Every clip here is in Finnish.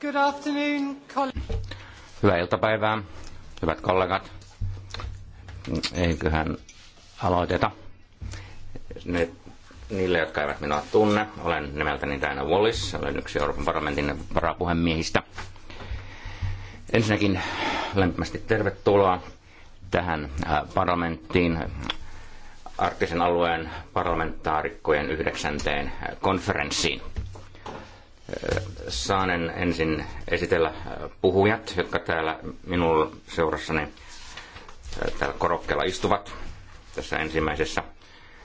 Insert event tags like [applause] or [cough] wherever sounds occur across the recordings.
Good afternoon, Hyvää iltapäivää, hyvät kollegat. Eiköhän aloiteta. Nyt niille, jotka eivät minua tunne, olen nimeltäni Diana Wallis, olen yksi Euroopan parlamentin varapuhemiehistä. Ensinnäkin lämpimästi tervetuloa tähän äh, parlamenttiin arktisen alueen parlamentaarikkojen yhdeksänteen konferenssiin. Äh, saanen ensin esitellä äh, puhujat, jotka täällä minun seurassani äh, täällä korokkeella istuvat tässä ensimmäisessä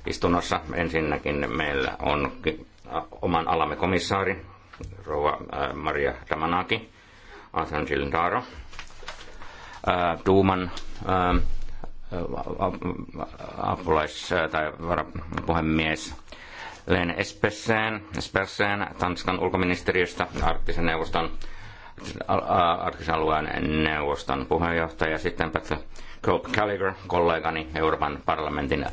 istunnossa. Ensinnäkin meillä on oman alamme komissaari, rouva äh, Maria Damanaki, Athan Gilindaro, Duuman ähm, apulais- tai varapuhemies Len Espesseen, Espesseen Tanskan ulkoministeriöstä arktisen neuvoston arktisen alueen neuvoston puheenjohtaja, sitten Cope Gallagher, kollegani Euroopan parlamentin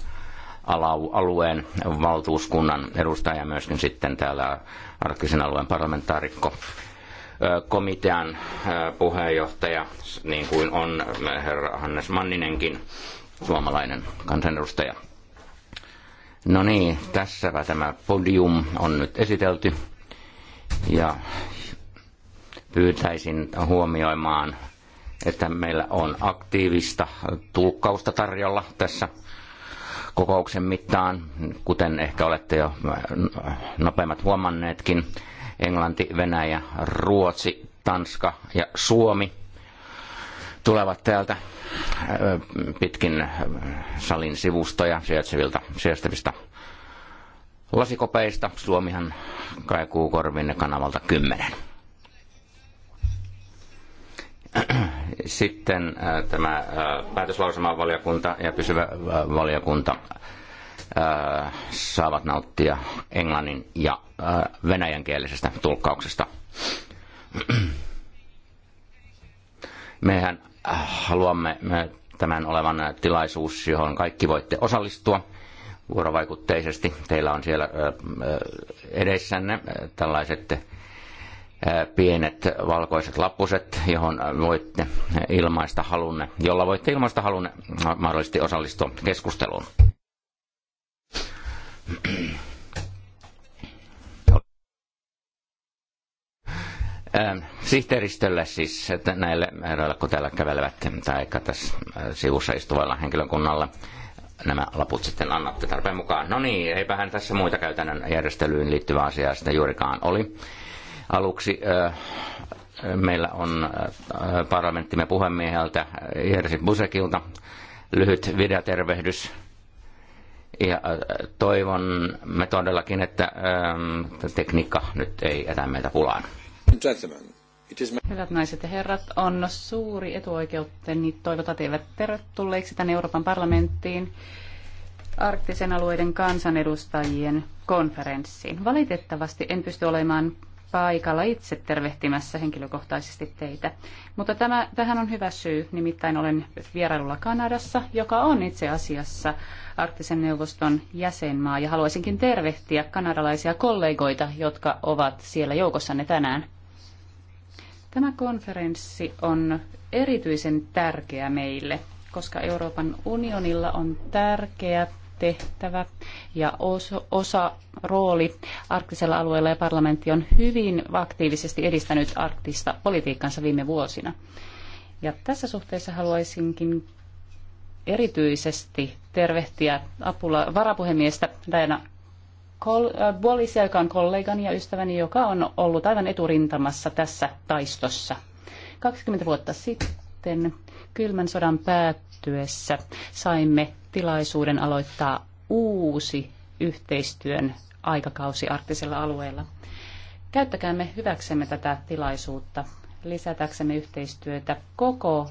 alueen valtuuskunnan edustaja, myöskin sitten täällä arktisen alueen parlamentaarikko, komitean puheenjohtaja, niin kuin on herra Hannes Manninenkin, suomalainen kansanedustaja. No niin, tässäpä tämä podium on nyt esitelty. Ja pyytäisin huomioimaan, että meillä on aktiivista tulkkausta tarjolla tässä kokouksen mittaan, kuten ehkä olette jo nopeimmat huomanneetkin. Englanti, Venäjä, Ruotsi, Tanska ja Suomi tulevat täältä äh, pitkin äh, salin sivustoja sijaitsevilta sijaitsevista lasikopeista. Suomihan kaikuu korvin kanavalta 10. [clears throat] Sitten äh, tämä päätöslausumavaliokunta ja pysyvä valiokunta saavat nauttia englannin ja venäjänkielisestä tulkkauksesta. [clears throat] Mehän haluamme tämän olevan tilaisuus, johon kaikki voitte osallistua vuorovaikutteisesti. Teillä on siellä edessänne tällaiset pienet valkoiset lappuset, johon voitte ilmaista halunne, jolla voitte ilmaista halunne mahdollisesti osallistua keskusteluun. Ähm, sihteeristölle siis että näille herroille, kun täällä kävelevät, tai tässä äh, sivussa istuvalla henkilökunnalla nämä laput sitten annatte tarpeen mukaan. No niin, eipähän tässä muita käytännön järjestelyyn liittyvää asiaa sitä juurikaan oli. Aluksi äh, meillä on äh, parlamenttimme puhemieheltä Jersi Busekilta lyhyt videotervehdys. Ja äh, toivon me todellakin, että ähm, tekniikka nyt ei etä meitä pulaan. Hyvät naiset ja herrat, on suuri etuoikeuteni toivota teille tervetulleiksi tänne Euroopan parlamenttiin arktisen alueiden kansanedustajien konferenssiin. Valitettavasti en pysty olemaan paikalla itse tervehtimässä henkilökohtaisesti teitä. Mutta tämä, tähän on hyvä syy, nimittäin olen vierailulla Kanadassa, joka on itse asiassa Arktisen neuvoston jäsenmaa, ja haluaisinkin tervehtiä kanadalaisia kollegoita, jotka ovat siellä joukossanne tänään. Tämä konferenssi on erityisen tärkeä meille, koska Euroopan unionilla on tärkeä tehtävä ja osa, osa rooli arktisella alueella ja parlamentti on hyvin aktiivisesti edistänyt arktista politiikkansa viime vuosina. Ja tässä suhteessa haluaisinkin erityisesti tervehtiä apula, varapuhemiestä Diana äh, Wallisia, joka on kollegani ja ystäväni, joka on ollut aivan eturintamassa tässä taistossa. 20 vuotta sitten kylmän sodan päättyessä lähestyessä saimme tilaisuuden aloittaa uusi yhteistyön aikakausi arktisella alueella. Käyttäkäämme hyväksemme tätä tilaisuutta, lisätäksemme yhteistyötä koko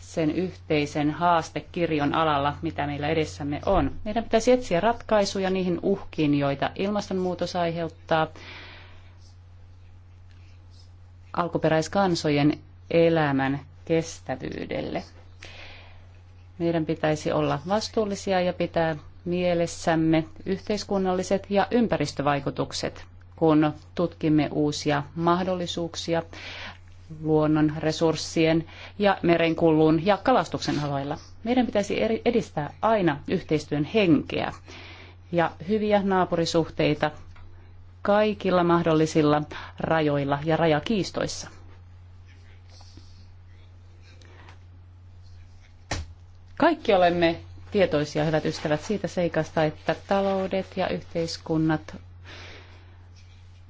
sen yhteisen haastekirjon alalla, mitä meillä edessämme on. Meidän pitäisi etsiä ratkaisuja niihin uhkiin, joita ilmastonmuutos aiheuttaa, alkuperäiskansojen elämän kestävyydelle – meidän pitäisi olla vastuullisia ja pitää mielessämme yhteiskunnalliset ja ympäristövaikutukset, kun tutkimme uusia mahdollisuuksia luonnon resurssien ja merenkulun ja kalastuksen aloilla. Meidän pitäisi edistää aina yhteistyön henkeä ja hyviä naapurisuhteita kaikilla mahdollisilla rajoilla ja rajakiistoissa. Kaikki olemme tietoisia, hyvät ystävät, siitä seikasta, että taloudet ja yhteiskunnat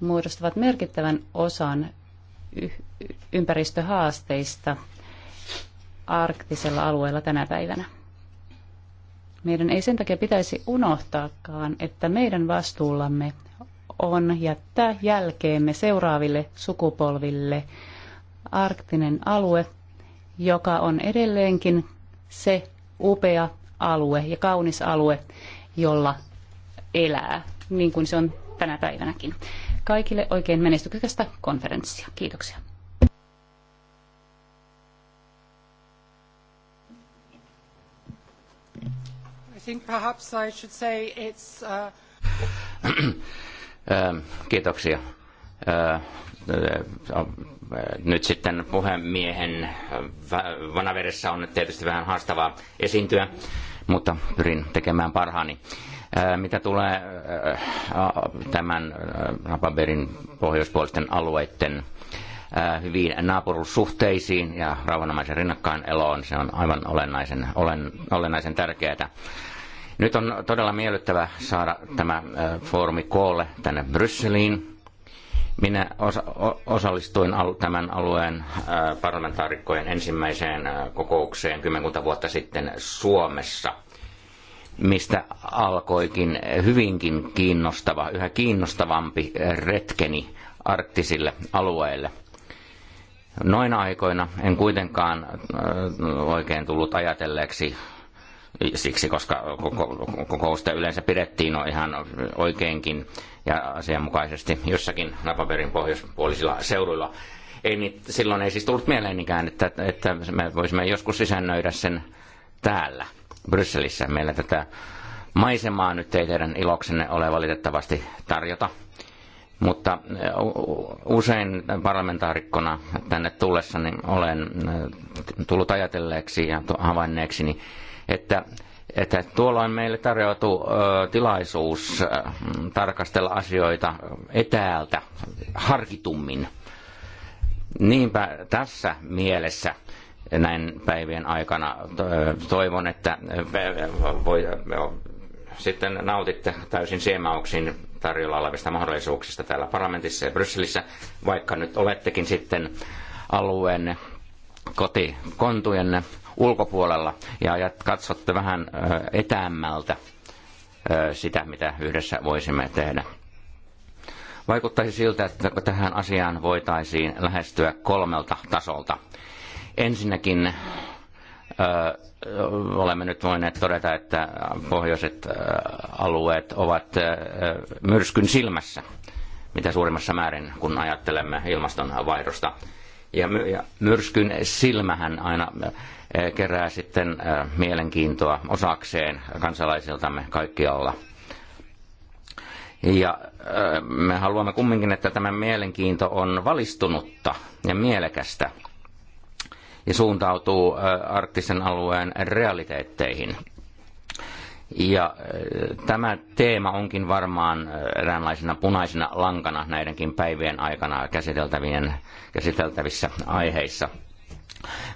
muodostavat merkittävän osan ympäristöhaasteista arktisella alueella tänä päivänä. Meidän ei sen takia pitäisi unohtaakaan, että meidän vastuullamme on jättää jälkeemme seuraaville sukupolville arktinen alue, joka on edelleenkin se upea alue ja kaunis alue, jolla elää, niin kuin se on tänä päivänäkin. Kaikille oikein menestyksekästä konferenssia. Kiitoksia. Kiitoksia nyt sitten puhemiehen vanaveressä on tietysti vähän haastavaa esiintyä, mutta pyrin tekemään parhaani. Mitä tulee tämän Rapaberin pohjoispuolisten alueiden hyviin naapurussuhteisiin ja rauhanomaisen eloon, se on aivan olennaisen, olen, olennaisen tärkeää. Nyt on todella miellyttävä saada tämä foorumi koolle tänne Brysseliin minä osa- osallistuin tämän alueen äh, parlamentaarikkojen ensimmäiseen äh, kokoukseen kymmenkunta vuotta sitten Suomessa, mistä alkoikin hyvinkin kiinnostava, yhä kiinnostavampi retkeni arktisille alueille. Noina aikoina en kuitenkaan äh, oikein tullut ajatelleeksi siksi, koska kokousta yleensä pidettiin no ihan oikeinkin ja asianmukaisesti jossakin napaperin pohjoispuolisilla seuduilla. Ei, niin silloin ei siis tullut mieleenikään, että, että me voisimme joskus sisännöidä sen täällä Brysselissä. Meillä tätä maisemaa nyt ei teidän iloksenne ole valitettavasti tarjota. Mutta usein parlamentaarikkona tänne tullessani olen tullut ajatelleeksi ja havainneeksi, että että on meille tarjottu tilaisuus tarkastella asioita etäältä harkitummin. Niinpä tässä mielessä näin päivien aikana toivon, että voi, sitten nautitte täysin siemauksin tarjolla olevista mahdollisuuksista täällä parlamentissa ja Brysselissä, vaikka nyt olettekin sitten alueen kotikontujenne ulkopuolella ja katsotte vähän etäämmältä sitä, mitä yhdessä voisimme tehdä. Vaikuttaisi siltä, että tähän asiaan voitaisiin lähestyä kolmelta tasolta. Ensinnäkin ö, olemme nyt voineet todeta, että pohjoiset alueet ovat myrskyn silmässä, mitä suurimmassa määrin, kun ajattelemme ilmastonvaihdosta. ja myrskyn silmähän aina Eh, kerää sitten eh, mielenkiintoa osakseen kansalaisiltamme kaikkialla. Ja eh, me haluamme kumminkin, että tämä mielenkiinto on valistunutta ja mielekästä ja suuntautuu arktisen alueen realiteetteihin. Ja tämä teema onkin varmaan eräänlaisena punaisena lankana näidenkin päivien aikana käsiteltävien, käsiteltävissä aiheissa –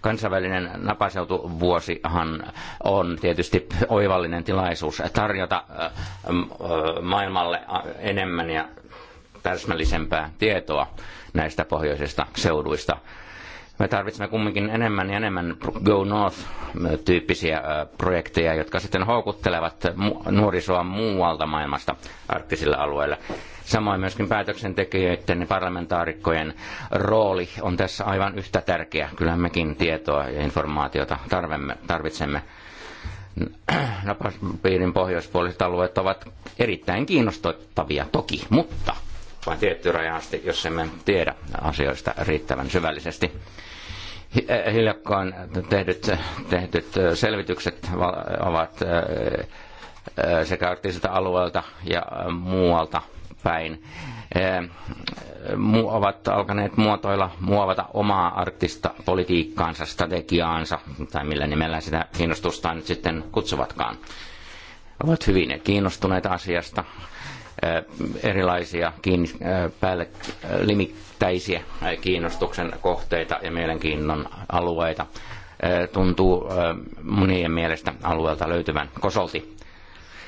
Kansainvälinen napaseutuvuosihan on tietysti oivallinen tilaisuus tarjota maailmalle enemmän ja täsmällisempää tietoa näistä pohjoisista seuduista. Me tarvitsemme kumminkin enemmän ja enemmän Go North-tyyppisiä projekteja, jotka sitten houkuttelevat nuorisoa muualta maailmasta arktisilla alueilla. Samoin myöskin päätöksentekijöiden ja parlamentaarikkojen rooli on tässä aivan yhtä tärkeä. Kyllä mekin tietoa ja informaatiota tarvemme tarvitsemme. Napaspiirin pohjoispuoliset alueet ovat erittäin kiinnostavia, toki, mutta vain tietty raja asti, jos emme tiedä asioista riittävän syvällisesti. Eh, hiljakkoin tehdyt, tehdyt eh, selvitykset ovat eh, sekä arktisilta alueelta ja muualta päin ovat alkaneet muotoilla, muovata omaa arktista politiikkaansa, strategiaansa, tai millä nimellä sitä kiinnostusta nyt sitten kutsuvatkaan. Ovat hyvin kiinnostuneita asiasta, erilaisia kiinni, päälle limittäisiä kiinnostuksen kohteita ja mielenkiinnon alueita tuntuu monien mielestä alueelta löytyvän kosolti.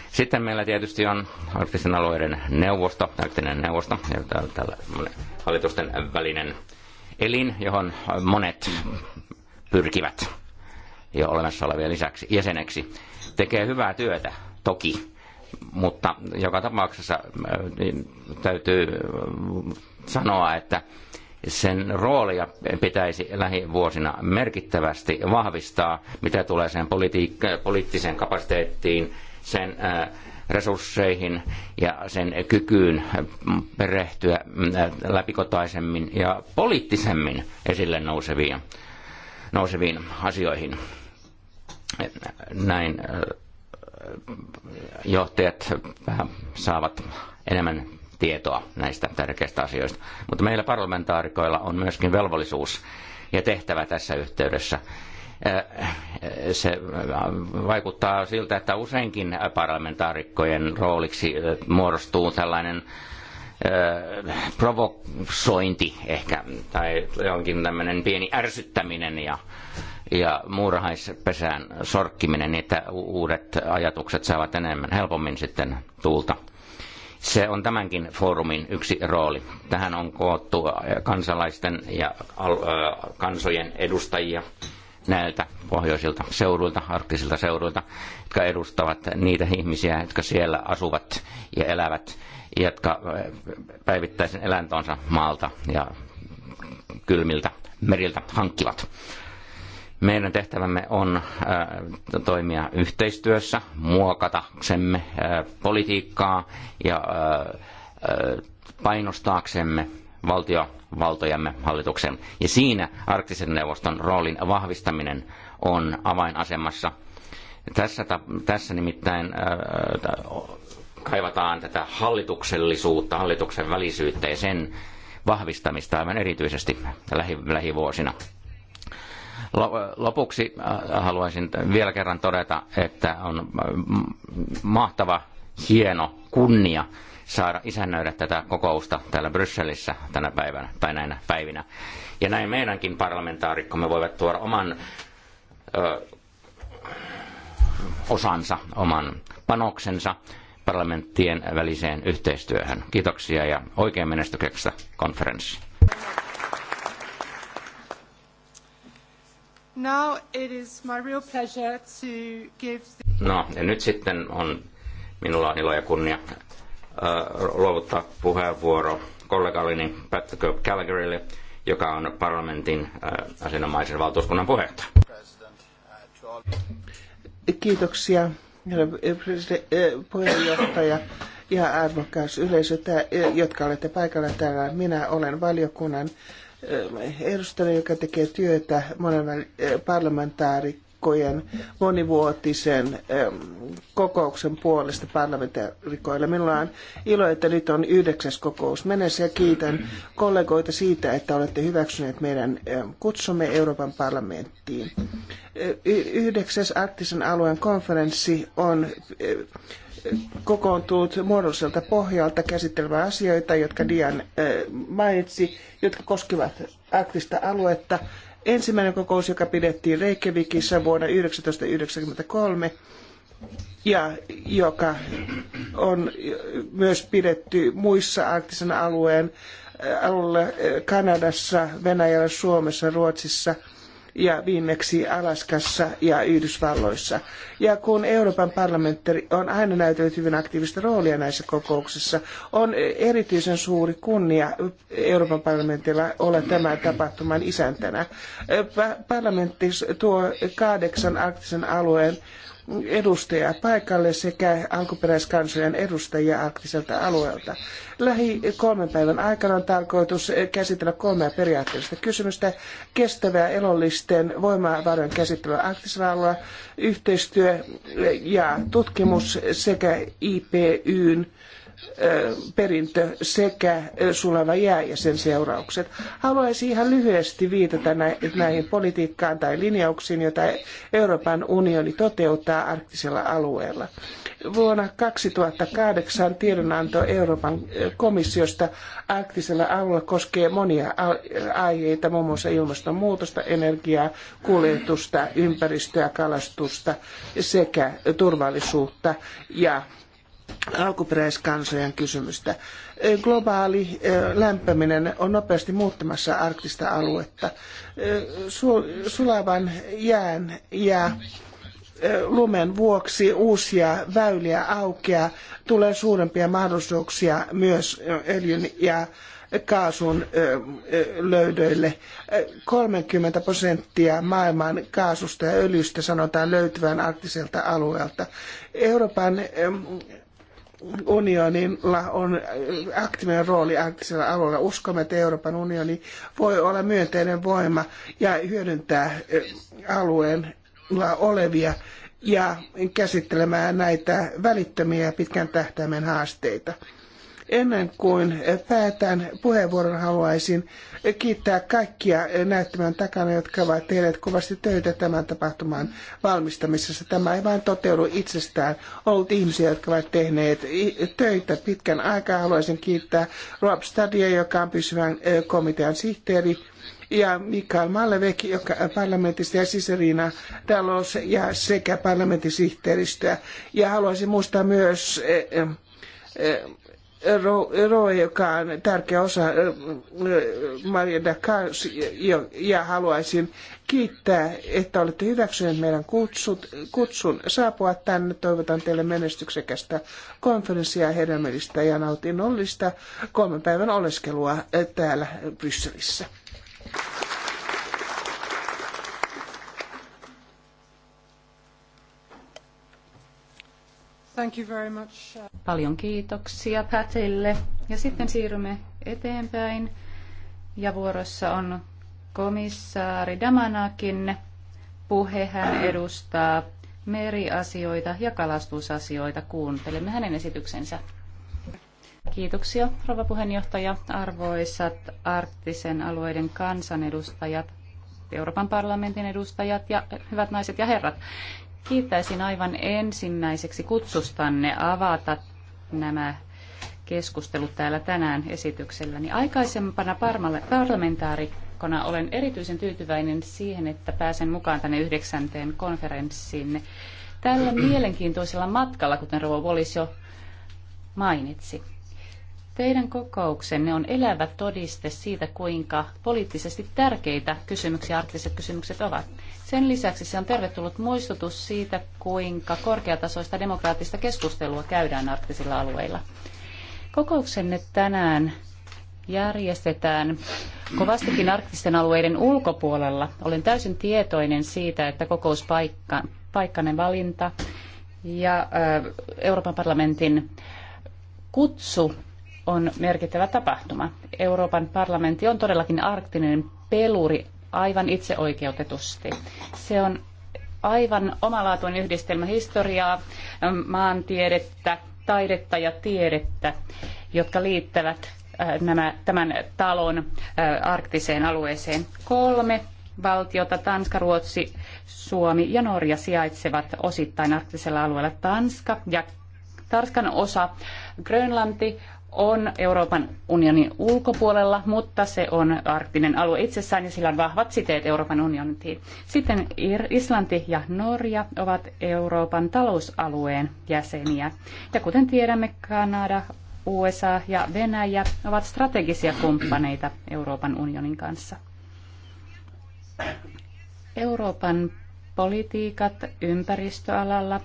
Sitten meillä tietysti on arktisten alueiden neuvosto, arktinen neuvosto, tällä hallitusten välinen elin, johon monet pyrkivät jo olemassa olevia lisäksi jäseneksi. Tekee hyvää työtä, toki. Mutta joka tapauksessa äh, niin täytyy äh, sanoa, että sen roolia pitäisi lähivuosina merkittävästi vahvistaa, mitä tulee sen poliittiseen kapasiteettiin, sen äh, resursseihin ja sen kykyyn perehtyä mm, läpikotaisemmin ja poliittisemmin esille nouseviin, nouseviin asioihin. Näin johtajat vähän saavat enemmän tietoa näistä tärkeistä asioista. Mutta meillä parlamentaarikoilla on myöskin velvollisuus ja tehtävä tässä yhteydessä. Se vaikuttaa siltä, että useinkin parlamentaarikkojen rooliksi muodostuu tällainen provosointi ehkä, tai jonkin tämmöinen pieni ärsyttäminen ja ja muurahaispesään sorkkiminen, niin että uudet ajatukset saavat enemmän helpommin sitten tuulta. Se on tämänkin foorumin yksi rooli. Tähän on koottu äh, kansalaisten ja äh, kansojen edustajia näiltä pohjoisilta seuduilta, arktisilta seuduilta, jotka edustavat niitä ihmisiä, jotka siellä asuvat ja elävät, jotka äh, päivittäisen eläntonsa maalta ja kylmiltä meriltä hankkivat. Meidän tehtävämme on äh, toimia yhteistyössä, muokataksemme äh, politiikkaa ja äh, painostaaksemme valtiovaltojamme hallituksen. Ja siinä arktisen neuvoston roolin vahvistaminen on avainasemassa. Tässä, tässä nimittäin kaivataan tätä hallituksellisuutta, hallituksen välisyyttä ja sen vahvistamista aivan erityisesti lähi, lähivuosina. Lopuksi äh, haluaisin vielä kerran todeta, että on äh, mahtava, hieno kunnia saada isännöidä tätä kokousta täällä Brysselissä tänä päivänä tai näinä päivinä. Ja näin meidänkin parlamentaarikkomme voivat tuoda oman ö, osansa, oman panoksensa parlamenttien väliseen yhteistyöhön. Kiitoksia ja oikein menestyksestä konferenssi. No, ja nyt sitten on minulla on ilo ja kunnia luovuttaa puheenvuoro kollegallini Patrick Calgarylle, joka on parlamentin asianomaisen valtuuskunnan puheenjohtaja. Kiitoksia, herra puheenjohtaja ja arvokas yleisö, jotka olette paikalla täällä. Minä olen valiokunnan edustajana, joka tekee työtä monen eh, parlamentaarikkojen monivuotisen kokouksen puolesta parlamentaarikoille. Minulla on ilo, että nyt on yhdeksäs kokous mennessä ja kiitän kollegoita siitä, että olette hyväksyneet meidän kutsumme Euroopan parlamenttiin. Eh, yhdeksäs arktisen alueen konferenssi on eh, kokoontunut muodolliselta pohjalta käsittelemään asioita, jotka Dian äh, mainitsi, jotka koskevat arktista aluetta. Ensimmäinen kokous, joka pidettiin Reykjavikissa vuonna 1993, ja joka on myös pidetty muissa arktisen alueen äh, alueella äh, Kanadassa, Venäjällä, Suomessa, Ruotsissa – ja viimeksi Alaskassa ja Yhdysvalloissa. Ja kun Euroopan parlamentti on aina näytellyt hyvin aktiivista roolia näissä kokouksissa, on erityisen suuri kunnia Euroopan parlamentilla olla tämän tapahtuman isäntänä. Parlamentti tuo kahdeksan arktisen alueen edustajaa paikalle sekä alkuperäiskansojen edustajia arktiselta alueelta. Lähi kolmen päivän aikana on tarkoitus käsitellä kolmea periaatteellista kysymystä. Kestävää elollisten voimavarojen käsittelyä arktisella alueella, yhteistyö ja tutkimus sekä IPYn perintö sekä sulava jää ja sen seuraukset. Haluaisin ihan lyhyesti viitata näihin politiikkaan tai linjauksiin, joita Euroopan unioni toteuttaa arktisella alueella. Vuonna 2008 tiedonanto Euroopan komissiosta arktisella alueella koskee monia aiheita, muun muassa ilmastonmuutosta, energiaa, kuljetusta, ympäristöä, kalastusta sekä turvallisuutta ja alkuperäiskansojen kysymystä. Globaali lämpeneminen on nopeasti muuttamassa arktista aluetta. Sulavan jään ja lumen vuoksi uusia väyliä aukeaa, tulee suurempia mahdollisuuksia myös öljyn ja kaasun löydöille. 30 prosenttia maailman kaasusta ja öljystä sanotaan löytyvän arktiselta alueelta. Euroopan unionilla on aktiivinen rooli arktisella alueella. Uskomme, että Euroopan unioni voi olla myönteinen voima ja hyödyntää eh, alueen olevia ja käsittelemään näitä välittömiä pitkän tähtäimen haasteita. Ennen kuin päätän puheenvuoron, haluaisin kiittää kaikkia näyttämän takana, jotka ovat tehneet kovasti töitä tämän tapahtuman valmistamisessa. Tämä ei vain toteudu itsestään. On ollut ihmisiä, jotka ovat tehneet töitä pitkän aikaa. Haluaisin kiittää Rob Stadia, joka on pysyvän komitean sihteeri ja Mikael Mallevek, joka parlamentista ja Siserina Dalos ja sekä parlamentin sihteeristöä. Ja haluaisin muistaa myös rooli, joka on tärkeä osa Maria Kans, ja haluaisin kiittää, että olette hyväksyneet meidän kutsut, kutsun saapua tänne. Toivotan teille menestyksekästä konferenssia hedelmällistä ja nautinnollista kolmen päivän oleskelua täällä Brysselissä. Uh, Paljon kiitoksia Patille. Ja sitten siirrymme eteenpäin. Ja vuorossa on komissaari Damanakin. Puhe hän edustaa meriasioita ja kalastusasioita. Kuuntelemme hänen esityksensä. Kiitoksia, rouva puheenjohtaja, arvoisat arktisen alueiden kansanedustajat, Euroopan parlamentin edustajat ja hyvät naiset ja herrat. Kiittäisin aivan ensimmäiseksi kutsustanne avata nämä keskustelut täällä tänään esitykselläni. Aikaisempana parlamentaarikkona olen erityisen tyytyväinen siihen, että pääsen mukaan tänne yhdeksänteen konferenssiin tällä [clears throat] mielenkiintoisella matkalla, kuten Rovo Wallis jo mainitsi. Teidän kokouksenne on elävä todiste siitä, kuinka poliittisesti tärkeitä kysymyksiä arktiset kysymykset ovat. Sen lisäksi se on tervetullut muistutus siitä, kuinka korkeatasoista demokraattista keskustelua käydään arktisilla alueilla. Kokouksenne tänään järjestetään kovastikin arktisten alueiden ulkopuolella. Olen täysin tietoinen siitä, että kokouspaikkainen valinta ja Euroopan parlamentin kutsu on merkittävä tapahtuma. Euroopan parlamentti on todellakin arktinen peluri aivan itseoikeutetusti. Se on aivan omalaatuinen yhdistelmä historiaa, maantiedettä, taidetta ja tiedettä, jotka liittävät äh, nämä, tämän talon äh, arktiseen alueeseen. Kolme valtiota, Tanska, Ruotsi, Suomi ja Norja sijaitsevat osittain arktisella alueella. Tanska ja Tanskan osa Grönlanti on Euroopan unionin ulkopuolella, mutta se on arktinen alue itsessään ja sillä on vahvat siteet Euroopan unioniin. Sitten Islanti ja Norja ovat Euroopan talousalueen jäseniä. Ja kuten tiedämme, Kanada, USA ja Venäjä ovat strategisia kumppaneita Euroopan unionin kanssa. Euroopan politiikat ympäristöalalla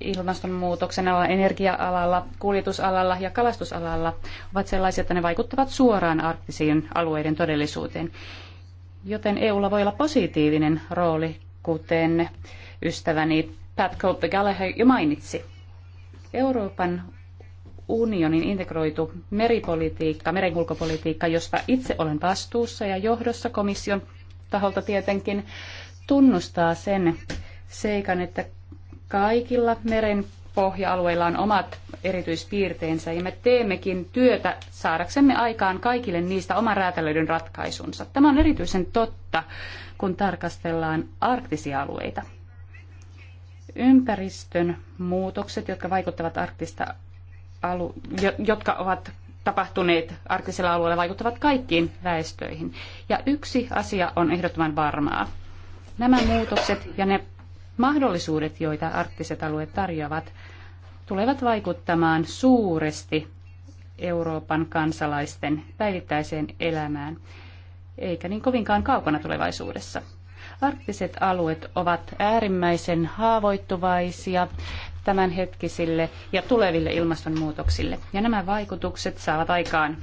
ilmastonmuutoksen alalla, energia-alalla, kuljetusalalla ja kalastusalalla ovat sellaisia, että ne vaikuttavat suoraan arktisiin alueiden todellisuuteen. Joten EUlla voi olla positiivinen rooli, kuten ystäväni Pat Cope Gallagher jo mainitsi. Euroopan unionin integroitu meripolitiikka, merenkulkopolitiikka, josta itse olen vastuussa ja johdossa komission taholta tietenkin, tunnustaa sen seikan, että Kaikilla meren pohja-alueilla on omat erityispiirteensä ja me teemmekin työtä saadaksemme aikaan kaikille niistä oman räätälöidyn ratkaisunsa. Tämä on erityisen totta, kun tarkastellaan arktisia alueita. Ympäristön muutokset, jotka vaikuttavat arktista alu- jotka ovat tapahtuneet arktisella alueella, vaikuttavat kaikkiin väestöihin. Ja yksi asia on ehdottoman varmaa. Nämä muutokset ja ne mahdollisuudet, joita arktiset alueet tarjoavat, tulevat vaikuttamaan suuresti Euroopan kansalaisten päivittäiseen elämään, eikä niin kovinkaan kaukana tulevaisuudessa. Arktiset alueet ovat äärimmäisen haavoittuvaisia tämänhetkisille ja tuleville ilmastonmuutoksille. Ja nämä vaikutukset saavat aikaan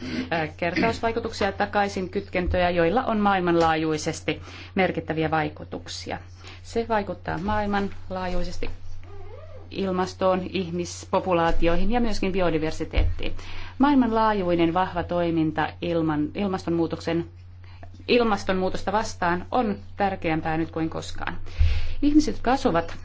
kertausvaikutuksia takaisin kytkentöjä, joilla on maailmanlaajuisesti merkittäviä vaikutuksia. Se vaikuttaa maailmanlaajuisesti ilmastoon, ihmispopulaatioihin ja myöskin biodiversiteettiin. Maailmanlaajuinen vahva toiminta ilman, ilmastonmuutoksen ilmastonmuutosta vastaan on tärkeämpää nyt kuin koskaan. Ihmiset, kasvavat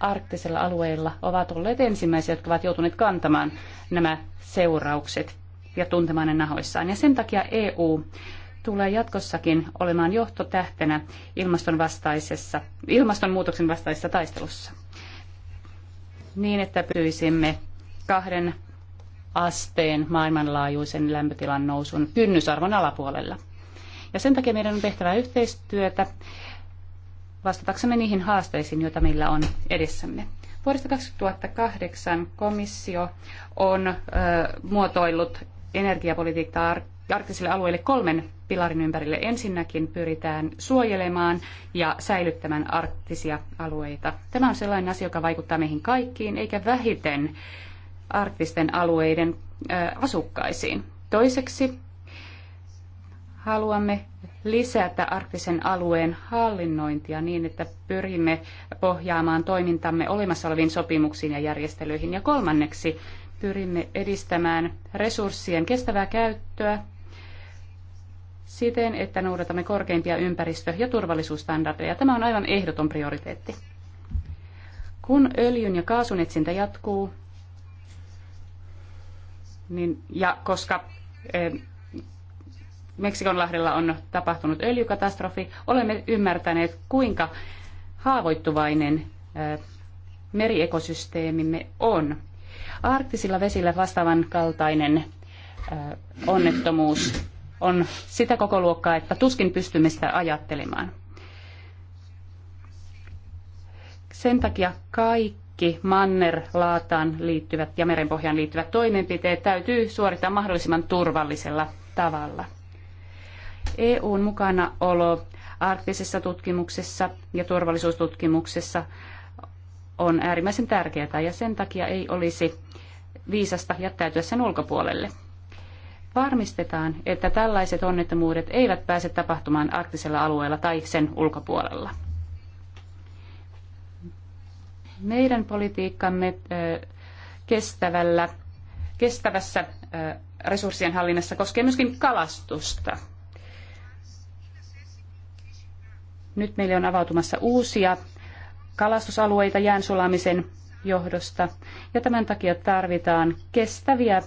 arktisella alueella, ovat olleet ensimmäisiä, jotka ovat joutuneet kantamaan nämä seuraukset ja tuntemaan ne nahoissaan. Ja sen takia EU tulee jatkossakin olemaan johtotähtenä ilmaston vastaisessa, ilmastonmuutoksen vastaisessa taistelussa. Niin, että pysyisimme kahden asteen maailmanlaajuisen lämpötilan nousun kynnysarvon alapuolella. Ja sen takia meidän on tehtävä yhteistyötä vastataksemme niihin haasteisiin, joita meillä on edessämme. Vuodesta 2008 komissio on ö, muotoillut energiapolitiikkaa arktisille alueille kolmen pilarin ympärille. Ensinnäkin pyritään suojelemaan ja säilyttämään arktisia alueita. Tämä on sellainen asia, joka vaikuttaa meihin kaikkiin, eikä vähiten arktisten alueiden asukkaisiin. Toiseksi haluamme lisätä arktisen alueen hallinnointia niin, että pyrimme pohjaamaan toimintamme olemassa oleviin sopimuksiin ja järjestelyihin. Ja kolmanneksi pyrimme edistämään resurssien kestävää käyttöä siten, että noudatamme korkeimpia ympäristö- ja turvallisuusstandardeja. Tämä on aivan ehdoton prioriteetti. Kun öljyn ja kaasun etsintä jatkuu, niin, ja koska e, Meksikonlahdella on tapahtunut öljykatastrofi, olemme ymmärtäneet, kuinka haavoittuvainen e, meriekosysteemimme on. Arktisilla vesillä vastaavan kaltainen eh, onnettomuus on sitä koko luokkaa, että tuskin pystymme sitä ajattelemaan. Sen takia kaikki mannerlaataan liittyvät ja merenpohjaan liittyvät toimenpiteet täytyy suorittaa mahdollisimman turvallisella tavalla. EUn mukanaolo arktisessa tutkimuksessa ja turvallisuustutkimuksessa on äärimmäisen tärkeää ja sen takia ei olisi viisasta jättäytyä sen ulkopuolelle varmistetaan, että tällaiset onnettomuudet eivät pääse tapahtumaan arktisella alueella tai sen ulkopuolella. Meidän politiikkamme kestävällä, kestävässä resurssien hallinnassa koskee myöskin kalastusta. Nyt meille on avautumassa uusia kalastusalueita jäänsulamisen johdosta ja tämän takia tarvitaan kestäviä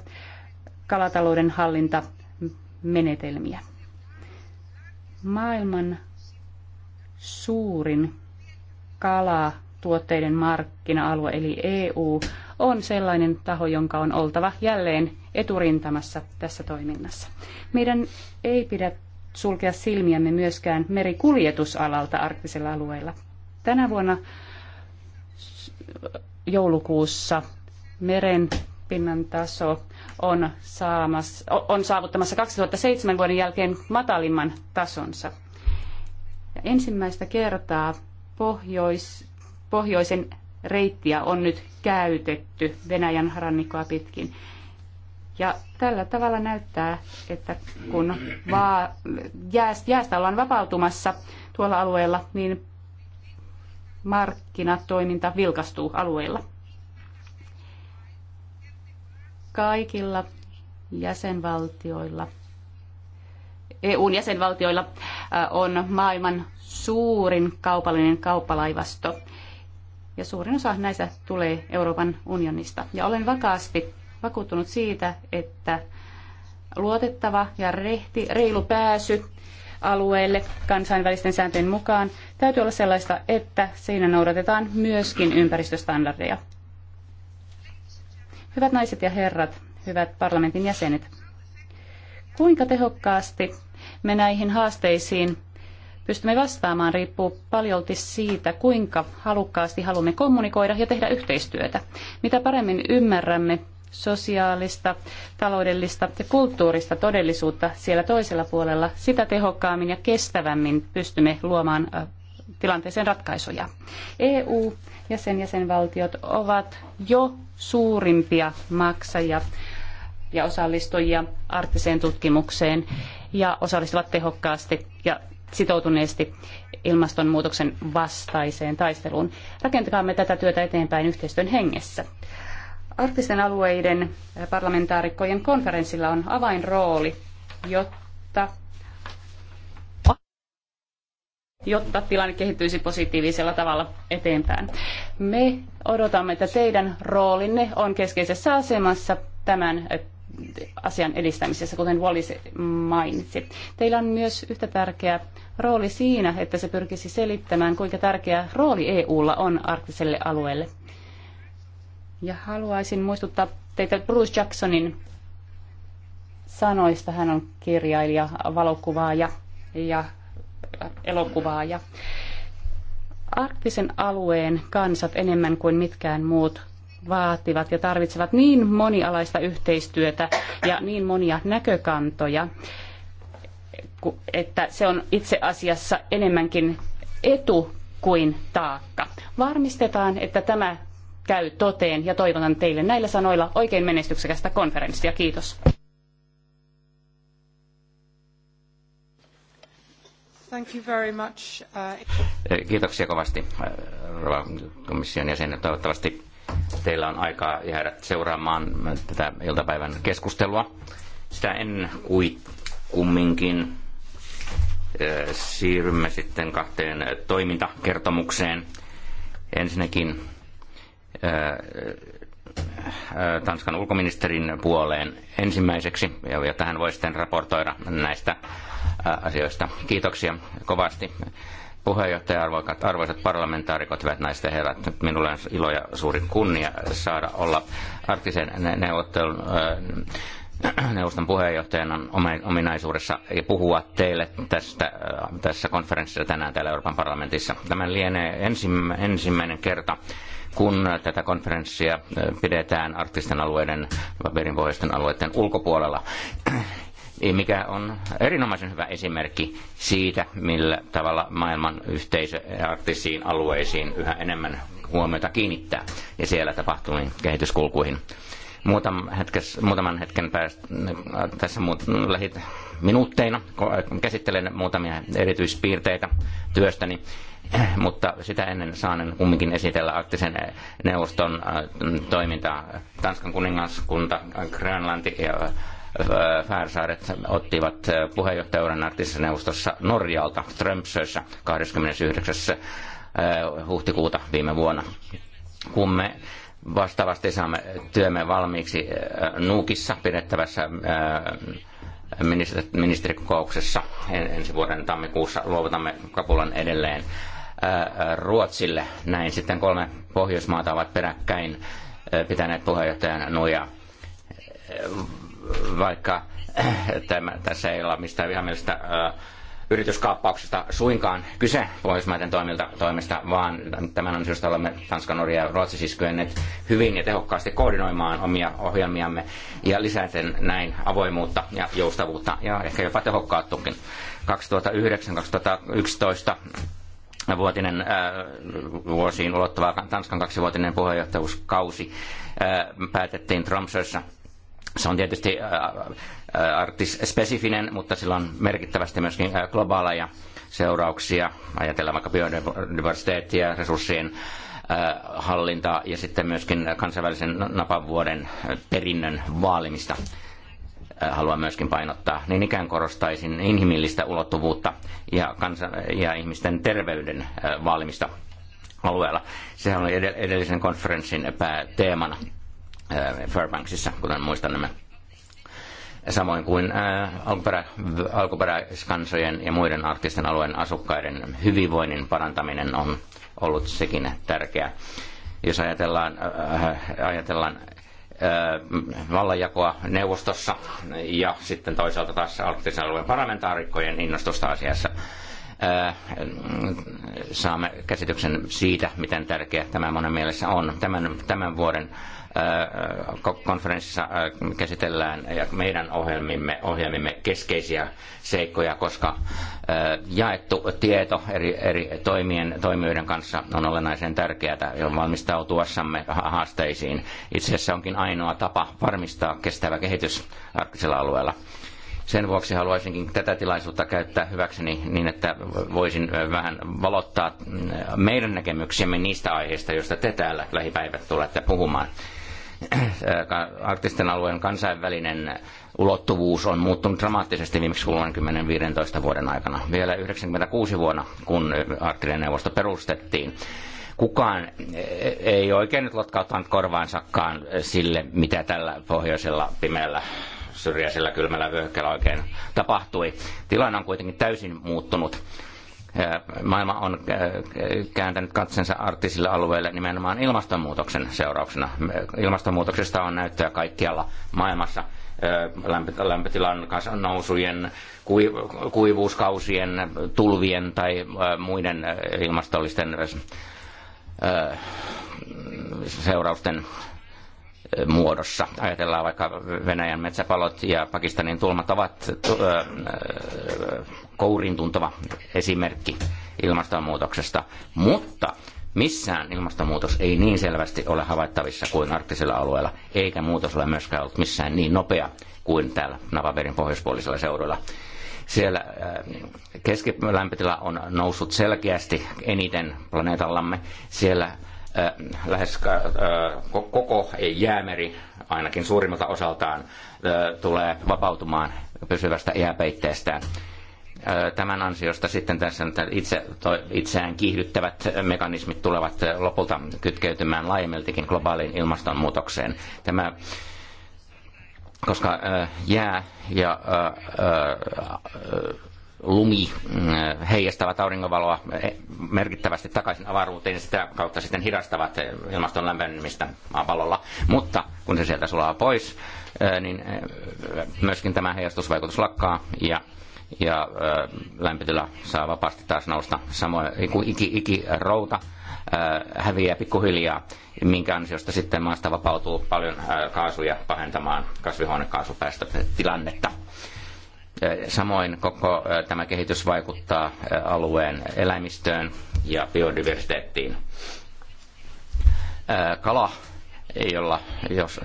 kalatalouden hallintamenetelmiä. Maailman suurin kalatuotteiden markkina-alue eli EU on sellainen taho, jonka on oltava jälleen eturintamassa tässä toiminnassa. Meidän ei pidä sulkea silmiämme myöskään merikuljetusalalta arktisella alueella. Tänä vuonna joulukuussa meren pinnan taso on, saamassa, on saavuttamassa 2007 vuoden jälkeen matalimman tasonsa. Ja ensimmäistä kertaa pohjois, pohjoisen reittiä on nyt käytetty Venäjän rannikkoa pitkin. Ja tällä tavalla näyttää, että kun jäästä ollaan vapautumassa tuolla alueella, niin markkinatoiminta vilkastuu alueella kaikilla jäsenvaltioilla, EUn jäsenvaltioilla äh, on maailman suurin kaupallinen kauppalaivasto. Ja suurin osa näistä tulee Euroopan unionista. Ja olen vakaasti vakuuttunut siitä, että luotettava ja rehti, reilu pääsy alueelle kansainvälisten sääntöjen mukaan täytyy olla sellaista, että siinä noudatetaan myöskin ympäristöstandardeja. Hyvät naiset ja herrat, hyvät parlamentin jäsenet, kuinka tehokkaasti me näihin haasteisiin pystymme vastaamaan riippuu paljolti siitä, kuinka halukkaasti haluamme kommunikoida ja tehdä yhteistyötä. Mitä paremmin ymmärrämme sosiaalista, taloudellista ja kulttuurista todellisuutta siellä toisella puolella, sitä tehokkaammin ja kestävämmin pystymme luomaan äh, tilanteeseen ratkaisuja. EU ja sen jäsenvaltiot ovat jo suurimpia maksajia ja osallistujia arktiseen tutkimukseen ja osallistuvat tehokkaasti ja sitoutuneesti ilmastonmuutoksen vastaiseen taisteluun. Rakentakaamme tätä työtä eteenpäin yhteistyön hengessä. Arktisten alueiden parlamentaarikkojen konferenssilla on avainrooli, jotta jotta tilanne kehittyisi positiivisella tavalla eteenpäin. Me odotamme, että teidän roolinne on keskeisessä asemassa tämän asian edistämisessä, kuten Wallis mainitsi. Teillä on myös yhtä tärkeä rooli siinä, että se pyrkisi selittämään, kuinka tärkeä rooli EUlla on arktiselle alueelle. Ja haluaisin muistuttaa teitä Bruce Jacksonin sanoista. Hän on kirjailija, valokuvaaja ja elokuvaa. Ja arktisen alueen kansat enemmän kuin mitkään muut vaativat ja tarvitsevat niin monialaista yhteistyötä ja niin monia näkökantoja, että se on itse asiassa enemmänkin etu kuin taakka. Varmistetaan, että tämä käy toteen ja toivotan teille näillä sanoilla oikein menestyksekästä konferenssia. Kiitos. Thank you very much. Uh, eh, kiitoksia kovasti, eh, komission jäsen. Toivottavasti teillä on aikaa jäädä seuraamaan tätä iltapäivän keskustelua. Sitä en kuit kumminkin eh, siirrymme sitten kahteen toimintakertomukseen. Ensinnäkin Tanskan ulkoministerin puoleen ensimmäiseksi, ja tähän voi sitten raportoida näistä asioista. Kiitoksia kovasti puheenjohtaja, arvoisat parlamentaarikot, hyvät naiset ja herrat, minulle on ilo ja suuri kunnia saada olla arktisen neuvottelun [clears throat] neuvoston puheenjohtajana ominaisuudessa ja puhua teille tästä, tässä konferenssissa tänään täällä Euroopan parlamentissa. Tämä lienee ensimmäinen kerta, kun tätä konferenssia pidetään arktisten alueiden, perinpohjaisten alueiden ulkopuolella [clears throat] mikä on erinomaisen hyvä esimerkki siitä, millä tavalla maailman yhteisö arktisiin alueisiin yhä enemmän huomiota kiinnittää ja siellä tapahtuviin kehityskulkuihin. Muutaman hetken, muutaman hetken päästä, tässä muut, lähit minuutteina käsittelen muutamia erityispiirteitä työstäni, [clears throat] mutta sitä ennen saanen kumminkin esitellä arktisen neuvoston äh, toimintaa. Tanskan kuningaskunta, Grönlanti ja Färsaaret ottivat puheenjohtajuuden arktisessa neuvostossa Norjalta Trömsössä 29. Eh, huhtikuuta viime vuonna. Kun me vastaavasti saamme työmme valmiiksi eh, Nuukissa pidettävässä eh, ministerikokouksessa ensi vuoden tammikuussa luovutamme kapulan edelleen Ruotsille. Näin sitten kolme Pohjoismaata ovat peräkkäin pitäneet puheenjohtajan nojaa vaikka tämä, tässä ei ole mistään vihamielistä yrityskaappauksesta suinkaan kyse Pohjoismaiden toimilta, toimesta, vaan tämän ansiosta olemme Tanska, Norja ja Ruotsi siis kyenneet hyvin ja tehokkaasti koordinoimaan omia ohjelmiamme ja lisäten näin avoimuutta ja joustavuutta ja ehkä jopa tehokkaattukin. 2009-2011 vuotinen ää, vuosiin ulottuva Tanskan kaksivuotinen puheenjohtajuuskausi ää, päätettiin Tromsössä se on tietysti arktisspesifinen, mutta sillä on merkittävästi myöskin globaaleja seurauksia. Ajatellaan vaikka biodiversiteettiä, resurssien hallintaa ja sitten myöskin kansainvälisen napavuoden perinnön vaalimista haluan myöskin painottaa, niin ikään korostaisin inhimillistä ulottuvuutta ja, kansa- ja ihmisten terveyden vaalimista alueella. Sehän oli edellisen konferenssin pääteemana. Äh, Fairbanksissa, kuten muistan nämä. Samoin kuin äh, alkuperä, alkuperäiskansojen ja muiden arktisten alueen asukkaiden hyvinvoinnin parantaminen on ollut sekin tärkeää. Jos ajatellaan, äh, ajatellaan vallanjakoa neuvostossa ja sitten toisaalta taas arktisen alueen parlamentaarikkojen innostusta asiassa. Saamme käsityksen siitä, miten tärkeä tämä monen mielessä on. Tämän, tämän vuoden konferenssissa käsitellään ja meidän ohjelmimme, ohjelmimme keskeisiä seikkoja, koska jaettu tieto eri, eri toimien, toimijoiden kanssa on olennaisen tärkeää jo valmistautuessamme haasteisiin. Itse asiassa onkin ainoa tapa varmistaa kestävä kehitys arktisella alueella sen vuoksi haluaisinkin tätä tilaisuutta käyttää hyväkseni niin, että voisin vähän valottaa mm, meidän näkemyksiämme niistä aiheista, joista te täällä lähipäivät tulette puhumaan. Äh, arktisten alueen kansainvälinen ulottuvuus on muuttunut dramaattisesti viimeksi kuluvan 10-15 vuoden aikana. Vielä 96 vuonna, kun arktinen neuvosto perustettiin, kukaan eh, ei oikein nyt lotkauttanut korvaansakaan sille, mitä tällä pohjoisella pimeällä syrjäisellä kylmällä vyöhykkeellä oikein tapahtui. Tilanne on kuitenkin täysin muuttunut Maailma on kääntänyt katsensa arktisille alueille nimenomaan ilmastonmuutoksen seurauksena. Ilmastonmuutoksesta on näyttöä kaikkialla maailmassa lämpötilan kanssa nousujen, kuivuuskausien, tulvien tai muiden ilmastollisten seurausten muodossa. Ajatellaan vaikka Venäjän metsäpalot ja Pakistanin tulmat ovat kourin tuntava esimerkki ilmastonmuutoksesta, mutta missään ilmastonmuutos ei niin selvästi ole havaittavissa kuin arktisilla alueilla, eikä muutos ole myöskään ollut missään niin nopea kuin täällä Navaverin pohjoispuolisilla seuduilla. Siellä äh, keskilämpötila on noussut selkeästi eniten planeetallamme. Siellä äh, lähes äh, koko jäämeri, ainakin suurimmalta osaltaan, tulee vapautumaan pysyvästä jääpeitteestään tämän ansiosta sitten tässä itse, itseään kiihdyttävät mekanismit tulevat lopulta kytkeytymään laajemmaltikin globaaliin ilmastonmuutokseen. Tämä koska jää ja lumi heijastavat auringonvaloa e, merkittävästi takaisin avaruuteen ja sitä kautta sitten hidastavat ilmaston lämpenemistä maapallolla. Mutta kun se sieltä sulaa pois, niin myöskin tämä heijastusvaikutus lakkaa ja ja lämpötila saa vapaasti taas nousta. Samoin iki, iki routa häviää pikkuhiljaa, minkä ansiosta sitten maasta vapautuu paljon kaasuja pahentamaan kasvihuonekaasupäästötilannetta. Samoin koko tämä kehitys vaikuttaa alueen eläimistöön ja biodiversiteettiin. Kala jolla, jos,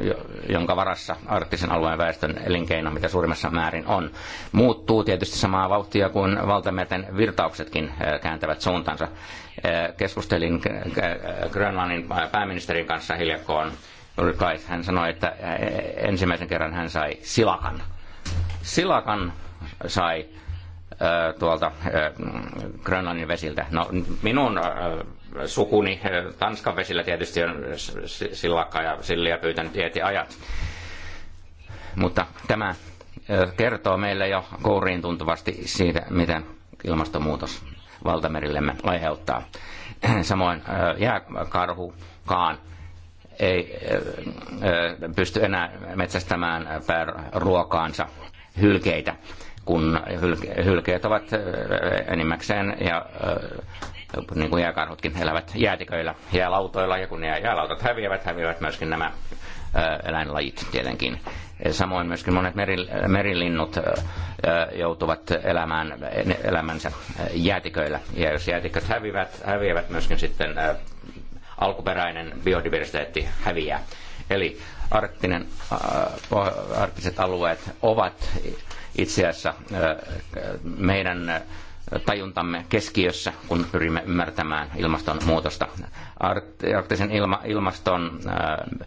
jonka varassa arktisen alueen väestön elinkeino mitä suurimmassa määrin on. Muuttuu tietysti samaa vauhtia kuin valtamerten virtauksetkin eh, kääntävät suuntansa. Eh, keskustelin eh, Grönlannin pääministerin kanssa hiljakkoon. Hän sanoi, että ensimmäisen kerran hän sai silakan. Silakan sai tuolta Grönlannin vesiltä. No, minun sukuni Tanskan vesillä tietysti on sillakka ja silliä pyytänyt tieti ajat. Mutta tämä kertoo meille jo kouriin tuntuvasti siitä, miten ilmastonmuutos valtamerillemme aiheuttaa. Samoin jääkarhukaan ei pysty enää metsästämään ruokaansa hylkeitä, kun hylkeet ovat enimmäkseen ja niin kuin jääkarhutkin elävät jäätiköillä, jäälautoilla, ja kun jäälautat häviävät, häviävät myöskin nämä äh, eläinlajit tietenkin. Samoin myöskin monet äh, merilinnut äh, joutuvat elämään elämänsä jäätiköillä. Ja jos jäätiköt häviävät, häviävät myöskin sitten alkuperäinen biodiversiteetti häviää. Eli arktinen, arktiset alueet ovat itse asiassa meidän tajuntamme keskiössä, kun pyrimme ymmärtämään ilmastonmuutosta. Arktisen ilma, ilmaston äh,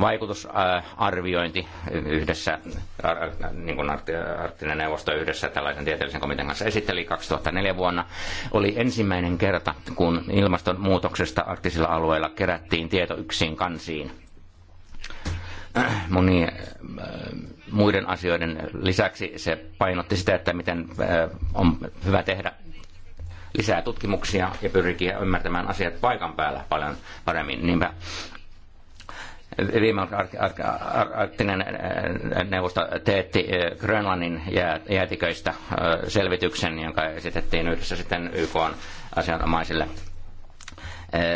vaikutusarviointi äh, yhdessä, niin kuin Arktinen neuvosto yhdessä tällaisen tieteellisen komitean kanssa esitteli 2004 vuonna, oli ensimmäinen kerta, kun ilmastonmuutoksesta arktisilla alueilla kerättiin tieto yksin kansiin Äh, monien äh, muiden asioiden lisäksi se painotti sitä, että miten äh, on hyvä tehdä lisää tutkimuksia ja pyrkiä ymmärtämään asiat paikan päällä paljon paremmin. Niinpä viime arktinen neuvosto teetti Grönlannin jäätiköistä selvityksen, jonka esitettiin yhdessä sitten YK asianomaisille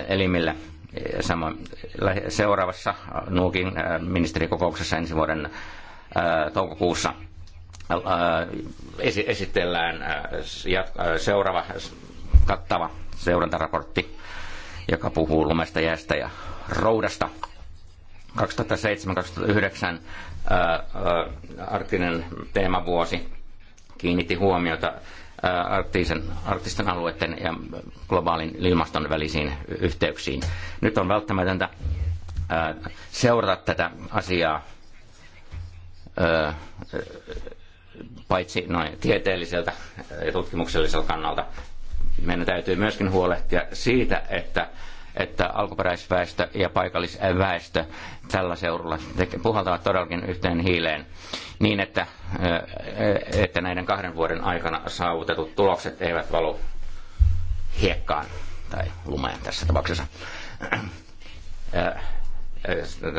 elimille Samoin seuraavassa äh, Nuukin äh, ministerikokouksessa ensi vuoden äh, toukokuussa esitellään seuraava kattava seurantaraportti, joka puhuu lumesta, jäästä ja roudasta. 2007-2009 arktinen teemavuosi kiinnitti huomiota arktisen, arktisten alueiden ja globaalin ilmaston välisiin yhteyksiin. Nyt on välttämätöntä seurata tätä asiaa paitsi noin tieteelliseltä ja tutkimukselliselta kannalta. Meidän täytyy myöskin huolehtia siitä, että että alkuperäisväestö ja paikallisväestö tällä seudulla puhaltavat todellakin yhteen hiileen niin, että, äh, että näiden kahden vuoden aikana saavutetut tulokset eivät valu hiekkaan tai lumeen tässä tapauksessa. Äh,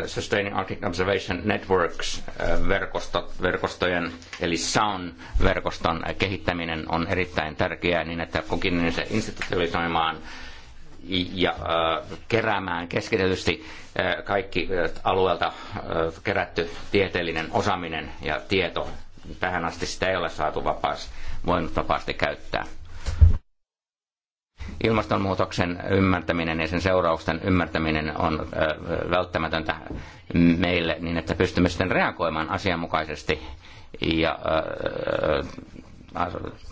Sustaining Arctic Observation Networks äh, verkostojen eli sound verkoston kehittäminen on erittäin tärkeää niin, että kukin se institutionalisoimaan ja äh, keräämään keskitetysti äh, kaikki äh, alueelta kerätty tieteellinen osaaminen ja tieto. Tähän asti sitä ei ole saatu vapaasti, voinut vapaasti käyttää. Ilmastonmuutoksen ymmärtäminen ja sen seurausten ymmärtäminen on välttämätöntä meille niin, että pystymme sitten reagoimaan asianmukaisesti ja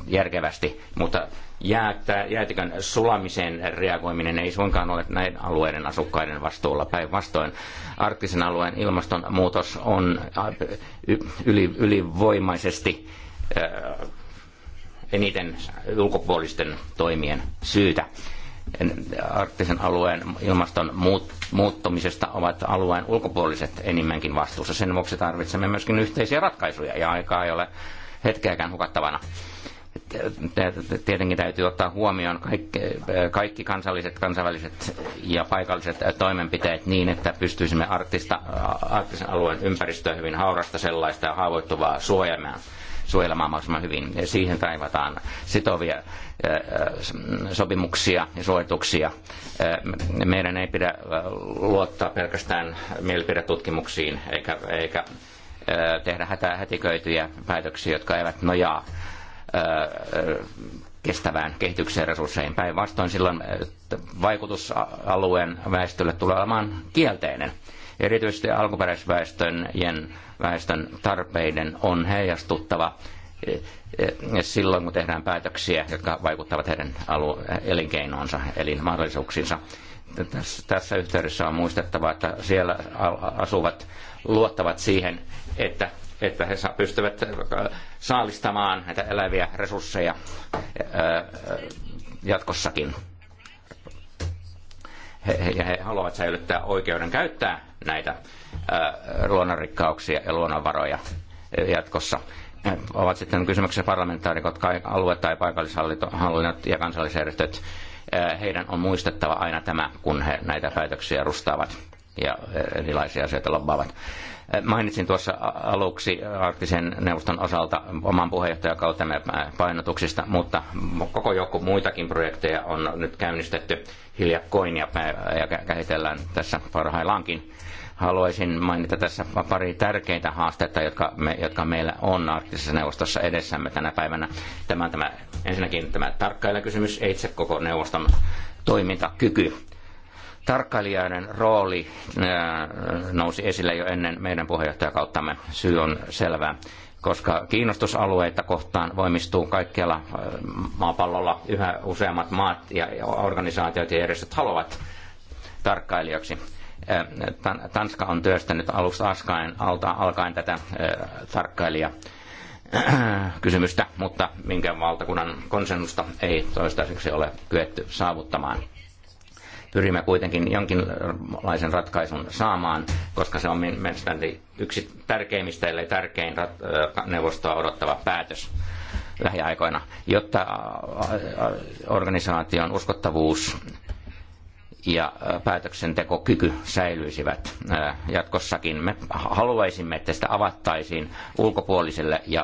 järkevästi, mutta jäätä, jäätikön sulamiseen reagoiminen ei suinkaan ole näiden alueiden asukkaiden vastuulla. Päinvastoin arktisen alueen ilmastonmuutos on äh, yli, ylivoimaisesti äh, eniten ulkopuolisten toimien syytä. Arktisen alueen ilmaston muut, muuttumisesta ovat alueen ulkopuoliset enimmänkin vastuussa. Sen vuoksi tarvitsemme myöskin yhteisiä ratkaisuja ja aikaa ei ole hetkeäkään hukattavana tietenkin täytyy ottaa huomioon kaikki, kaikki kansalliset, kansainväliset ja paikalliset toimenpiteet niin, että pystyisimme arktista, arktisen alueen ympäristöä hyvin haurasta sellaista ja haavoittuvaa suojelemaan, suojelemaan mahdollisimman hyvin. Ja siihen taivataan sitovia sopimuksia ja suojatuksia. Meidän ei pidä luottaa pelkästään mielipidetutkimuksiin eikä, eikä tehdä hätää hätiköityjä päätöksiä, jotka eivät nojaa kestävään kehitykseen resursseihin. Päinvastoin silloin vaikutusalueen väestölle tulee olemaan kielteinen. Erityisesti alkuperäisväestön väestön tarpeiden on heijastuttava silloin, kun tehdään päätöksiä, jotka vaikuttavat heidän alu- elinkeinoonsa, elinmahdollisuuksiinsa. Tässä yhteydessä on muistettava, että siellä asuvat luottavat siihen, että että he pystyvät äh, saalistamaan näitä eläviä resursseja äh, jatkossakin. He, ja he haluavat säilyttää oikeuden käyttää näitä äh, luonnonrikkauksia ja luonnonvaroja jatkossa ovat sitten kysymyksessä parlamentaarikot, alue- tai paikallishallinnot ja kansallisjärjestöt. Heidän on muistettava aina tämä, kun he näitä päätöksiä rustaavat ja erilaisia asioita lobbaavat. Mainitsin tuossa aluksi arktisen neuvoston osalta oman puheenjohtajakautemme painotuksista, mutta koko joukko muitakin projekteja on nyt käynnistetty hiljakkoin ja, ja käsitellään tässä parhaillaankin. Haluaisin mainita tässä pari tärkeintä haasteita, jotka, me, jotka meillä on arktisessa neuvostossa edessämme tänä päivänä. Tämä, tämä, ensinnäkin tämä kysymys, itse koko neuvoston toimintakyky tarkkailijoiden rooli äh, nousi esille jo ennen meidän puheenjohtajakauttamme. Syy on selvä, koska kiinnostusalueita kohtaan voimistuu kaikkialla äh, maapallolla yhä useammat maat ja organisaatiot ja järjestöt haluavat tarkkailijoiksi. Äh, Tanska on työstänyt alusta askain, alta, alkaen tätä tarkkailija kysymystä, mutta minkä valtakunnan konsensusta ei toistaiseksi ole kyetty saavuttamaan pyrimme kuitenkin jonkinlaisen ratkaisun saamaan, koska se on mielestäni yksi tärkeimmistä, ellei tärkein neuvostoa odottava päätös lähiaikoina, jotta organisaation uskottavuus ja äh, päätöksentekokyky säilyisivät äh, jatkossakin. Me haluaisimme, että sitä avattaisiin ulkopuolisille ja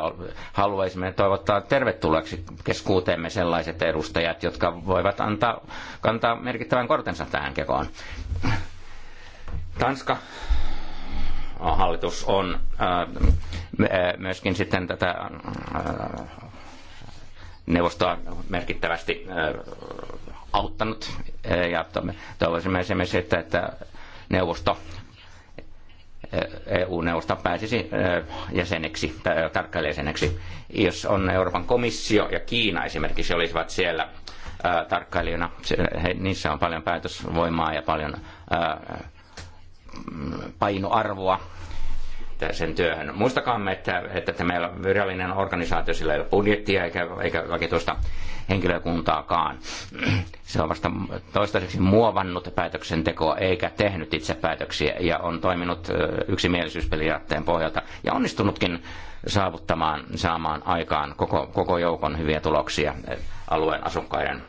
haluaisimme toivottaa tervetulleeksi keskuuteemme sellaiset edustajat, jotka voivat antaa, kantaa merkittävän kortensa tähän kekoon. Tanska hallitus on äh, myöskin sitten tätä neuvostoa merkittävästi auttanut. Eh, ja toivoisimme esimerkiksi, että, että neuvosto eh, EU-neuvosto pääsisi eh, jäseneksi, jäseneksi. jos on Euroopan komissio ja Kiina esimerkiksi olisivat siellä tarkkailijana. He, niissä on paljon päätösvoimaa ja paljon painoarvoa sen työhön. Muistakaamme, että, että meillä virallinen organisaatio, sillä ei ole budjettia eikä, eikä vakituista henkilökuntaakaan. Se on vasta toistaiseksi muovannut päätöksentekoa eikä tehnyt itse päätöksiä ja on toiminut yksimielisyysperiaatteen pohjalta ja onnistunutkin saavuttamaan, saamaan aikaan koko, koko joukon hyviä tuloksia alueen asukkaiden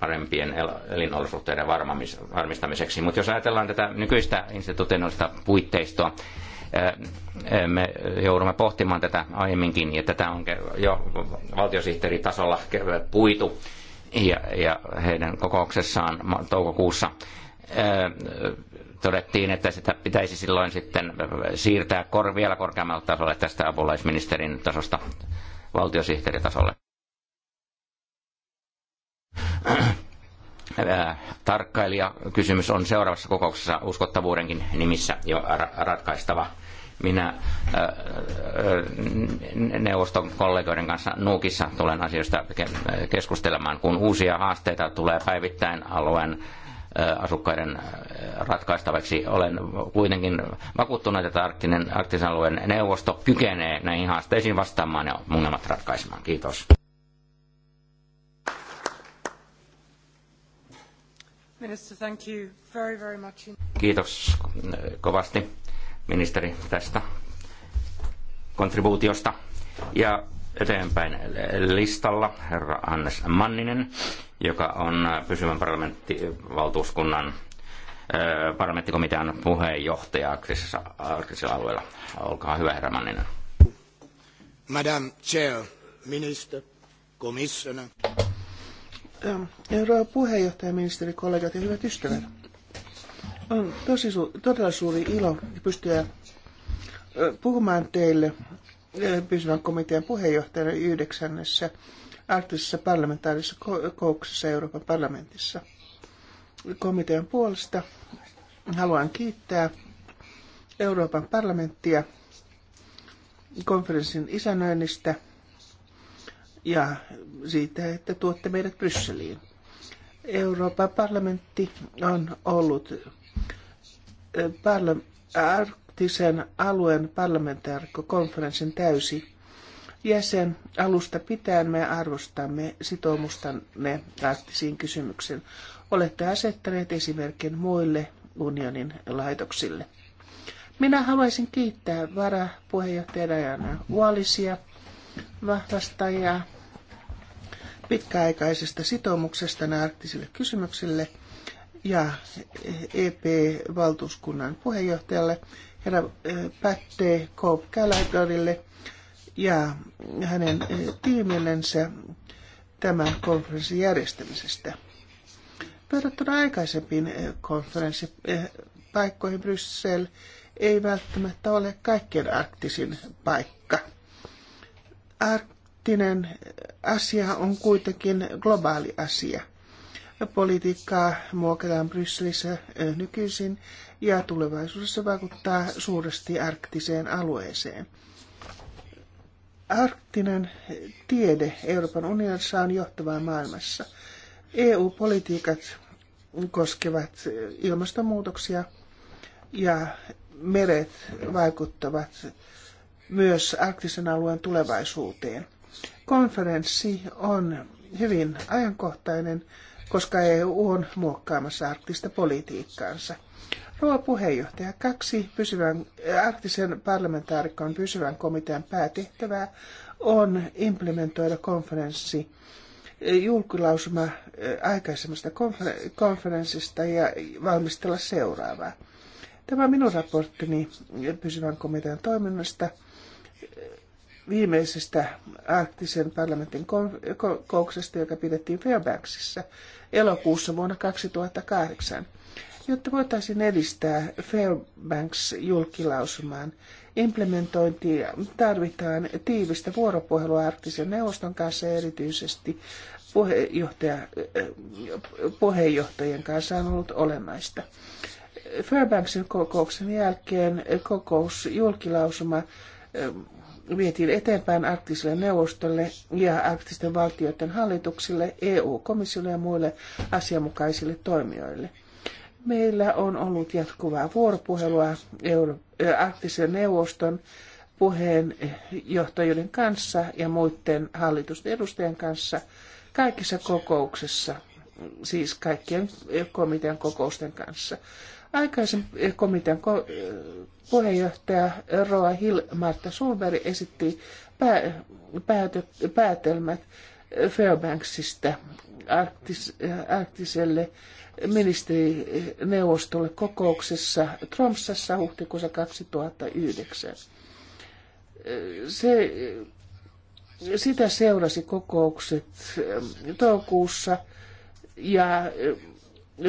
parempien elinolosuhteiden varmistamiseksi. Mutta jos ajatellaan tätä nykyistä instituutioista puitteistoa, eh, eh, me joudumme pohtimaan tätä aiemminkin, ja tätä on jo valtiosihteeritasolla puitu, ja, ja heidän kokouksessaan toukokuussa eh, todettiin, että sitä pitäisi silloin sitten siirtää vielä korkeammalle tasolle tästä apulaisministerin tasosta valtiosihteeritasolle. Äh, tarkkailija kysymys on seuraavassa kokouksessa uskottavuudenkin nimissä jo ratkaistava. Minä äh, äh, neuvoston kollegoiden kanssa Nuukissa tulen asioista keskustelemaan, kun uusia haasteita tulee päivittäin alueen asukkaiden ratkaistavaksi. Olen kuitenkin vakuuttunut, että arktisen alueen neuvosto kykenee näihin haasteisiin vastaamaan ja ongelmat ratkaisemaan. Kiitos. Kiitos kovasti ministeri tästä kontribuutiosta. Ja eteenpäin listalla herra Hannes Manninen, joka on pysyvän parlamenttivaltuuskunnan äh, parlamenttikomitean puheenjohtaja arktisilla arktisella alueella. Olkaa hyvä, herra Manninen. Madam Chair, Minister, Commissioner. Rouva puheenjohtaja, ministeri, kollegat ja hyvät ystävät. On tosi su- todella suuri ilo pystyä puhumaan teille pysyvän komitean puheenjohtajana yhdeksännessä arktisessa parlamentaarisessa kouksessa Euroopan parlamentissa. Komitean puolesta haluan kiittää Euroopan parlamenttia konferenssin isännöinnistä – ja siitä, että tuotte meidät Brysseliin. Euroopan parlamentti on ollut arktisen alueen parlamentaarikkokonferenssin täysi jäsen. Alusta pitäen me arvostamme sitoumustanne arktisiin kysymyksiin. Olette asettaneet esimerkin muille unionin laitoksille. Minä haluaisin kiittää varapuheenjohtaja Diana Wallisia vahvasta ja pitkäaikaisesta sitoumuksesta arktisille kysymyksille ja EP-valtuuskunnan puheenjohtajalle, herra eh, Pätte Koop ja hänen eh, tiimillensä tämän konferenssin järjestämisestä. Verrattuna aikaisempiin eh, konferenssipaikkoihin Bryssel ei välttämättä ole kaikkien arktisin paikka. Ark- poliittinen asia on kuitenkin globaali asia. Politiikkaa muokataan Brysselissä nykyisin ja tulevaisuudessa vaikuttaa suuresti arktiseen alueeseen. Arktinen tiede Euroopan unionissa on johtavaa maailmassa. EU-politiikat koskevat ilmastonmuutoksia ja meret vaikuttavat myös arktisen alueen tulevaisuuteen konferenssi on hyvin ajankohtainen, koska EU on muokkaamassa arktista politiikkaansa. Rouva puheenjohtaja, kaksi pysyvän, arktisen parlamentaarikon pysyvän komitean päätehtävää on implementoida konferenssi eh, julkilausuma eh, aikaisemmasta konferenssista ja valmistella seuraavaa. Tämä on minun raporttini pysyvän komitean toiminnasta – viimeisestä arktisen parlamentin kokouksesta, joka pidettiin Fairbanksissa elokuussa vuonna 2008, jotta voitaisiin edistää Fairbanks-julkilausumaan implementointia tarvitaan tiivistä vuoropuhelua arktisen neuvoston kanssa erityisesti puheenjohtaja, puheenjohtajien kanssa on ollut olennaista. Fairbanksin kokouksen jälkeen kokous julkilausuma vietiin eteenpäin arktiselle neuvostolle ja arktisten valtioiden hallituksille, EU-komissiolle ja muille asianmukaisille toimijoille. Meillä on ollut jatkuvaa vuoropuhelua arktisen neuvoston puheenjohtajien kanssa ja muiden hallitusten edustajien kanssa kaikissa kokouksissa, siis kaikkien komitean kokousten kanssa. Aikaisempi komitean puheenjohtaja Roa Hill Martta Sulberg esitti päätelmät Fairbanksista arktis, arktiselle ministerineuvostolle kokouksessa Tromsassa huhtikuussa 2009. Se, sitä seurasi kokoukset toukokuussa ja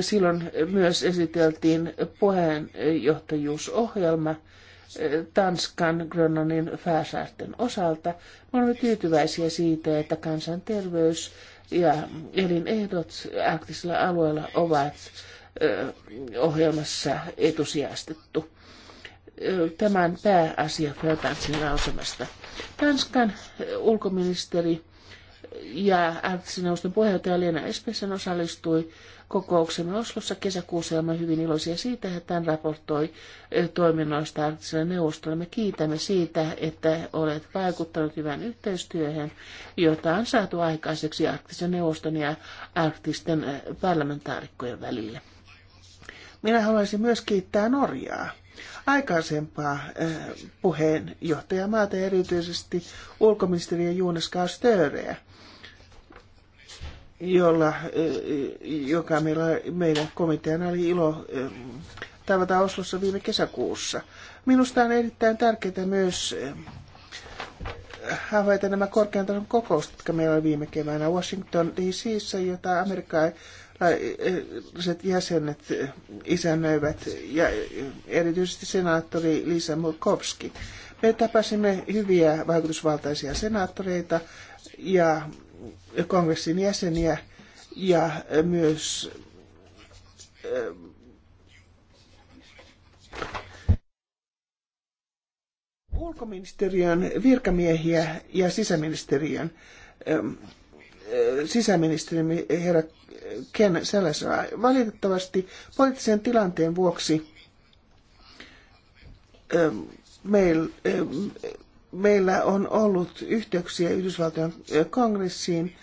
silloin myös esiteltiin puheenjohtajuusohjelma eh, Tanskan Grönlannin Färsaarten osalta. Me olemme tyytyväisiä siitä, että kansanterveys ja elinehdot arktisilla alueilla ovat eh, ohjelmassa etusijastettu. Eh, tämän pääasia Fötansin lausumasta. Tanskan ulkoministeri ja Arktisneuvoston puheenjohtaja Leena Espesen osallistui kokouksemme Oslossa kesäkuussa ja olemme hyvin iloisia siitä, että hän raportoi eh, toiminnoista Arktiselle neuvostolle. Me kiitämme siitä, että olet vaikuttanut hyvään yhteistyöhön, jota on saatu aikaiseksi Arktisen neuvoston ja arktisten eh, parlamentaarikkojen välillä. Minä haluaisin myös kiittää Norjaa aikaisempaa eh, puheenjohtajamaata, erityisesti ulkoministeriä Juunes Garstöreä, jolla, eh, joka meillä, meidän komitean oli ilo eh, tavata Oslossa viime kesäkuussa. Minusta on erittäin tärkeää myös eh, havaita nämä korkean tason kokoukset, jotka meillä oli viime keväänä Washington DCissä, jota amerikkalaiset jäsenet isännöivät ja erityisesti senaattori Lisa Murkowski. Me tapasimme hyviä vaikutusvaltaisia senaattoreita ja kongressin jäseniä ja myös ähm, ulkoministeriön virkamiehiä ja sisäministeriön ähm, äh, sisäministeri herra Ken Salazar. Valitettavasti poliittisen tilanteen vuoksi ähm, meillä meillä on ollut yhteyksiä Yhdysvaltojen kongressiin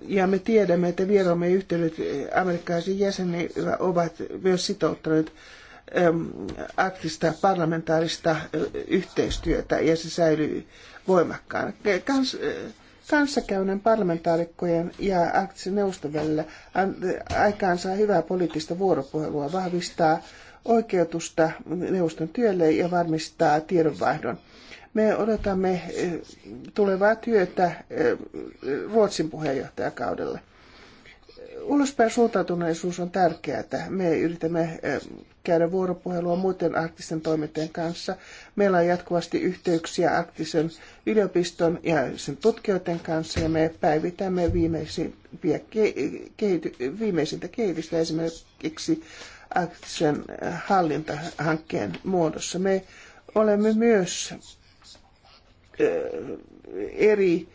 ja me tiedämme, että vieraamme yhteydet amerikkalaisiin jäseniin ovat myös sitouttaneet arktista parlamentaarista yhteistyötä ja se säilyy voimakkaana. Kans, kanssakäynnän parlamentaarikkojen ja arktisen neuvoston välillä aikaansaa hyvää poliittista vuoropuhelua, vahvistaa oikeutusta neuvoston työlle ja varmistaa tiedonvaihdon. Me odotamme eh, tulevaa työtä eh, Ruotsin puheenjohtajakaudelle. Ulospäin suuntautuneisuus on tärkeää. Me yritämme eh, käydä vuoropuhelua muiden arktisten toimintojen kanssa. Meillä on jatkuvasti yhteyksiä arktisen yliopiston ja sen tutkijoiden kanssa ja me päivitämme viimeisimpiä, kehity, viimeisintä kehitystä esimerkiksi arktisen hallintahankkeen muodossa. Me olemme myös eri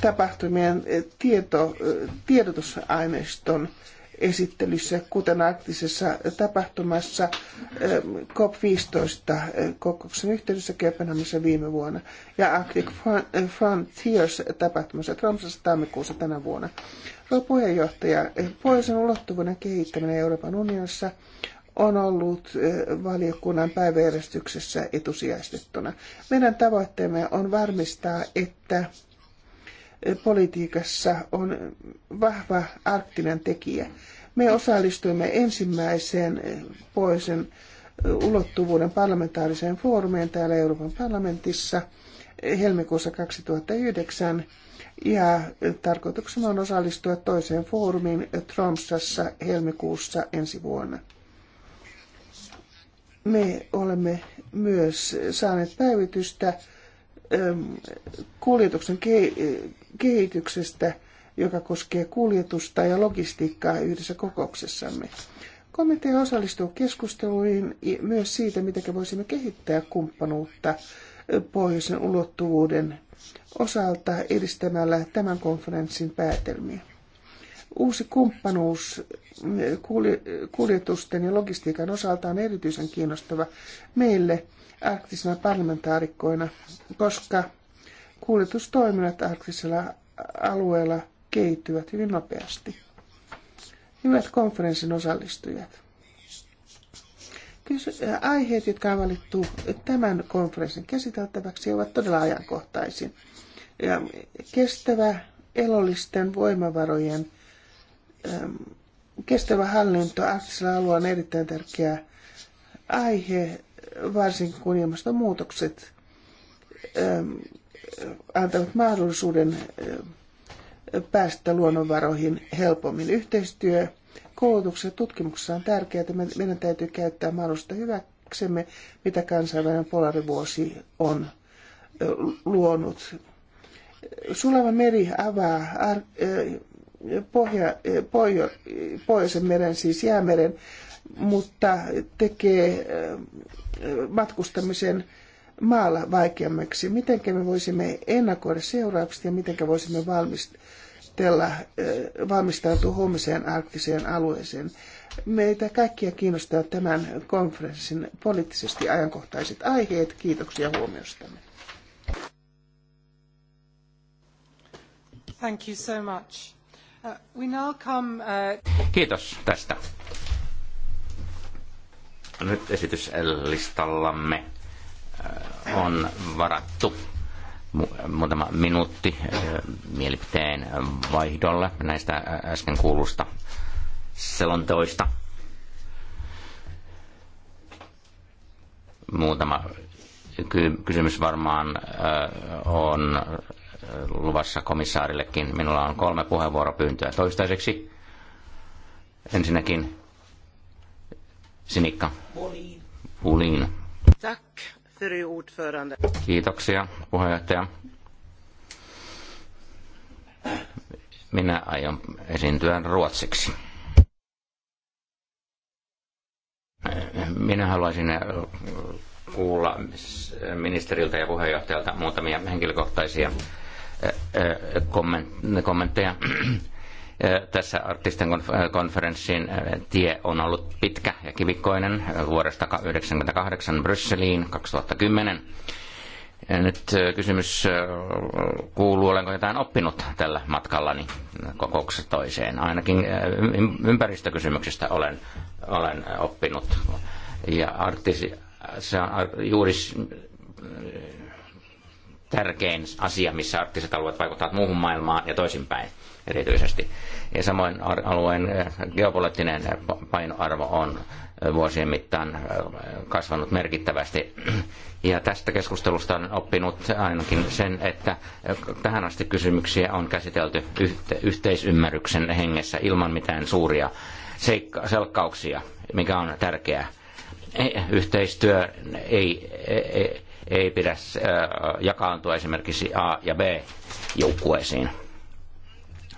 tapahtumien tieto, tiedotusaineiston esittelyssä, kuten arktisessa tapahtumassa COP15 kokouksen yhteydessä Kööpenhaminassa viime vuonna ja Arctic Frontiers tapahtumassa Tromsassa tammikuussa tänä vuonna. Rouva puheenjohtaja, pohjoisen ulottuvuuden kehittäminen Euroopan unionissa on ollut eh, valiokunnan päiväjärjestyksessä etusijaistettuna. Meidän tavoitteemme on varmistaa, että eh, politiikassa on vahva arktinen tekijä. Me osallistuimme ensimmäiseen eh, poisen ulottuvuuden parlamentaariseen foorumeen täällä Euroopan parlamentissa helmikuussa 2009 ja tarkoituksena on osallistua toiseen foorumiin Tromsassa helmikuussa ensi vuonna. Me olemme myös saaneet päivitystä ähm, kuljetuksen kehityksestä, joka koskee kuljetusta ja logistiikkaa yhdessä kokouksessamme. Komitea osallistuu keskusteluihin myös siitä, miten voisimme kehittää kumppanuutta äh, pohjoisen ulottuvuuden osalta edistämällä tämän konferenssin päätelmiä. Uusi kumppanuus kuljetusten ja logistiikan osalta on erityisen kiinnostava meille arktisina parlamentaarikkoina, koska kuljetustoiminnat arktisella alueella kehittyvät hyvin nopeasti. Hyvät konferenssin osallistujat. Aiheet, jotka on valittu tämän konferenssin käsiteltäväksi, ovat todella ajankohtaisia. Ja kestävä elollisten voimavarojen Ähm, kestävä hallinto arktisella alueella on erittäin tärkeä aihe, varsinkin kun ilmastonmuutokset ähm, antavat mahdollisuuden äh, päästä luonnonvaroihin helpommin. Yhteistyö koulutuksessa ja tutkimuksessa on tärkeää, että meidän täytyy käyttää mahdollista hyväksemme, mitä kansainvälinen polarivuosi on äh, luonut. Sulava meri avaa äh, pohja, pohjo, Pohjoisen meren, siis jäämeren, mutta tekee äh, matkustamisen maalla vaikeammaksi. Miten me voisimme ennakoida seuraukset ja miten voisimme valmistella, äh, valmistautua huomiseen arktiseen alueeseen? Meitä kaikkia kiinnostaa tämän konferenssin poliittisesti ajankohtaiset aiheet. Kiitoksia huomiostanne. Thank you so much. Uh, uh, Kiitos tästä. Nyt esityslistallamme uh, on varattu muutama minuutti mielipiteen vaihdolle näistä äsken kuulusta selonteoista. Muutama kysymys varmaan on luvassa komissaarillekin. Minulla on kolme puheenvuoropyyntöä toistaiseksi. Ensinnäkin Sinikka. Puliin. Tack, ordförande. Kiitoksia, puheenjohtaja. Minä aion esiintyä ruotsiksi. Minä haluaisin kuulla ministeriltä ja puheenjohtajalta muutamia henkilökohtaisia kommentteja. Äh, tässä artisten äh, konferenssin äh, tie on ollut pitkä ja kivikkoinen vuodesta 1998 Brysseliin 2010. Ja nyt kysymys kuuluu, olenko jotain oppinut tällä matkallani kokouksessa toiseen. Ainakin ympäristökysymyksistä olen, olen oppinut. Ja artisi, se on juuri tärkein asia, missä arktiset alueet vaikuttavat muuhun maailmaan ja toisinpäin erityisesti. Ja samoin alueen eh, geopoliittinen eh, painoarvo on eh, vuosien mittaan kasvanut merkittävästi. [clears throat] Ja tästä keskustelusta on oppinut ainakin sen, että tähän asti kysymyksiä on käsitelty yhteisymmärryksen hengessä ilman mitään suuria seikka- selkkauksia, mikä on tärkeää. Yhteistyö ei, ei ei pidä äh, jakaantua esimerkiksi A- ja B-joukkueisiin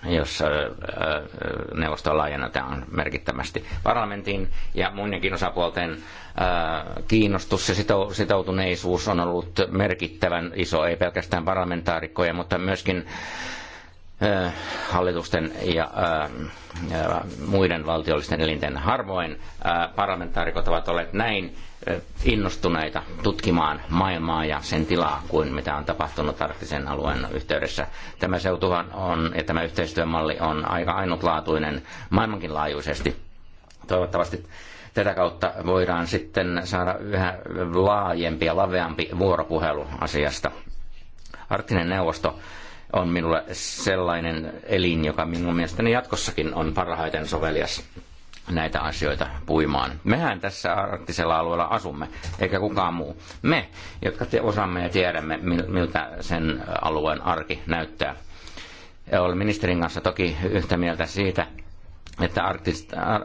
jossa äh, neuvostoa laajennetaan merkittävästi parlamentin ja muidenkin osapuolten äh, kiinnostus ja sitoutuneisuus on ollut merkittävän iso, ei pelkästään parlamentaarikkoja, mutta myöskin hallitusten ja muiden valtiollisten elinten. Harvoin parlamentaarikot ovat olleet näin innostuneita tutkimaan maailmaa ja sen tilaa kuin mitä on tapahtunut arktisen alueen yhteydessä. Tämä seutuhan on ja tämä yhteistyömalli on aika ainutlaatuinen maailmankin laajuisesti. Toivottavasti tätä kautta voidaan sitten saada yhä laajempi ja laveampi vuoropuhelu asiasta. Arktinen neuvosto on minulle sellainen elin, joka minun mielestäni jatkossakin on parhaiten sovelias näitä asioita puimaan. Mehän tässä arktisella alueella asumme, eikä kukaan muu. Me, jotka te osaamme ja tiedämme, miltä sen alueen arki näyttää. Olen ministerin kanssa toki yhtä mieltä siitä, että arktista, ar,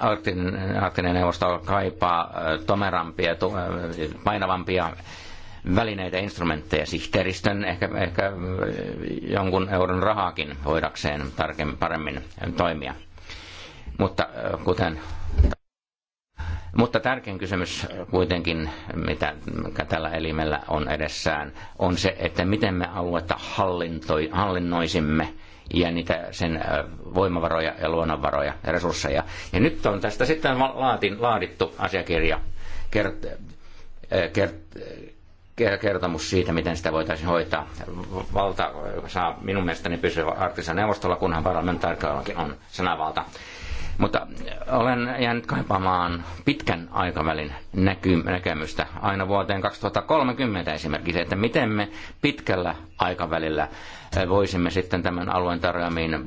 arktinen, arktinen neuvosto kaipaa tomerampia, painavampia välineitä, instrumentteja, sihteeristön, ehkä, ehkä jonkun euron rahaakin voidakseen tarkemmin, paremmin toimia mutta äh, kuten mutta tärkein kysymys kuitenkin, mitä tällä elimellä on edessään, on se, että miten me aluetta hallintoi, hallinnoisimme ja niitä sen äh, voimavaroja ja luonnonvaroja ja resursseja. Ja nyt on tästä sitten laatin, laadittu asiakirja, kert, äh, kert, kertomus siitä, miten sitä voitaisiin hoitaa. Valta saa minun mielestäni pysyä arktisella neuvostolla, kunhan parlamentaarikallakin on sanavalta. Mutta äh, olen jäänyt kaipaamaan pitkän aikavälin näky- näkemystä aina vuoteen 2030 esimerkiksi, että miten me pitkällä aikavälillä äh, voisimme sitten tämän alueen tarjoamiin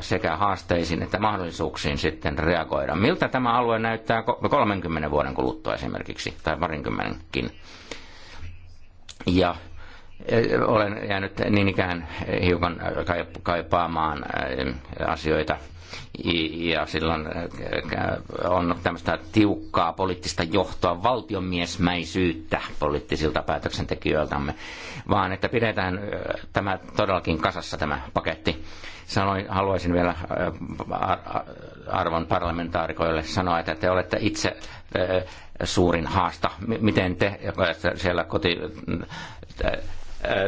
sekä haasteisiin että mahdollisuuksiin sitten reagoida. Miltä tämä alue näyttää 30 vuoden kuluttua esimerkiksi, tai parinkymmenenkin. Ja äh, olen jäänyt niin ikään hiukan kaipaamaan asioita ja silloin äh, on tämmöistä tiukkaa poliittista johtoa, valtionmiesmäisyyttä poliittisilta päätöksentekijöiltämme, vaan että pidetään äh, tämä todellakin kasassa tämä paketti. Sanoin, haluaisin vielä äh, arvon parlamentaarikoille sanoa, että te olette itse suurin haasta. Miten te siellä koti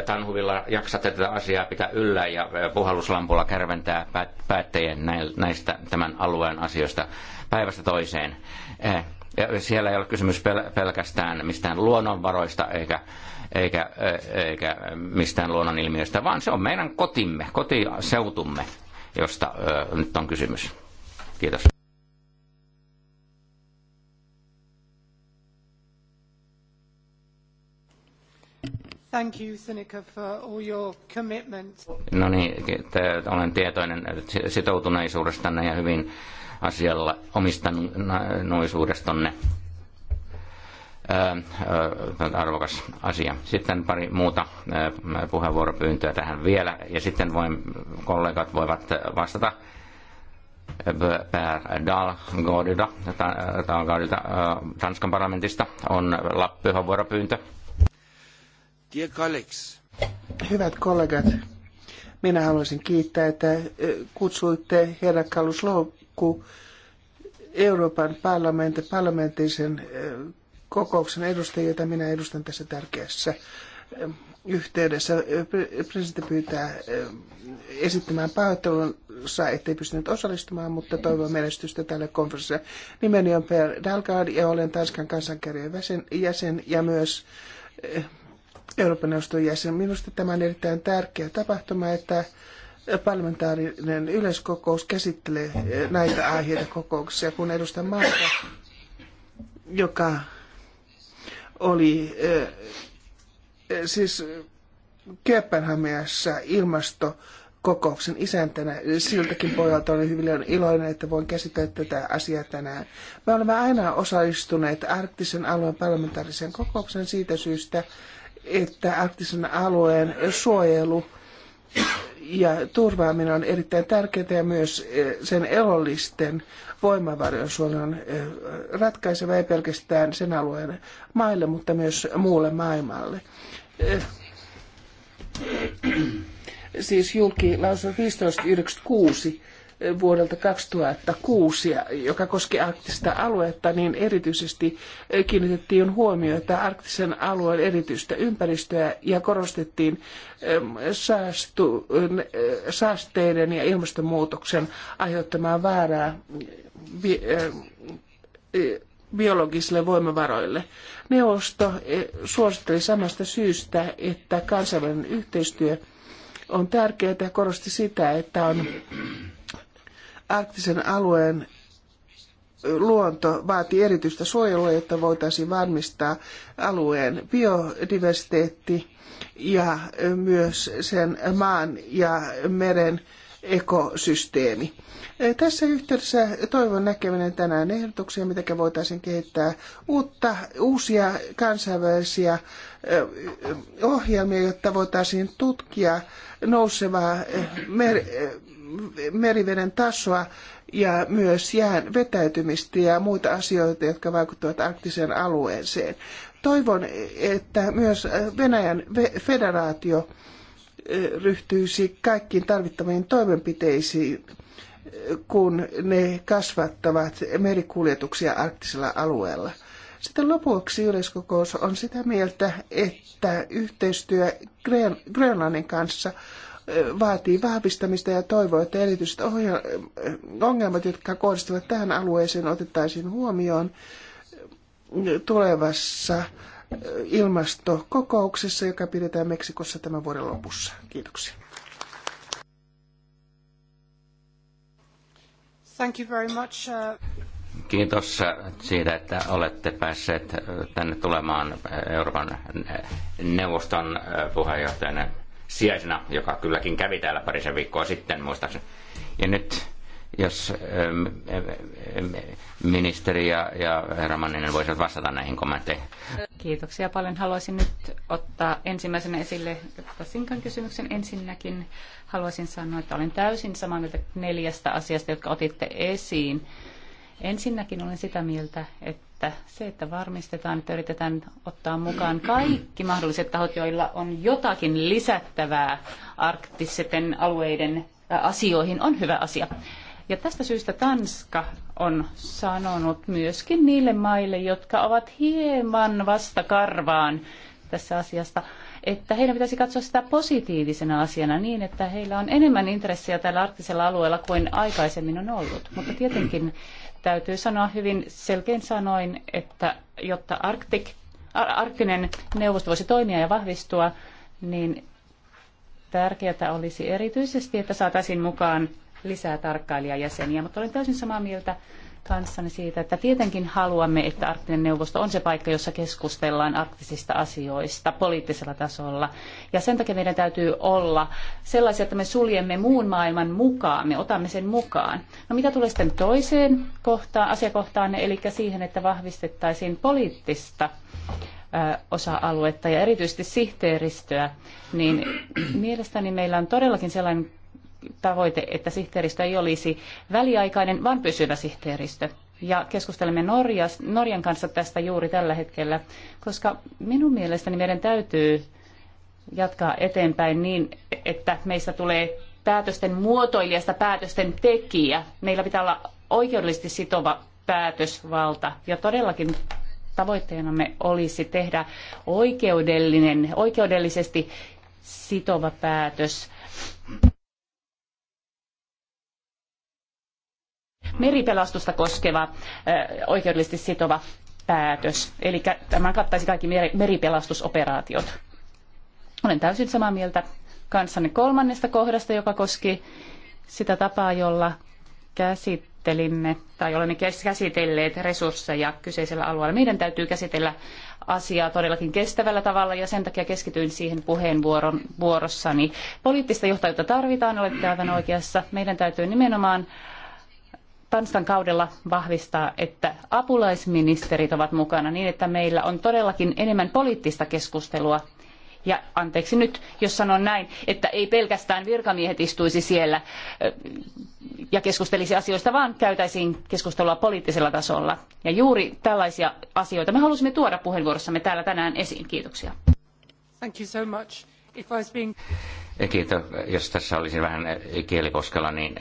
tanhuvilla jaksatte tätä asiaa pitää yllä ja puhalluslampulla kärventää päättäjien näistä tämän alueen asioista päivästä toiseen. Siellä ei ole kysymys pelkästään mistään luonnonvaroista eikä, eikä, eikä mistään luonnonilmiöistä, vaan se on meidän kotimme, kotiseutumme, josta nyt on kysymys. Kiitos. Thank you, Seneca, for all your commitment. No niin, te, olen tietoinen sitoutuneisuudestanne ja hyvin asialla omistanuisuudestanne. Ää, arvokas asia. Sitten pari muuta ää, puheenvuoropyyntöä tähän vielä, ja sitten voin, kollegat voivat vastata. Per Dalgaardilta, Tanskan parlamentista, on puheenvuoropyyntö. vuoropyyntö Dear colleagues. Hyvät kollegat, minä haluaisin kiittää, että kutsuitte herra Kallus Loukku Euroopan parlamentin, parlamentisen kokouksen edustajia, jota minä edustan tässä tärkeässä yhteydessä. Presidentti pyytää esittämään pahoittelunsa, ettei pystynyt osallistumaan, mutta toivon menestystä tälle konferenssille. Nimeni on Per Dalgaard ja olen Tanskan kansankirjan jäsen ja myös Euroopan neuvoston jäsen. Minusta tämä on erittäin tärkeä tapahtuma, että parlamentaarinen yleiskokous käsittelee näitä aiheita kokouksia, kun edustan maata, joka oli eh, siis ilmasto kokouksen isäntänä. Siltäkin pojalta olen hyvin iloinen, että voin käsitellä tätä asiaa tänään. Me olemme aina osallistuneet arktisen alueen parlamentaarisen kokouksen siitä syystä, että arktisen alueen suojelu ja turvaaminen on erittäin tärkeää ja myös eh, sen elollisten voimavarojen suojelu on eh, ratkaiseva ei pelkästään sen alueen maille, mutta myös muulle maailmalle. Eh, siis julki 1596 vuodelta 2006, joka koski arktista aluetta, niin erityisesti kiinnitettiin huomiota arktisen alueen erityistä ympäristöä ja korostettiin saastu, saasteiden ja ilmastonmuutoksen aiheuttamaa väärää e, biologisille voimavaroille. Neuvosto e, suositteli samasta syystä, että kansainvälinen yhteistyö on tärkeää ja korosti sitä, että on arktisen alueen luonto vaatii erityistä suojelua, jotta voitaisiin varmistaa alueen biodiversiteetti ja myös sen maan ja meren ekosysteemi. Tässä yhteydessä toivon näkeminen tänään ehdotuksia, mitä voitaisiin kehittää uutta, uusia kansainvälisiä ohjelmia, jotta voitaisiin tutkia nousevaa mer- meriveden tasoa ja myös jään vetäytymistä ja muita asioita, jotka vaikuttavat arktiseen alueeseen. Toivon, että myös Venäjän federaatio ryhtyisi kaikkiin tarvittaviin toimenpiteisiin, kun ne kasvattavat merikuljetuksia arktisella alueella. Sitten lopuksi yleiskokous on sitä mieltä, että yhteistyö Grönlannin kanssa vaatii vahvistamista ja toivoo, että erityiset ongelmat, jotka kohdistuvat tähän alueeseen, otettaisiin huomioon tulevassa ilmastokokouksessa, joka pidetään Meksikossa tämän vuoden lopussa. Kiitoksia. Thank you very much. Uh, Kiitos siitä, että olette päässeet uh, tänne tulemaan uh, Euroopan neuvoston puheenjohtajana sijaisena, joka kylläkin kävi täällä parisen viikkoa sitten muistaakseni. Ja nyt jos ähm, ähm, ähm, ministeri ja, ja herra Manninen voisivat vastata näihin kommentteihin. Kiitoksia paljon. Haluaisin nyt ottaa ensimmäisenä esille Sinkan kysymyksen. Ensinnäkin haluaisin sanoa, että olen täysin samaa mieltä neljästä asiasta, jotka otitte esiin. Ensinnäkin olen sitä mieltä, että että se, että varmistetaan, että yritetään ottaa mukaan kaikki mahdolliset tahot, joilla on jotakin lisättävää arktisten alueiden äh, asioihin, on hyvä asia. Ja tästä syystä Tanska on sanonut myöskin niille maille, jotka ovat hieman vastakarvaan tässä asiasta, että heidän pitäisi katsoa sitä positiivisena asiana niin, että heillä on enemmän intressejä tällä arktisella alueella kuin aikaisemmin on ollut. Mutta tietenkin Täytyy sanoa hyvin selkein sanoin, että jotta Arktik, arktinen neuvosto voisi toimia ja vahvistua, niin tärkeää olisi erityisesti, että saataisiin mukaan lisää tarkkailijajäseniä, mutta olen täysin samaa mieltä kanssani siitä, että tietenkin haluamme, että arktinen neuvosto on se paikka, jossa keskustellaan arktisista asioista poliittisella tasolla. Ja sen takia meidän täytyy olla sellaisia, että me suljemme muun maailman mukaan, me otamme sen mukaan. No mitä tulee sitten toiseen kohtaan, asiakohtaan, eli siihen, että vahvistettaisiin poliittista osa-aluetta ja erityisesti sihteeristöä, niin mielestäni meillä on todellakin sellainen tavoite, että sihteeristö ei olisi väliaikainen, vaan pysyvä sihteeristö. Ja keskustelemme Norjas, Norjan kanssa tästä juuri tällä hetkellä, koska minun mielestäni meidän täytyy jatkaa eteenpäin niin, että meistä tulee päätösten muotoilijasta päätösten tekijä. Meillä pitää olla oikeudellisesti sitova päätösvalta. Ja todellakin tavoitteenamme olisi tehdä oikeudellinen, oikeudellisesti sitova päätös meripelastusta koskeva oikeudellisesti sitova päätös. Eli tämä kattaisi kaikki meripelastusoperaatiot. Olen täysin samaa mieltä kanssanne kolmannesta kohdasta, joka koski sitä tapaa, jolla käsittelimme tai olemme käsitelleet resursseja kyseisellä alueella. Meidän täytyy käsitellä asiaa todellakin kestävällä tavalla ja sen takia keskityin siihen puheenvuorossani. Poliittista johtajuutta tarvitaan, olette aivan oikeassa. Meidän täytyy nimenomaan Tanskan kaudella vahvistaa, että apulaisministerit ovat mukana niin, että meillä on todellakin enemmän poliittista keskustelua. Ja anteeksi nyt, jos sanon näin, että ei pelkästään virkamiehet istuisi siellä ja keskustelisi asioista, vaan käytäisiin keskustelua poliittisella tasolla. Ja juuri tällaisia asioita me halusimme tuoda puheenvuorossamme täällä tänään esiin. Kiitoksia. Thank you so much. If I was being... Kiitos. Jos tässä olisi vähän kielikoskella, niin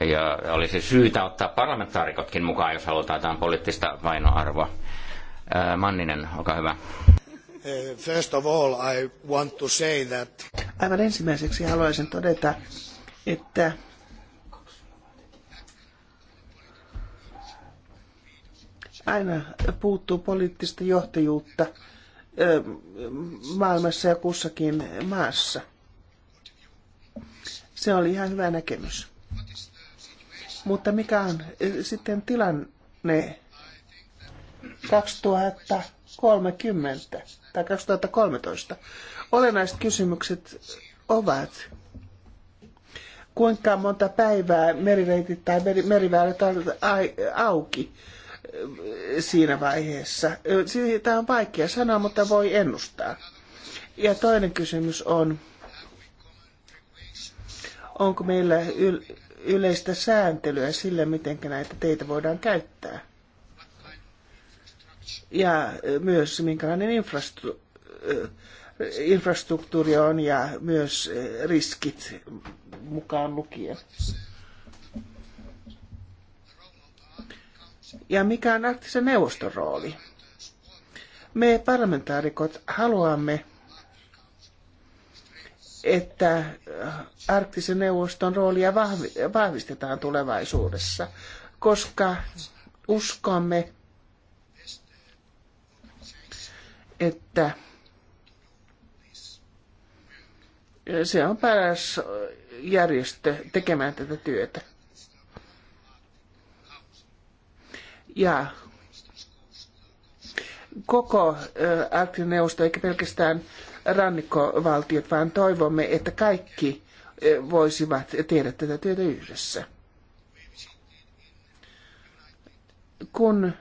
ja olisi syytä ottaa parlamentaarikotkin mukaan, jos halutaan jotain poliittista painoarvoa. Manninen, olkaa hyvä. Eh, first of all, I want to say that... Aivan ensimmäiseksi haluaisin todeta, että aina puuttuu poliittista johtajuutta maailmassa ja kussakin maassa. Se oli ihan hyvä näkemys. Mutta mikä on sitten tilanne 2030 tai 2013? Olennaiset kysymykset ovat, kuinka monta päivää merireitit tai meriväylät on auki siinä vaiheessa. Siitä on vaikea sanoa, mutta voi ennustaa. Ja toinen kysymys on, onko meillä yl- yleistä sääntelyä sille, miten näitä teitä voidaan käyttää. Ja myös minkälainen infrastruktuuri infrastruktuuri on ja myös riskit mukaan lukien. Ja mikä on arktisen neuvoston rooli? Me parlamentaarikot haluamme että äh, arktisen neuvoston roolia vahvistetaan tulevaisuudessa, koska uskomme, että se on paras järjestö tekemään tätä työtä. Ja koko äh, arktinen neuvosto, eikä pelkästään rannikkovaltiot, vaan toivomme, että kaikki eh, voisivat tehdä tätä työtä yhdessä. Kun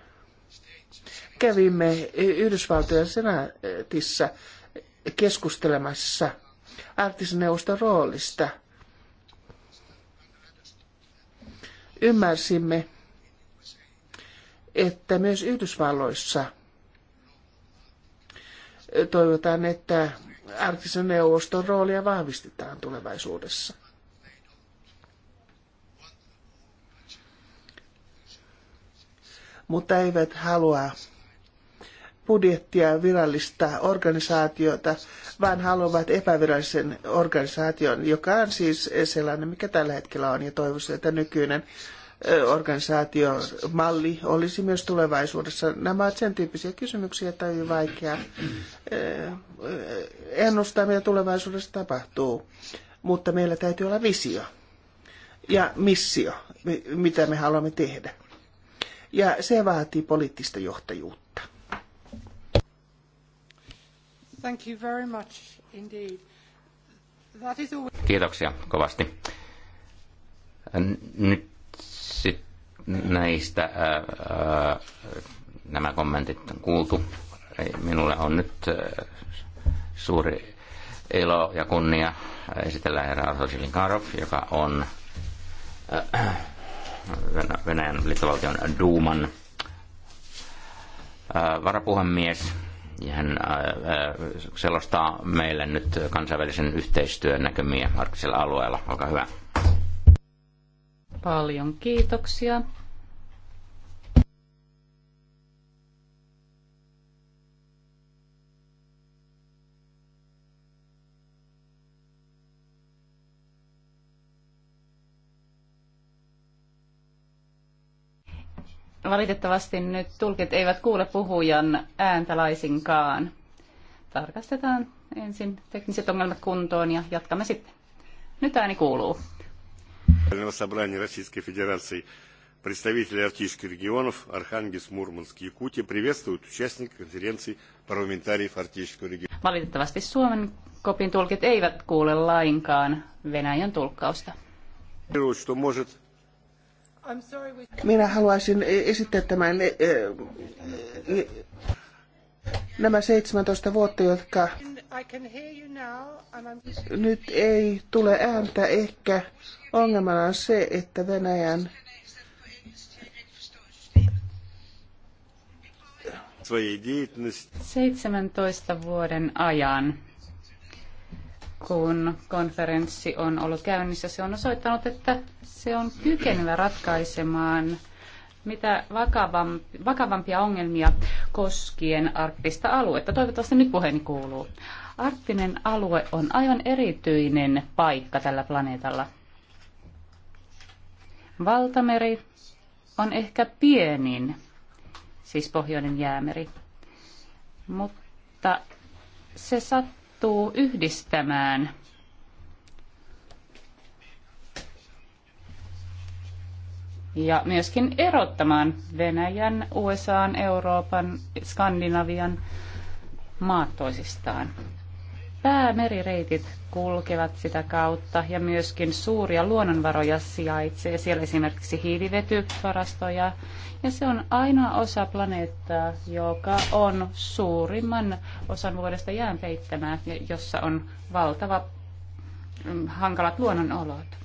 kävimme Yhdysvaltojen senaatissa keskustelemassa neuvoston roolista, ymmärsimme, että myös Yhdysvalloissa – toivotaan, että arktisen neuvoston roolia vahvistetaan tulevaisuudessa. Mutta eivät halua budjettia virallista organisaatiota, vaan haluavat epävirallisen organisaation, joka on siis sellainen, mikä tällä hetkellä on, ja toivoisin, että nykyinen organisaatiomalli olisi myös tulevaisuudessa. Nämä ovat sen tyyppisiä kysymyksiä, että on vaikea ennustaa, mitä tulevaisuudessa tapahtuu. Mutta meillä täytyy olla visio ja missio, mitä me haluamme tehdä. Ja se vaatii poliittista johtajuutta. Thank you very much indeed. That is all... Kiitoksia kovasti. Nyt sitten näistä ää, ää, nämä kommentit on kuultu. Minulle on nyt äh, suuri ilo ja kunnia esitellä herra Karov, Silinkarov, joka on äh, Venäjän liittovaltion Duuman äh, varapuhemies. Ja hän selostaa meille nyt kansainvälisen yhteistyön näkymiä arktisella alueella. Olkaa hyvä. Paljon kiitoksia. Valitettavasti nyt tulkit eivät kuule puhujan ääntä laisinkaan. Tarkastetaan ensin tekniset ongelmat kuntoon ja jatkamme sitten. Nyt ääni kuuluu. представители арктических регионов Архангельск, Мурманск, Якутия приветствуют участников конференции парламентариев арктического региона. Valitettavasti Suomen kopin tulkit eivät kuule lainkaan Venäjän tulkkausta. Что может minä haluaisin e- esittää tämän, e- e- nämä 17 vuotta, jotka nyt ei tule ääntä. Ehkä ongelmana on se, että Venäjän Seitsemäntoista vuoden ajan kun konferenssi on ollut käynnissä, se on osoittanut, että se on kykenevä ratkaisemaan mitä vakavampia ongelmia koskien arktista aluetta. Toivottavasti nyt puheeni kuuluu. Arktinen alue on aivan erityinen paikka tällä planeetalla. Valtameri on ehkä pienin, siis pohjoinen jäämeri, mutta se sattuu onnistuu yhdistämään ja myöskin erottamaan Venäjän, USAn, Euroopan, Skandinavian maat toisistaan päämerireitit kulkevat sitä kautta ja myöskin suuria luonnonvaroja sijaitsee. Siellä esimerkiksi hiilivetyvarastoja ja se on ainoa osa planeettaa, joka on suurimman osan vuodesta jään peittämää jossa on valtava mm, hankalat luonnonolot.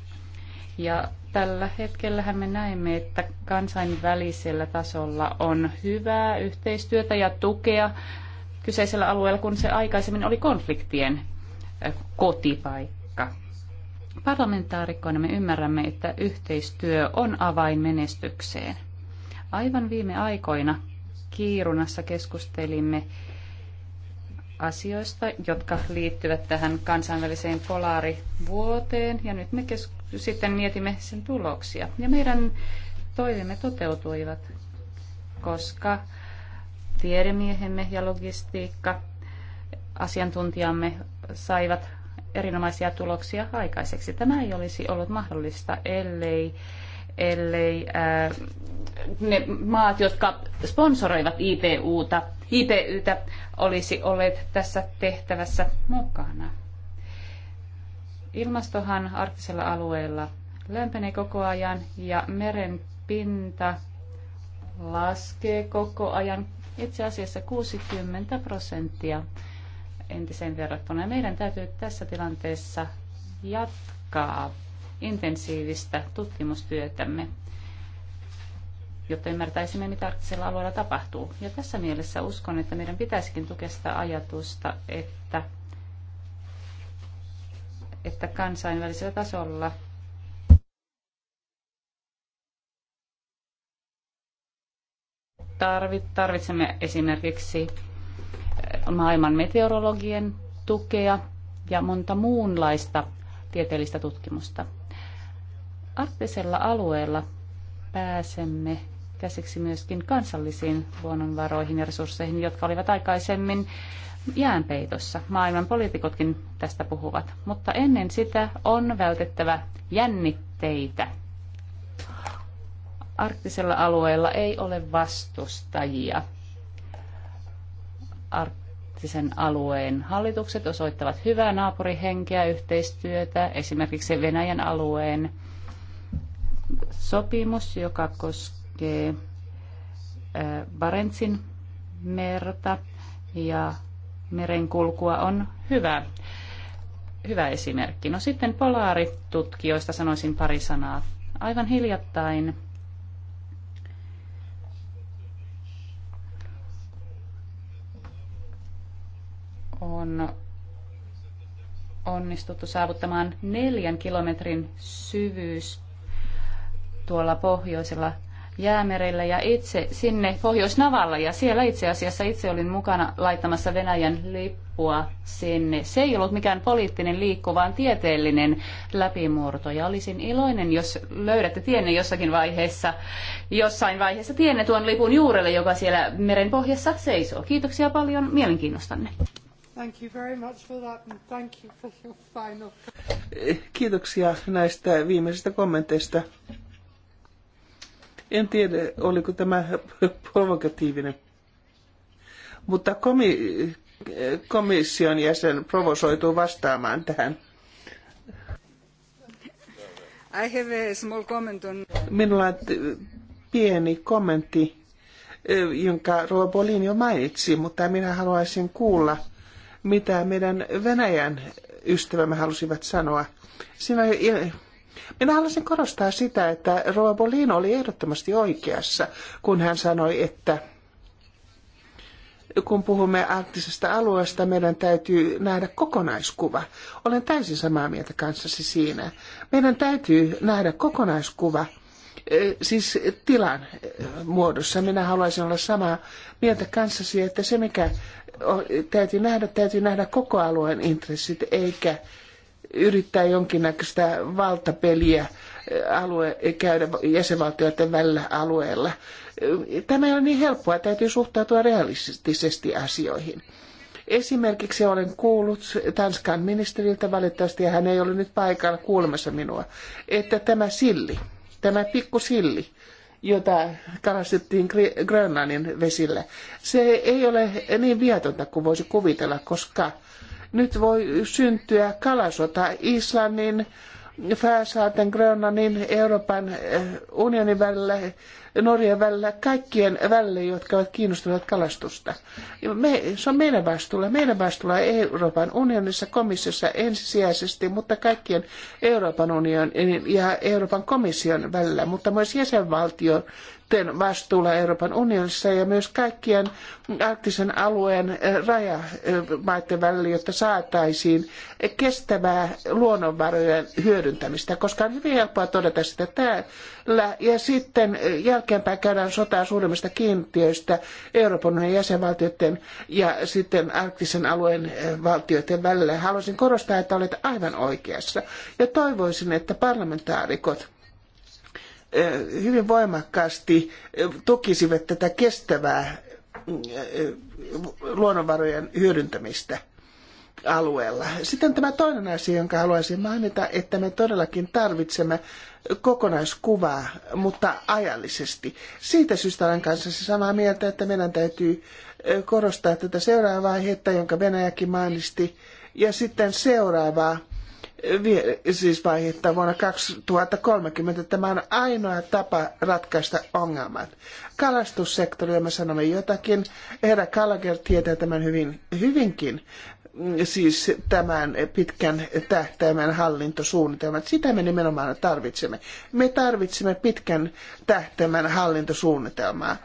Ja tällä hetkellä me näemme, että kansainvälisellä tasolla on hyvää yhteistyötä ja tukea kyseisellä alueella, kun se aikaisemmin oli konfliktien eh, kotipaikka. Parlamentaarikkoina me ymmärrämme, että yhteistyö on avain menestykseen. Aivan viime aikoina Kiirunassa keskustelimme asioista, jotka liittyvät tähän kansainväliseen polaarivuoteen. Ja nyt me kes- sitten mietimme sen tuloksia. Ja meidän toiveemme toteutuivat, koska tiedemiehemme ja logistiikka asiantuntijamme saivat erinomaisia tuloksia aikaiseksi. Tämä ei olisi ollut mahdollista, ellei, ellei ää, äh, ne maat, jotka sponsoroivat IPUta, IPYtä, olisi olleet tässä tehtävässä mukana. Ilmastohan arktisella alueella lämpenee koko ajan ja meren pinta laskee koko ajan itse asiassa 60 prosenttia entiseen verrattuna. Meidän täytyy tässä tilanteessa jatkaa intensiivistä tutkimustyötämme, jotta ymmärtäisimme, mitä arktisella alueella tapahtuu. Ja tässä mielessä uskon, että meidän pitäisikin tukea sitä ajatusta, että, että kansainvälisellä tasolla – Tarvitsemme esimerkiksi eh, maailman meteorologien tukea ja monta muunlaista tieteellistä tutkimusta. Arktisella alueella pääsemme käsiksi myöskin kansallisiin luonnonvaroihin ja resursseihin, jotka olivat aikaisemmin jäänpeitossa. Maailman poliitikotkin tästä puhuvat. Mutta ennen sitä on vältettävä jännitteitä arktisella alueella ei ole vastustajia. Arktisen alueen hallitukset osoittavat hyvää naapurihenkeä yhteistyötä, esimerkiksi Venäjän alueen sopimus, joka koskee Barentsin merta ja merenkulkua on hyvä, hyvä esimerkki. No sitten polaaritutkijoista sanoisin pari sanaa. Aivan hiljattain on onnistuttu saavuttamaan neljän kilometrin syvyys tuolla pohjoisella jäämerellä ja itse sinne Pohjoisnavalla. Ja siellä itse asiassa itse olin mukana laittamassa Venäjän lippua sinne. Se ei ollut mikään poliittinen liikku, vaan tieteellinen läpimurto. Ja olisin iloinen, jos löydätte tienne jossakin vaiheessa, jossain vaiheessa tienne tuon lipun juurelle, joka siellä meren pohjassa seisoo. Kiitoksia paljon mielenkiinnostanne. Thank you very much for that and thank you for your final... Eh, kiitoksia näistä viimeisistä kommenteista. En tiedä, oliko tämä [laughs] provokatiivinen, mutta komi- komission jäsen provosoituu vastaamaan tähän. I have a small comment on... Minulla on pieni kommentti, eh, jonka Bolin jo mainitsi, mutta minä haluaisin kuulla mitä meidän Venäjän ystävämme halusivat sanoa. Siinä minä haluaisin korostaa sitä, että Rova Bolin oli ehdottomasti oikeassa, kun hän sanoi, että kun puhumme arktisesta alueesta, meidän täytyy nähdä kokonaiskuva. Olen täysin samaa mieltä kanssasi siinä. Meidän täytyy nähdä kokonaiskuva, eh, siis tilan eh, muodossa. Minä haluaisin olla samaa mieltä kanssasi, että se mikä täytyy nähdä, täytyy nähdä koko alueen intressit, eikä yrittää jonkinnäköistä valtapeliä alue, käydä jäsenvaltioiden välillä alueella. Tämä ei ole niin helppoa, täytyy suhtautua realistisesti asioihin. Esimerkiksi olen kuullut Tanskan ministeriltä, valitettavasti hän ei ole nyt paikalla kuulemassa minua, että tämä silli, tämä pikku silli, jota kalastettiin Grönlannin vesillä. Se ei ole niin viatonta kuin voisi kuvitella, koska nyt voi syntyä kalasota Islannin Färsaaten, Grönlannin, Euroopan eh, unionin välillä, Norjan välillä, kaikkien välillä, jotka ovat kiinnostuneet kalastusta. Me, se on meidän vastuulla. Meidän vastuulla Euroopan unionissa, komissiossa ensisijaisesti, mutta kaikkien Euroopan unionin ja Euroopan komission välillä, mutta myös jäsenvaltion vastuulla Euroopan unionissa ja myös kaikkien arktisen alueen eh, rajamaiden välillä, jotta saataisiin kestävää luonnonvarojen hyödyntämistä, koska on hyvin helppoa todeta sitä täällä. Ja sitten eh, jälkeenpäin käydään sotaa suuremmista kiintiöistä Euroopan unionin jäsenvaltioiden ja sitten arktisen alueen eh, valtioiden välillä. Haluaisin korostaa, että olet aivan oikeassa ja toivoisin, että parlamentaarikot Eh, hyvin voimakkaasti eh, tukisivat tätä kestävää eh, luonnonvarojen hyödyntämistä alueella. Sitten tämä toinen asia, jonka haluaisin mainita, että me todellakin tarvitsemme kokonaiskuvaa, mutta ajallisesti. Siitä syystä olen kanssasi samaa mieltä, että meidän täytyy korostaa tätä seuraavaa vaihetta, jonka Venäjäkin mainisti, ja sitten seuraavaa siis vaihetta vuonna 2030. Tämä on ainoa tapa ratkaista ongelmat. Kalastussektorilla me sanomme jotakin. Herra Gallagher tietää tämän hyvin, hyvinkin siis tämän pitkän tähtäimen hallintosuunnitelman. Sitä me nimenomaan tarvitsemme. Me tarvitsemme pitkän tähtäimen hallintosuunnitelmaa,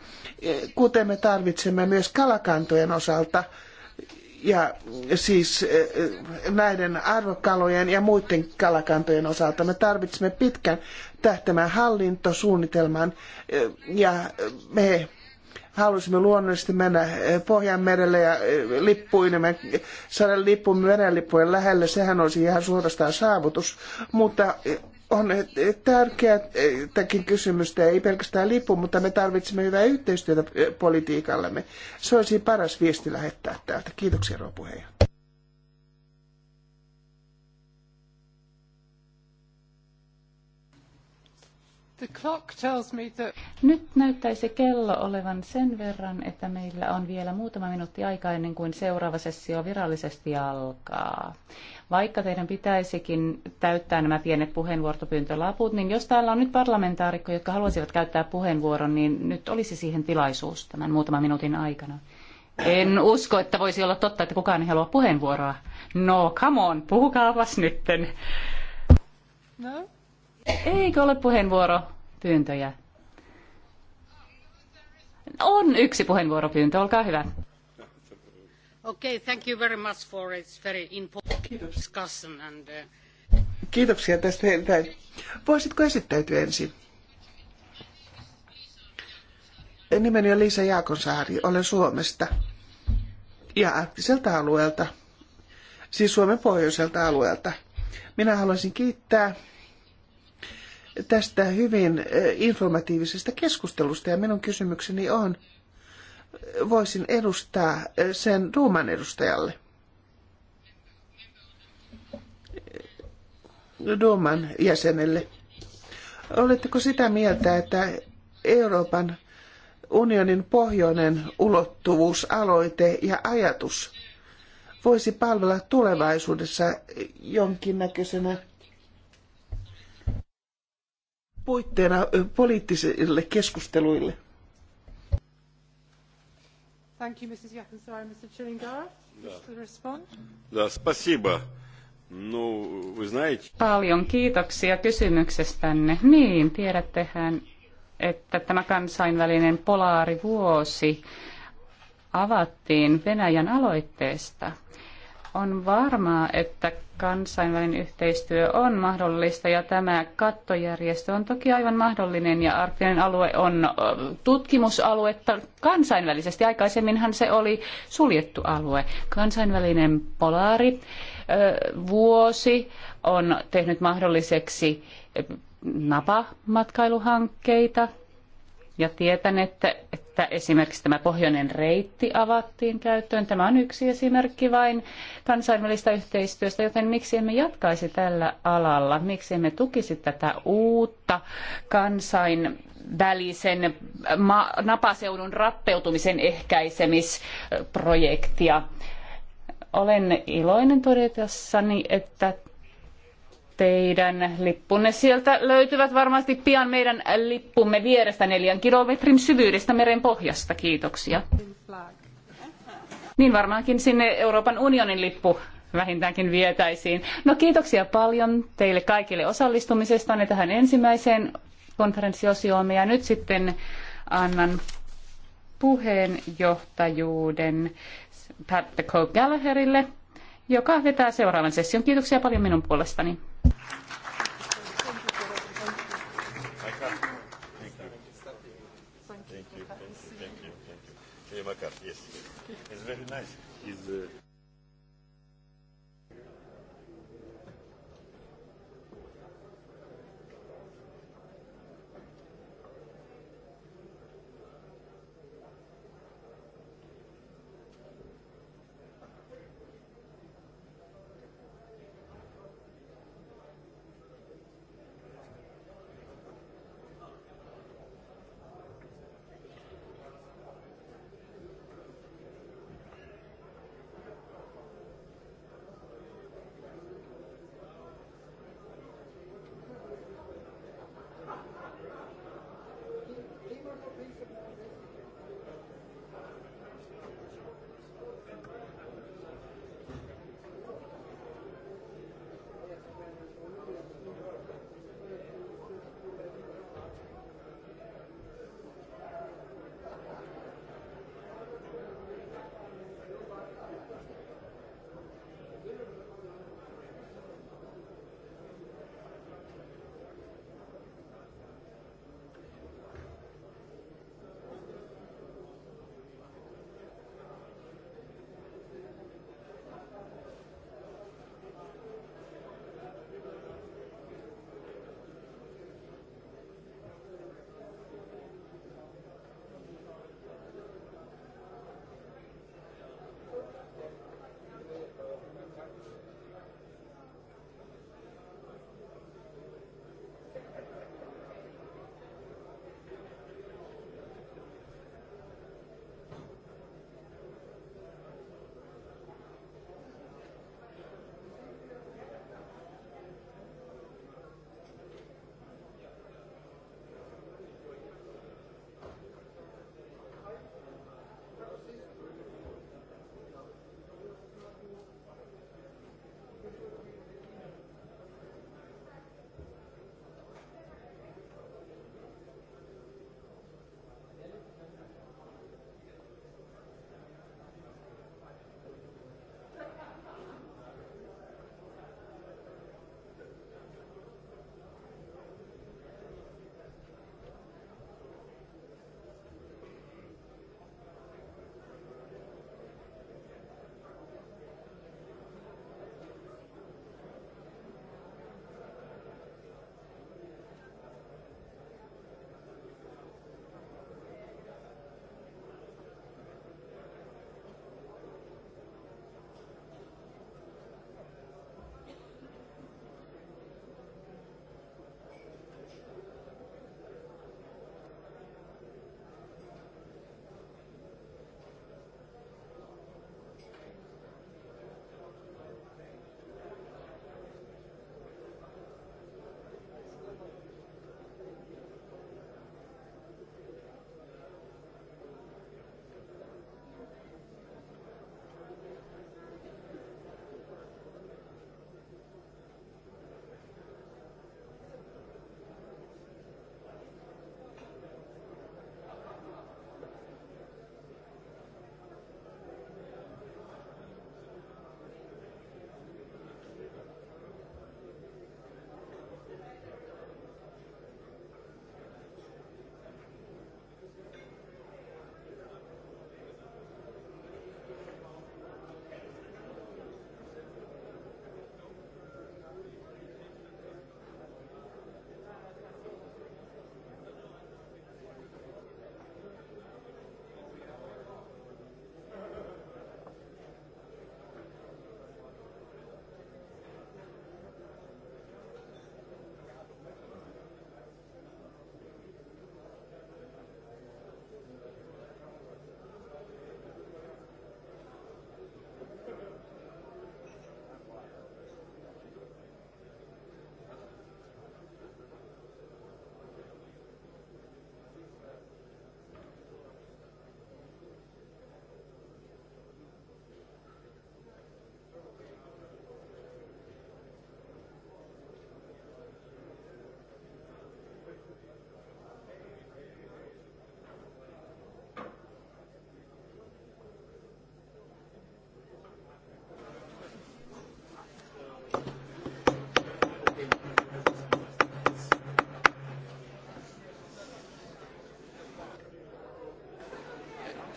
kuten me tarvitsemme myös kalakantojen osalta – ja siis eh, eh, näiden arvokalojen ja muiden kalakantojen osalta me tarvitsemme pitkän tähtämään hallintosuunnitelman eh, ja me halusimme luonnollisesti mennä Pohjanmerelle ja lippuinemme, saada lippumme lippujen lähelle, sehän olisi ihan suorastaan saavutus, mutta on tämäkin eh, kysymys, ei pelkästään lippu, mutta me tarvitsemme hyvää yhteistyötä eh, politiikallemme. Se olisi paras viesti lähettää täältä. Kiitoksia, rouva puheenjohtaja. That... Nyt näyttäisi kello olevan sen verran, että meillä on vielä muutama minuutti aikaa ennen kuin seuraava sessio virallisesti alkaa. Vaikka teidän pitäisikin täyttää nämä pienet puheenvuoropyyntölaput, niin jos täällä on nyt parlamentaarikko, jotka haluaisivat käyttää puheenvuoron, niin nyt olisi siihen tilaisuus tämän muutaman minuutin aikana. En usko, että voisi olla totta, että kukaan ei halua puheenvuoroa. No, come on, puhukaapas nytten. No? Eikö ole puheenvuoropyyntöjä? On yksi puheenvuoropyyntö, olkaa hyvä. Okay, thank you very much for its very important... Uh, Kiitoksia. tästä heiltä. Voisitko esittäytyä ensin? Nimeni on Liisa Jaakonsaari, olen Suomesta ja arktiselta alueelta, siis Suomen pohjoiselta alueelta. Minä haluaisin kiittää tästä hyvin eh, informatiivisesta keskustelusta ja minun kysymykseni on, voisin edustaa eh, sen Duuman edustajalle. Duoman jäsenelle. Oletteko sitä mieltä, että Euroopan unionin pohjoinen ulottuvuus, aloite ja ajatus voisi palvella tulevaisuudessa jonkinnäköisenä puitteena poliittisille keskusteluille? Thank you, Mrs. Yakinsari. Mr. Chilingar. wish no. to respond? Да, no, спасибо. No, знаете... Paljon kiitoksia kysymyksestänne. Niin, tiedättehän, että tämä kansainvälinen polaarivuosi avattiin Venäjän aloitteesta. On varmaa, että kansainvälinen yhteistyö on mahdollista ja tämä kattojärjestö on toki aivan mahdollinen ja arktinen alue on tutkimusaluetta kansainvälisesti. Aikaisemminhan se oli suljettu alue. Kansainvälinen polaari vuosi on tehnyt mahdolliseksi napamatkailuhankkeita ja tietän, että, että esimerkiksi tämä pohjoinen reitti avattiin käyttöön. Tämä on yksi esimerkki vain kansainvälistä yhteistyöstä, joten miksi emme jatkaisi tällä alalla, miksi emme tukisi tätä uutta kansainvälisen napaseudun rappeutumisen ehkäisemisprojektia olen iloinen todetessani, että teidän lippunne sieltä löytyvät varmasti pian meidän lippumme vierestä neljän kilometrin syvyydestä meren pohjasta. Kiitoksia. Niin varmaankin sinne Euroopan unionin lippu vähintäänkin vietäisiin. No kiitoksia paljon teille kaikille osallistumisestanne tähän ensimmäiseen konferenssiosioomme. Ja nyt sitten annan puheenjohtajuuden Pat the Cope Gallagherille, joka vetää seuraavan session. Kiitoksia paljon minun puolestani. Yes. It's very nice. It's, uh...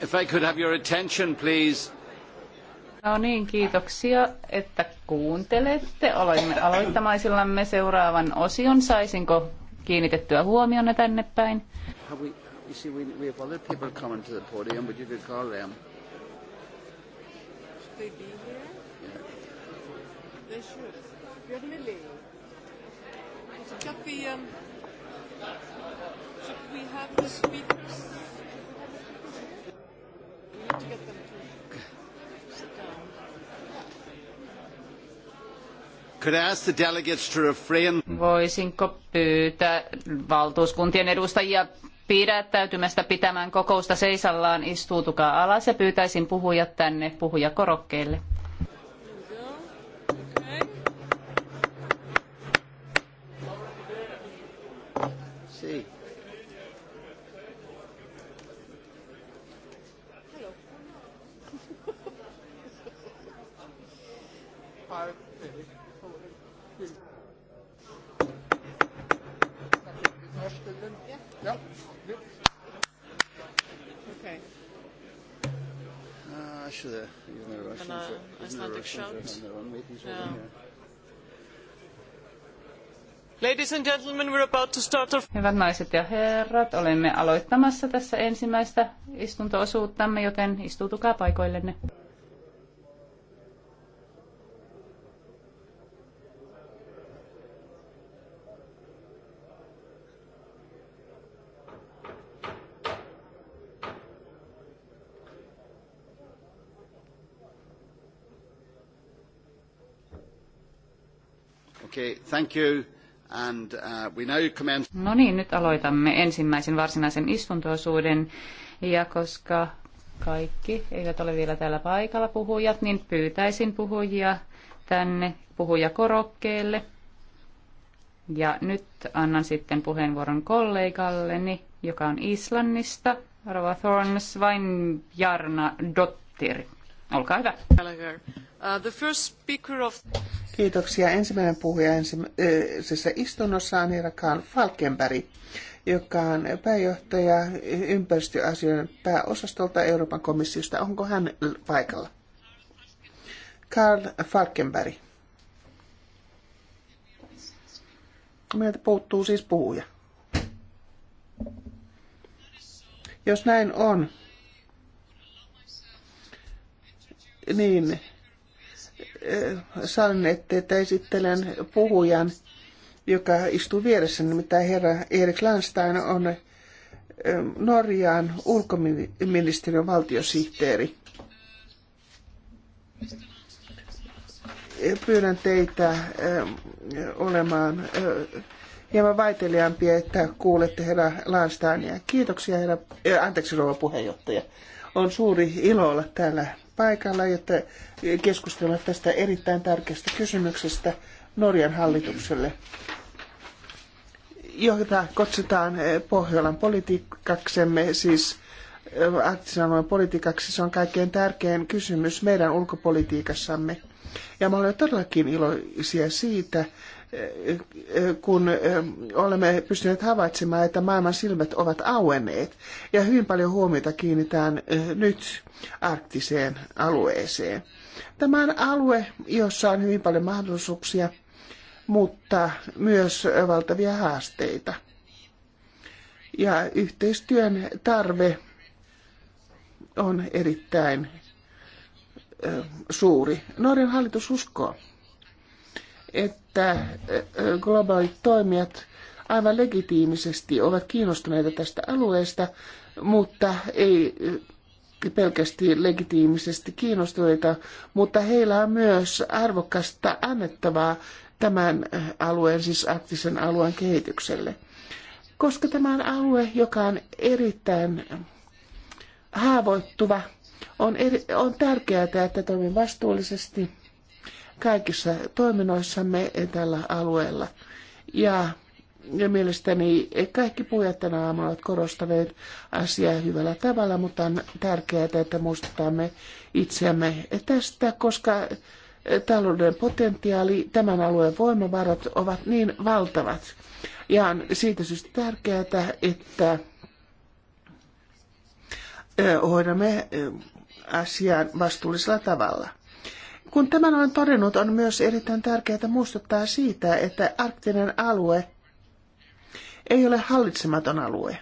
If I could have your attention, please. No niin, kiitoksia, että kuuntelette. Olemme aloittamaisillamme seuraavan osion. Saisinko kiinnitettyä huomionne tänne päin? should we have the speakers? Voisinko pyytää valtuuskuntien edustajia pidättäytymästä pitämään kokousta seisallaan, istuutukaa alas ja pyytäisin puhujat tänne puhujakorokkeelle. shut. Yeah. Ladies and gentlemen, we're about to start our... Hyvät naiset ja herrat, olemme aloittamassa tässä ensimmäistä istuntoosuuttamme, joten istuutukaa paikoillenne. Thank you. And, uh, we now commence... No niin, nyt aloitamme ensimmäisen varsinaisen istuntoosuuden. Ja koska kaikki eivät ole vielä täällä paikalla puhujat, niin pyytäisin puhujia tänne puhujakorokkeelle. Ja nyt annan sitten puheenvuoron kollegalleni, joka on Islannista, Rova Thorns, vain Jarna Dottir. Olkaa hyvä. Uh, the first speaker of... Kiitoksia. Ensimmäinen puhuja ensimmäisessä istunnossa on Irakan Falkenberg, joka on pääjohtaja ympäristöasioiden pääosastolta Euroopan komissiosta. Onko hän paikalla? Karl Falkenberg. Meiltä puuttuu siis puhuja. Jos näin on, niin Eh, sallinette, että esittelen puhujan, joka istuu vieressä, nimittäin herra Erik Landstein on eh, Norjan ulkoministeriön valtiosihteeri. Eh, pyydän teitä olemaan hieman vaiteliaampia, että kuulette herra Landsteinia. Kiitoksia herra, anteeksi rouva puheenjohtaja. On suuri ilo olla täällä paikalla, jotta keskustelemme tästä erittäin tärkeästä kysymyksestä Norjan hallitukselle, jota kutsutaan eh, Pohjolan politiikkaksemme, siis eh, arktisen politiikaksi. Se on kaikkein tärkein kysymys meidän ulkopolitiikassamme. Ja me olemme todellakin iloisia siitä, kun ähm, olemme pystyneet havaitsemaan, että maailman silmät ovat auenneet ja hyvin paljon huomiota kiinnitään äh, nyt arktiseen alueeseen. Tämä on alue, jossa on hyvin paljon mahdollisuuksia, mutta myös valtavia haasteita. Ja yhteistyön tarve on erittäin äh, suuri. Norjan hallitus uskoo, että että globaalit toimijat aivan legitiimisesti ovat kiinnostuneita tästä alueesta, mutta ei pelkästään legitiimisesti kiinnostuneita, mutta heillä on myös arvokasta annettavaa tämän alueen, siis arktisen alueen kehitykselle. Koska tämä on alue, joka on erittäin haavoittuva, on, eri, on tärkeää, että toimin vastuullisesti – kaikissa toiminnoissamme tällä alueella. Ja, ja mielestäni kaikki puhujat tänä aamuna ovat korostaneet asiaa hyvällä tavalla, mutta on tärkeää, että muistutamme itseämme tästä, koska talouden potentiaali, tämän alueen voimavarat ovat niin valtavat. Ja on siitä syystä tärkeää, että hoidamme asian vastuullisella tavalla. Kun tämän olen todennut, on myös erittäin tärkeää muistuttaa siitä, että arktinen alue ei ole hallitsematon alue.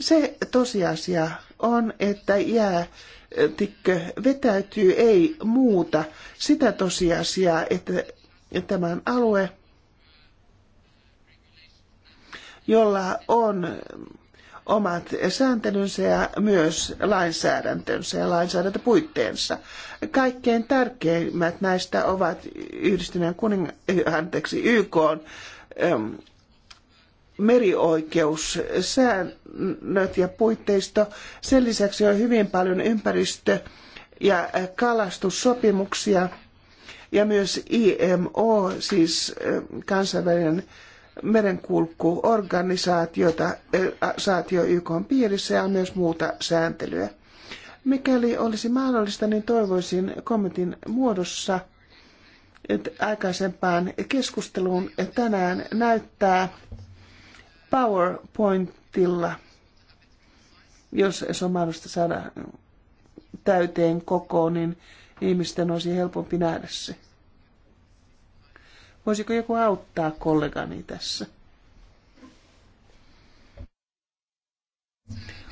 Se tosiasia on, että jäätikkö vetäytyy, ei muuta sitä tosiasiaa, että tämän alue, jolla on omat sääntelynsä ja myös lainsäädäntönsä ja lainsäädäntöpuitteensa. Kaikkein tärkeimmät näistä ovat yhdistyneen kuning... Eh, anteeksi, YK ähm, merioikeussäännöt ja puitteisto. Sen lisäksi on hyvin paljon ympäristö- ja kalastussopimuksia ja myös IMO, siis kansainvälinen äh, merenkulkuorganisaatiota saatio YK on piirissä ja on myös muuta sääntelyä. Mikäli olisi mahdollista, niin toivoisin kommentin muodossa että aikaisempaan keskusteluun tänään näyttää PowerPointilla, jos se on mahdollista saada täyteen kokoon, niin ihmisten olisi helpompi nähdä se. Voisiko joku auttaa kollegani tässä?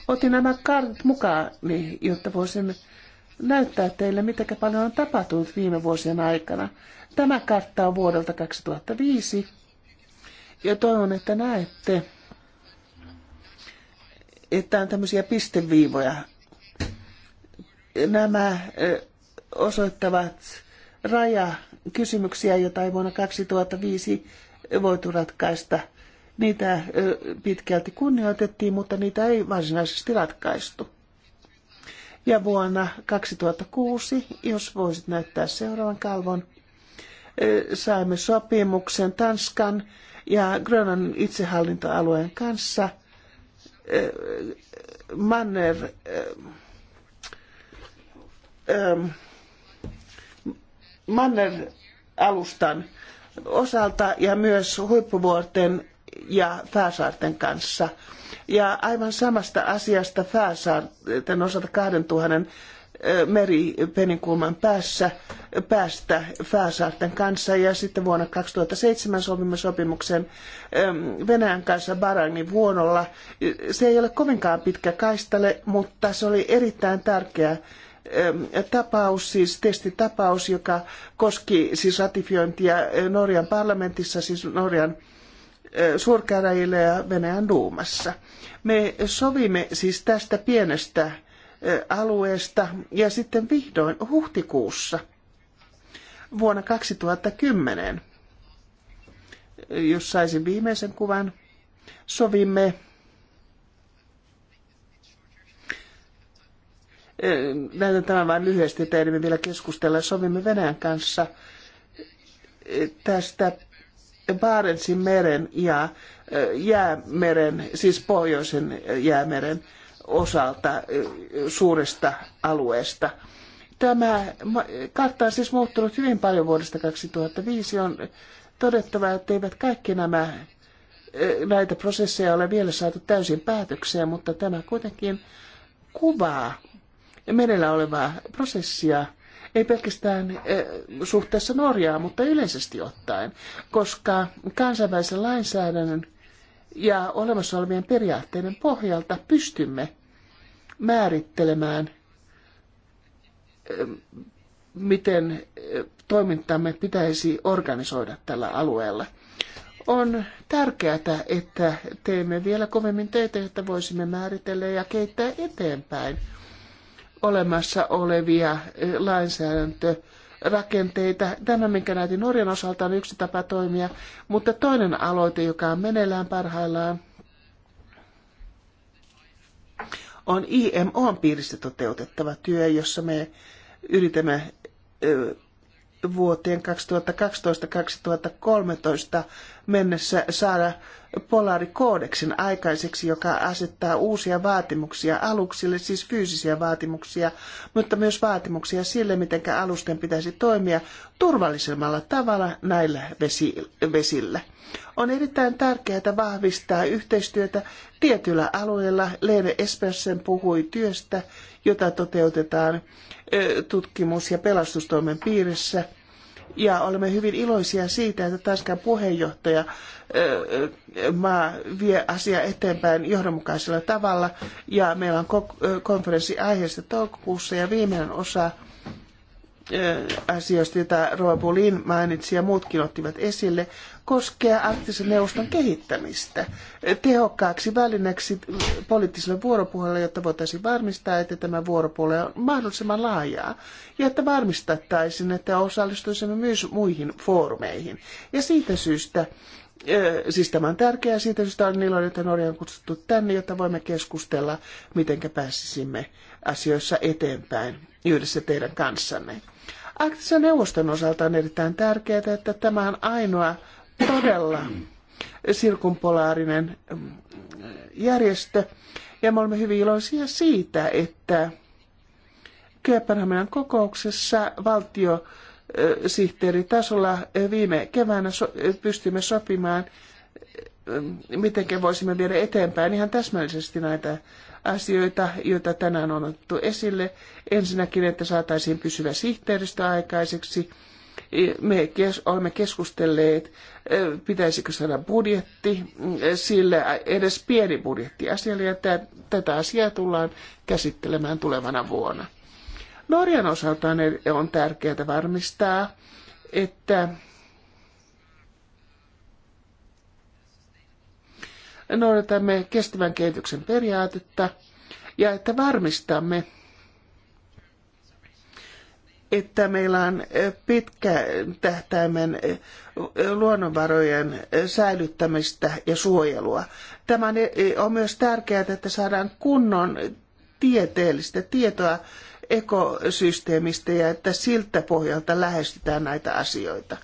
Otin nämä kartat mukaan, jotta voisin näyttää teille, miten paljon on tapahtunut viime vuosien aikana. Tämä kartta on vuodelta 2005 ja toivon, että näette, että on tämmöisiä pisteviivoja. Nämä osoittavat raja kysymyksiä, joita ei vuonna 2005 voitu ratkaista. Niitä pitkälti kunnioitettiin, mutta niitä ei varsinaisesti ratkaistu. Ja vuonna 2006, jos voisit näyttää seuraavan kalvon, saimme sopimuksen Tanskan ja Grönan itsehallintoalueen kanssa. Manner ähm, Manner-alustan osalta ja myös huippuvuorten ja Fääsaarten kanssa. Ja aivan samasta asiasta Fääsaarten osalta 2000 meripeninkulman päässä, päästä Fääsaarten kanssa ja sitten vuonna 2007 sovimme sopimuksen Venäjän kanssa Barangin vuonolla. Se ei ole kovinkaan pitkä kaistale, mutta se oli erittäin tärkeä tapaus, siis testitapaus, joka koski siis ratifiointia eh, Norjan parlamentissa, siis Norjan eh, suurkäräjillä ja Venäjän duumassa. Me sovimme siis tästä pienestä eh, alueesta ja sitten vihdoin huhtikuussa vuonna 2010, jos saisin viimeisen kuvan, sovimme Eh, Näytän tämän vain lyhyesti, että ehdimme vielä keskustella. Sovimme Venäjän kanssa eh, tästä Barentsin meren ja eh, jäämeren, siis pohjoisen jäämeren osalta suuresta alueesta. Tämä kartta on siis muuttunut hyvin paljon vuodesta 2005. On todettava, että eivät kaikki nämä näitä prosesseja ole vielä saatu täysin päätökseen, mutta tämä kuitenkin kuvaa merellä olevaa prosessia, ei pelkästään eh, suhteessa Norjaan, mutta yleisesti ottaen, koska kansainvälisen lainsäädännön ja olemassa olevien periaatteiden pohjalta pystymme määrittelemään, eh, miten eh, toimintamme pitäisi organisoida tällä alueella. On tärkeää, että teemme vielä kovemmin töitä, jotta voisimme määritellä ja keittää eteenpäin – olemassa olevia eh, lainsäädäntörakenteita. Tämä, minkä näytin Norjan osalta, on yksi tapa toimia, mutta toinen aloite, joka on meneillään parhaillaan, on IMOn piirissä toteutettava työ, jossa me yritämme eh, vuoteen 2012-2013 mennessä saada polaarikoodeksin aikaiseksi, joka asettaa uusia vaatimuksia aluksille, siis fyysisiä vaatimuksia, mutta myös vaatimuksia sille, miten alusten pitäisi toimia turvallisemmalla tavalla näillä vesillä. On erittäin tärkeää vahvistaa yhteistyötä tietyillä alueilla. Leene Espersen puhui työstä, jota toteutetaan tutkimus- ja pelastustoimen piirissä. Ja olemme hyvin iloisia siitä, että Tanskan puheenjohtaja maa vie asiaa eteenpäin johdonmukaisella tavalla. Ja meillä on konferenssi aiheesta toukokuussa ja viimeinen osa asioista, joita Roa Bulin mainitsi ja muutkin ottivat esille, koskea arktisen neuvoston kehittämistä tehokkaaksi välineeksi poliittiselle vuoropuhelle, jotta voitaisiin varmistaa, että tämä vuoropuoli on mahdollisimman laajaa ja että varmistettaisiin, että osallistuisimme myös muihin foorumeihin. Ja siitä syystä siis tämä on tärkeää, siitä syystä on iloinen, että Norja on kutsuttu tänne, jotta voimme keskustella, miten pääsisimme asioissa eteenpäin yhdessä teidän kanssanne. Arktisen neuvoston osalta on erittäin tärkeää, että tämä on ainoa todella sirkumpolaarinen mm, järjestö. Ja me olemme hyvin iloisia siitä, että Kööpenhaminan kokouksessa valtio sihteeritasolla viime keväänä so- pystymme sopimaan, miten voisimme viedä eteenpäin ihan täsmällisesti näitä asioita, joita tänään on otettu esille. Ensinnäkin, että saataisiin pysyvä sihteeristö aikaiseksi – me kes, olemme keskustelleet, pitäisikö saada budjetti, sille edes pieni budjetti asialle, ja tätä asiaa tullaan käsittelemään tulevana vuonna. Norjan osalta on tärkeää varmistaa, että noudatamme kestävän kehityksen periaatetta ja että varmistamme, että meillä on pitkä tähtäimen luonnonvarojen säilyttämistä ja suojelua. Tämä on myös tärkeää, että saadaan kunnon tieteellistä tietoa ekosysteemistä ja että siltä pohjalta lähestytään näitä asioita.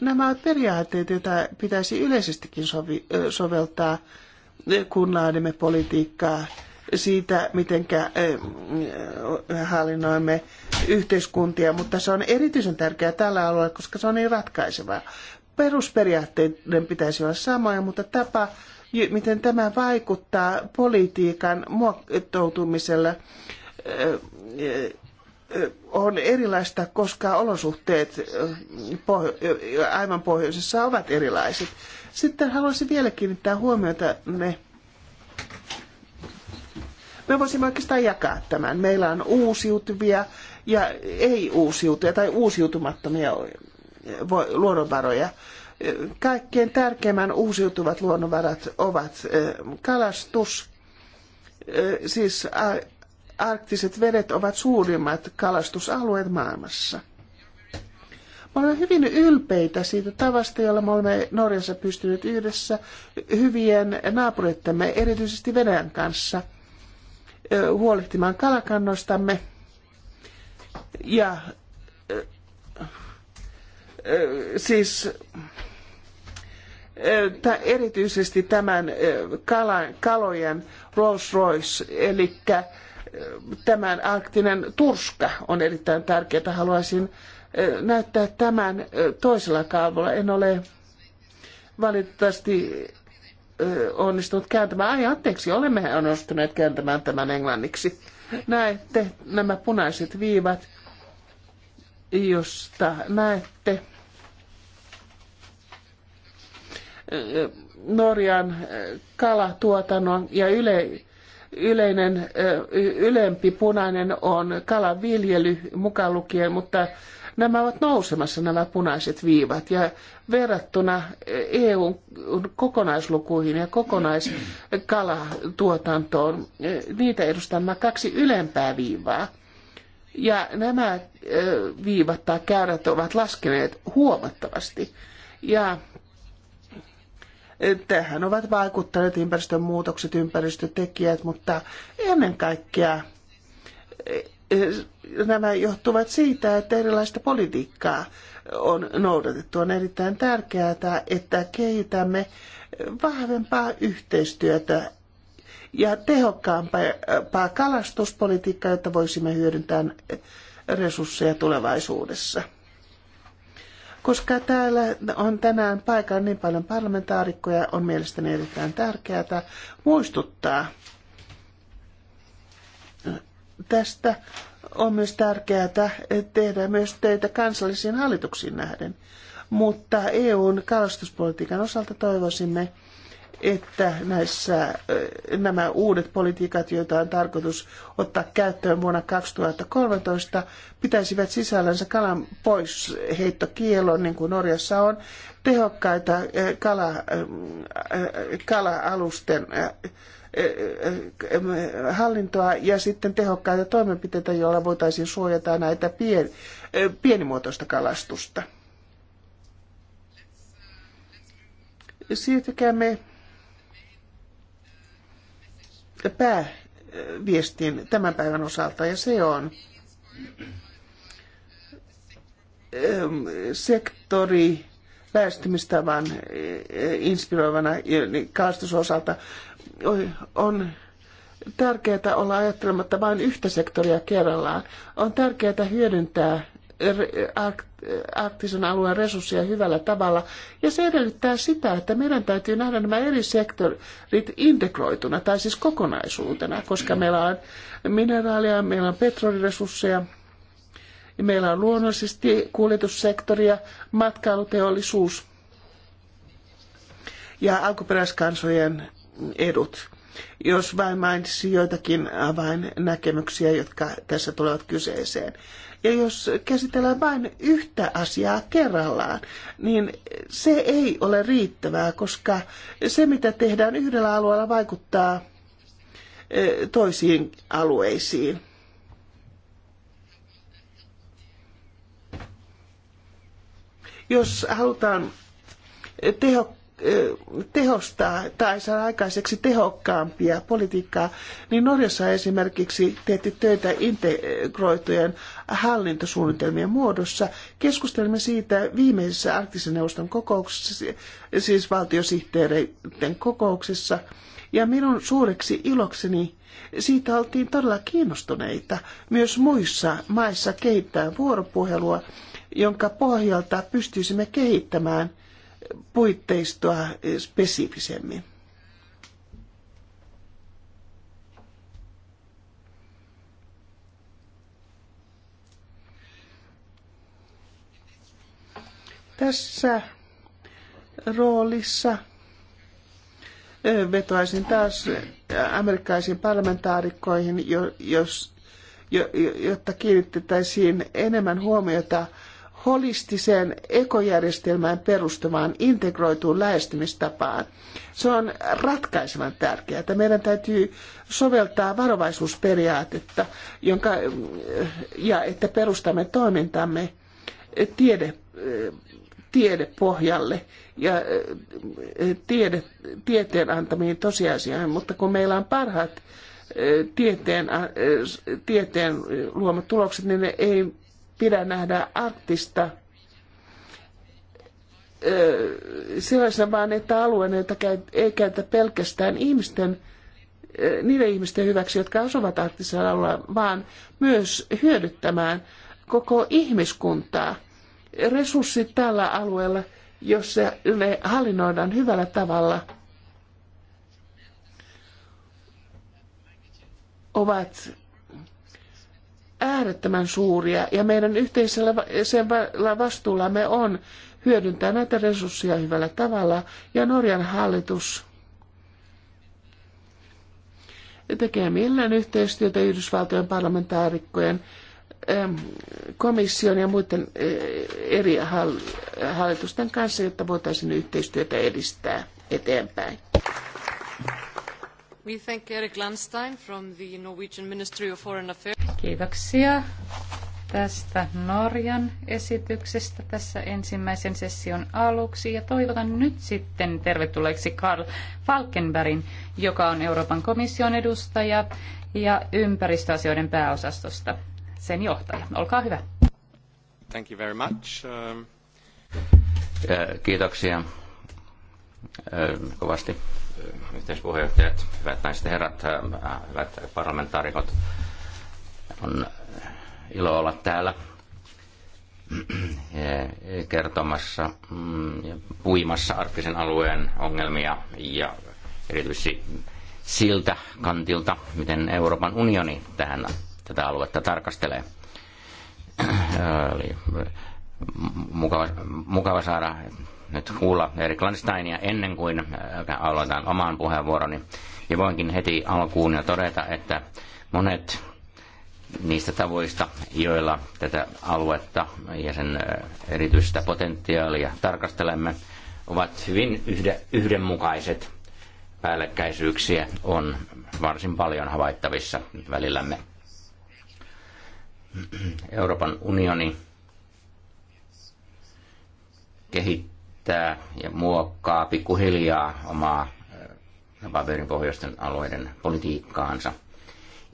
Nämä ovat periaatteet, joita pitäisi yleisestikin sovi, soveltaa, kun laadimme politiikkaa siitä, miten hallinnoimme yhteiskuntia, mutta se on erityisen tärkeää tällä alueella, koska se on niin ratkaisevaa. Perusperiaatteiden pitäisi olla samoja, mutta tapa, miten tämä vaikuttaa politiikan muotoutumiselle, on erilaista, koska olosuhteet aivan pohjoisessa ovat erilaiset. Sitten haluaisin vielä kiinnittää huomiota ne me voisimme oikeastaan jakaa tämän. Meillä on uusiutuvia ja ei-uusiutuvia tai uusiutumattomia luonnonvaroja. Kaikkein tärkeimmän uusiutuvat luonnonvarat ovat kalastus, siis arktiset vedet ovat suurimmat kalastusalueet maailmassa. Me olemme hyvin ylpeitä siitä tavasta, jolla me olemme Norjassa pystyneet yhdessä hyvien naapurittamme, erityisesti Venäjän kanssa – huolehtimaan kalakannostamme. Ja siis erityisesti tämän kalan, kalojen Rolls Royce, eli tämän arktinen turska on erittäin tärkeää. Haluaisin näyttää tämän toisella kalvolla. En ole valitettavasti onnistunut kääntämään. Ai anteeksi, olemme onnistuneet kääntämään tämän englanniksi. Näette nämä punaiset viivat, josta näette Norjan kalatuotannon ja yle, yleinen, ylempi punainen on kalaviljely mukaan lukien, mutta nämä ovat nousemassa, nämä punaiset viivat. Ja verrattuna EUn kokonaislukuihin ja kokonaiskalatuotantoon, niitä edustan nämä kaksi ylempää viivaa. Ja nämä viivat tai käyrät ovat laskeneet huomattavasti. Ja tähän ovat vaikuttaneet ympäristön muutokset, ympäristötekijät, mutta ennen kaikkea nämä johtuvat siitä, että erilaista politiikkaa on noudatettu. On erittäin tärkeää, että kehitämme vahvempaa yhteistyötä ja tehokkaampaa kalastuspolitiikkaa, jotta voisimme hyödyntää resursseja tulevaisuudessa. Koska täällä on tänään paikalla niin paljon parlamentaarikkoja, on mielestäni erittäin tärkeää muistuttaa tästä on myös tärkeää tehdä myös töitä kansallisiin hallituksiin nähden. Mutta EUn kalastuspolitiikan osalta toivoisimme, että näissä, nämä uudet politiikat, joita on tarkoitus ottaa käyttöön vuonna 2013, pitäisivät sisällänsä kalan pois niin kuin Norjassa on, tehokkaita kala, kala-alusten Eh, eh, hallintoa ja sitten tehokkaita toimenpiteitä, joilla voitaisiin suojata näitä pien, eh, pienimuotoista kalastusta. Siirtykäämme pääviestiin tämän päivän osalta, ja se on ehm, sektori lähestymistavan inspiroivana kalastusosalta on tärkeää olla ajattelematta vain yhtä sektoria kerrallaan. On tärkeää hyödyntää arktisen alueen resursseja hyvällä tavalla. Ja se edellyttää sitä, että meidän täytyy nähdä nämä eri sektorit integroituna tai siis kokonaisuutena, koska meillä on mineraaleja, meillä on petroliresursseja, meillä on luonnollisesti kuljetussektoria, matkailuteollisuus ja alkuperäiskansojen edut. Jos vain mainitsisin joitakin avainnäkemyksiä, jotka tässä tulevat kyseeseen. Ja jos käsitellään vain yhtä asiaa kerrallaan, niin se ei ole riittävää, koska se, mitä tehdään yhdellä alueella, vaikuttaa e, toisiin alueisiin. Jos halutaan tehokkaasti, tehostaa tai saada aikaiseksi tehokkaampia politiikkaa, niin Norjassa esimerkiksi tehty töitä integroitujen hallintosuunnitelmien muodossa. Keskustelimme siitä viimeisessä arktisen neuvoston kokouksessa, siis valtiosihteereiden kokouksessa, ja minun suureksi ilokseni siitä oltiin todella kiinnostuneita myös muissa maissa kehittää vuoropuhelua, jonka pohjalta pystyisimme kehittämään – puitteistoa spesifisemmin. Tässä roolissa vetoaisin taas amerikkalaisiin parlamentaarikkoihin, jos, jotta kiinnitettäisiin enemmän huomiota holistiseen ekojärjestelmään perustuvaan integroituun lähestymistapaan. Se on ratkaisevan tärkeää. että Meidän täytyy soveltaa varovaisuusperiaatetta jonka, ja että perustamme toimintamme tiede, tiedepohjalle ja tiede, tieteen antamiin tosiasioihin, mutta kun meillä on parhaat tieteen, tieteen luomat tulokset, niin ne ei pidä nähdä arktista sellaisena vaan, että alueena, jota ei käytä pelkästään ihmisten, niiden ihmisten hyväksi, jotka asuvat arktisella alueella, vaan myös hyödyttämään koko ihmiskuntaa. Resurssit tällä alueella, jos ne hallinnoidaan hyvällä tavalla, ovat äärettömän suuria ja meidän yhteisellä vastuullamme on hyödyntää näitä resursseja hyvällä tavalla ja Norjan hallitus tekee millään yhteistyötä Yhdysvaltojen parlamentaarikkojen, komission ja muiden e, eri hallitusten kanssa, jotta voitaisiin yhteistyötä edistää eteenpäin. We thank Erik Landstein from the Norwegian Ministry of Foreign Affairs. Kiitoksia tästä Norjan esityksestä tässä ensimmäisen session aluksi ja toivotan nyt sitten tervetulleeksi Karl Falkenbergin, joka on Euroopan komission edustaja ja ympäristöasioiden pääosastosta sen johtaja. Olkaa hyvä. Thank you very much. Um, Kiitoksia kovasti yhteispuheenjohtajat, hyvät naiset ja herrat, äh, hyvät parlamentaarikot. On ilo olla täällä äh, kertomassa mm, ja puimassa arktisen alueen ongelmia ja erityisesti siltä kantilta, miten Euroopan unioni tähän, tätä aluetta tarkastelee. Äh, eli mukava, mukava saada nyt kuulla Erik Landsteinia ennen kuin äh, aloitan oman puheenvuoroni. Ja voinkin heti alkuun ja todeta, että monet niistä tavoista, joilla tätä aluetta ja sen äh, erityistä potentiaalia tarkastelemme, ovat hyvin yhdenmukaiset. Päällekkäisyyksiä on varsin paljon havaittavissa välillämme. Euroopan unioni kehittyy kehittää ja muokkaa pikkuhiljaa omaa paperin äh, pohjoisten alueiden politiikkaansa.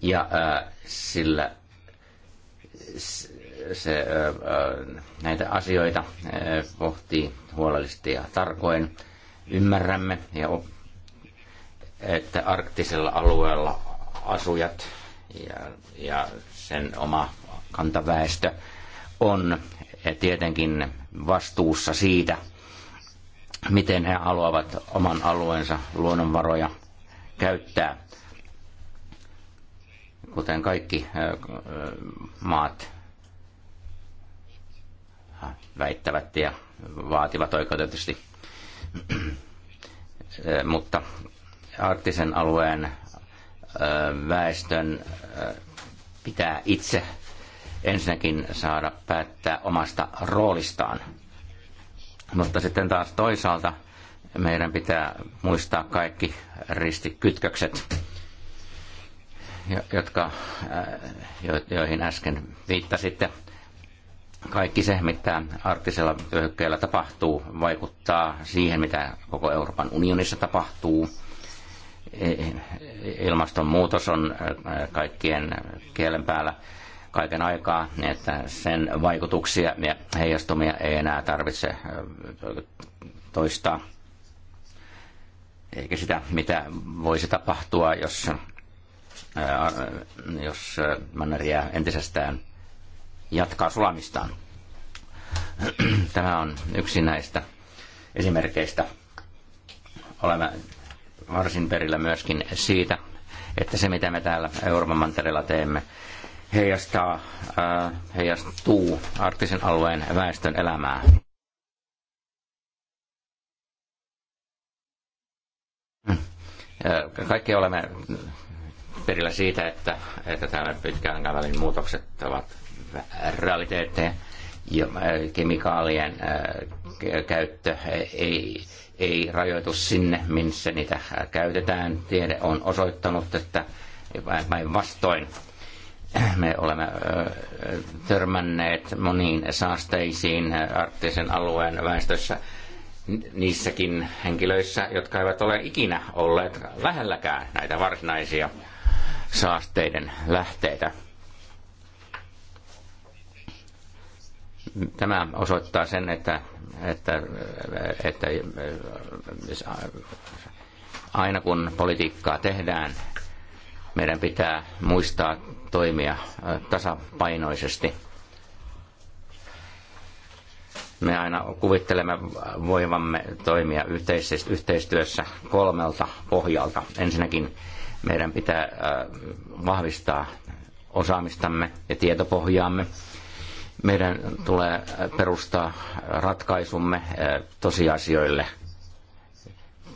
Ja ää, äh, sillä se, ää, äh, näitä asioita ää, pohtii huolellisesti ja tarkoin. Ymmärrämme, ja, että arktisella alueella asujat ja, ja sen oma kantaväestö on tietenkin vastuussa siitä – miten he haluavat oman alueensa luonnonvaroja käyttää. Kuten kaikki maat väittävät ja vaativat oikeutetusti. Mutta arktisen alueen väestön pitää itse ensinnäkin saada päättää omasta roolistaan – mutta sitten taas toisaalta meidän pitää muistaa kaikki ristikytkökset, jotka, äh, joihin äsken viittasitte. Kaikki se, mitä arktisella vyöhykkeellä tapahtuu, vaikuttaa siihen, mitä koko Euroopan unionissa tapahtuu. E-, e-, ilmastonmuutos on äh, kaikkien kielen päällä kaiken aikaa, että sen vaikutuksia ja heijastumia ei enää tarvitse toistaa. Eikä sitä, mitä voisi tapahtua, jos, jos manneriä entisestään jatkaa sulamistaan. Tämä on yksi näistä esimerkkeistä. Olemme varsin perillä myöskin siitä, että se mitä me täällä Euroopan mantereella teemme, heijastaa, heijastuu arktisen alueen väestön elämää. Kaikki olemme perillä siitä, että, että täällä pitkän välin muutokset ovat realiteetteja ja kemikaalien käyttö ei, ei rajoitu sinne, missä niitä käytetään. Tiede on osoittanut, että päinvastoin vastoin me olemme törmänneet moniin saasteisiin arktisen alueen väestössä niissäkin henkilöissä, jotka eivät ole ikinä olleet lähelläkään näitä varsinaisia saasteiden lähteitä. Tämä osoittaa sen, että, että, että aina kun politiikkaa tehdään, meidän pitää muistaa toimia tasapainoisesti. Me aina kuvittelemme voivamme toimia yhteistyössä kolmelta pohjalta. Ensinnäkin meidän pitää vahvistaa osaamistamme ja tietopohjaamme. Meidän tulee perustaa ratkaisumme tosiasioille –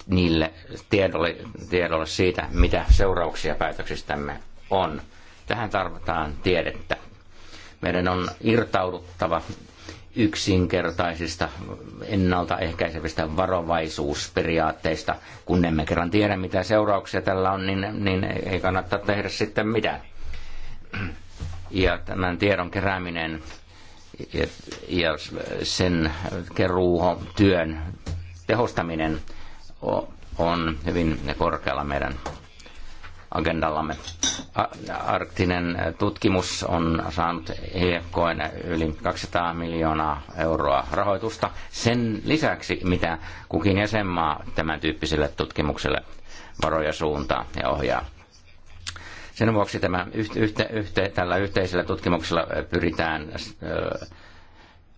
niille tiedolle, tiedolle siitä, mitä seurauksia päätöksistämme on. Tähän tarvitaan tiedettä. Meidän on irtauduttava yksinkertaisista ennaltaehkäisevistä varovaisuusperiaatteista. Kun emme kerran tiedä, mitä seurauksia tällä on, niin, niin ei kannata tehdä sitten mitään. Ja tämän tiedon kerääminen ja, ja sen keruuhon työn tehostaminen – on hyvin korkealla meidän agendallamme. Arktinen tutkimus on saanut hiekkoin yli 200 miljoonaa euroa rahoitusta sen lisäksi, mitä kukin jäsenmaa tämän tyyppiselle tutkimukselle varoja suuntaa ja ohjaa. Sen vuoksi tämä yhte, yhte, yhte, tällä yhteisellä tutkimuksella pyritään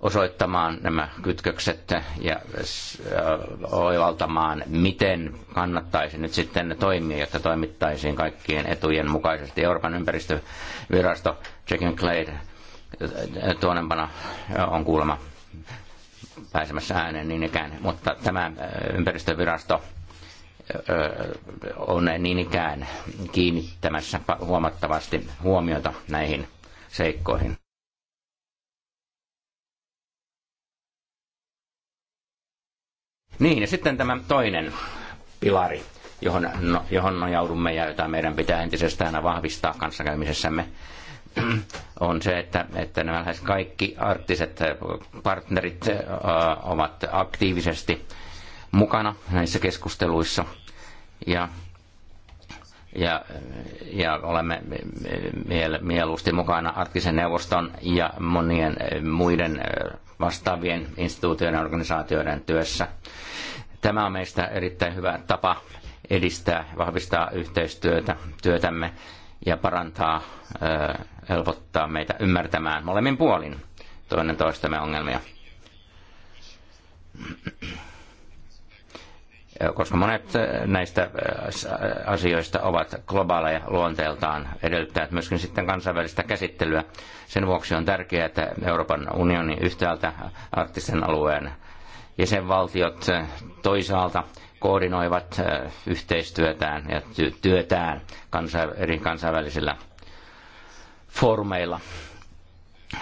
osoittamaan nämä kytkökset ja oivaltamaan, miten kannattaisi nyt sitten toimia, jotta toimittaisiin kaikkien etujen mukaisesti. Euroopan ympäristövirasto Check and Clade tuonempana on kuulemma pääsemässä ääneen niin ikään, mutta tämä ympäristövirasto on niin ikään kiinnittämässä huomattavasti huomiota näihin seikkoihin. Niin, ja sitten tämä toinen pilari, johon, no, johon nojaudumme ja jota meidän pitää entisestään vahvistaa kanssakäymisessämme, [clears throat] on se, että, että nämä lähes kaikki arktiset partnerit ovat aktiivisesti mukana näissä keskusteluissa. Ja ja, ja olemme mieluusti mukana arktisen neuvoston ja monien muiden vastaavien instituutioiden ja organisaatioiden työssä. Tämä on meistä erittäin hyvä tapa edistää, vahvistaa yhteistyötä, työtämme ja parantaa, helpottaa meitä ymmärtämään molemmin puolin toinen toistamme ongelmia koska monet eh, näistä eh, asioista ovat globaaleja luonteeltaan, edellyttävät myöskin sitten kansainvälistä käsittelyä. Sen vuoksi on tärkeää, että Euroopan unioni yhtäältä arktisen alueen jäsenvaltiot eh, toisaalta koordinoivat yhteistyötään ja työtään eri kansainvälisillä foorumeilla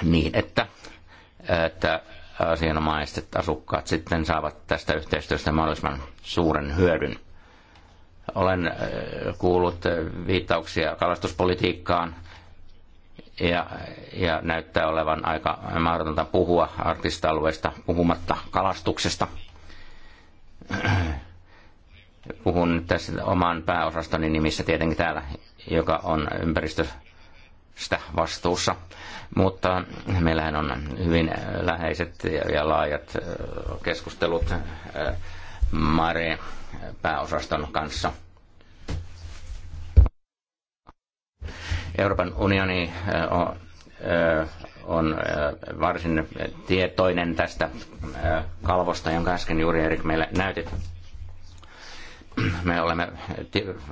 niin, että, että asianomaiset asukkaat sitten saavat tästä yhteistyöstä mahdollisimman suuren hyödyn. Olen äh, kuullut äh, viittauksia kalastuspolitiikkaan ja, ja näyttää olevan aika mahdotonta puhua artista alueesta puhumatta kalastuksesta. [clears throat] Puhun tässä oman pääosastoni nimissä tietenkin täällä, joka on ympäristöstä vastuussa. Mutta meillähän on hyvin läheiset ja laajat keskustelut Mare pääosaston kanssa. Euroopan unioni on varsin tietoinen tästä kalvosta, jonka äsken juuri Erik meille näytit. Me olemme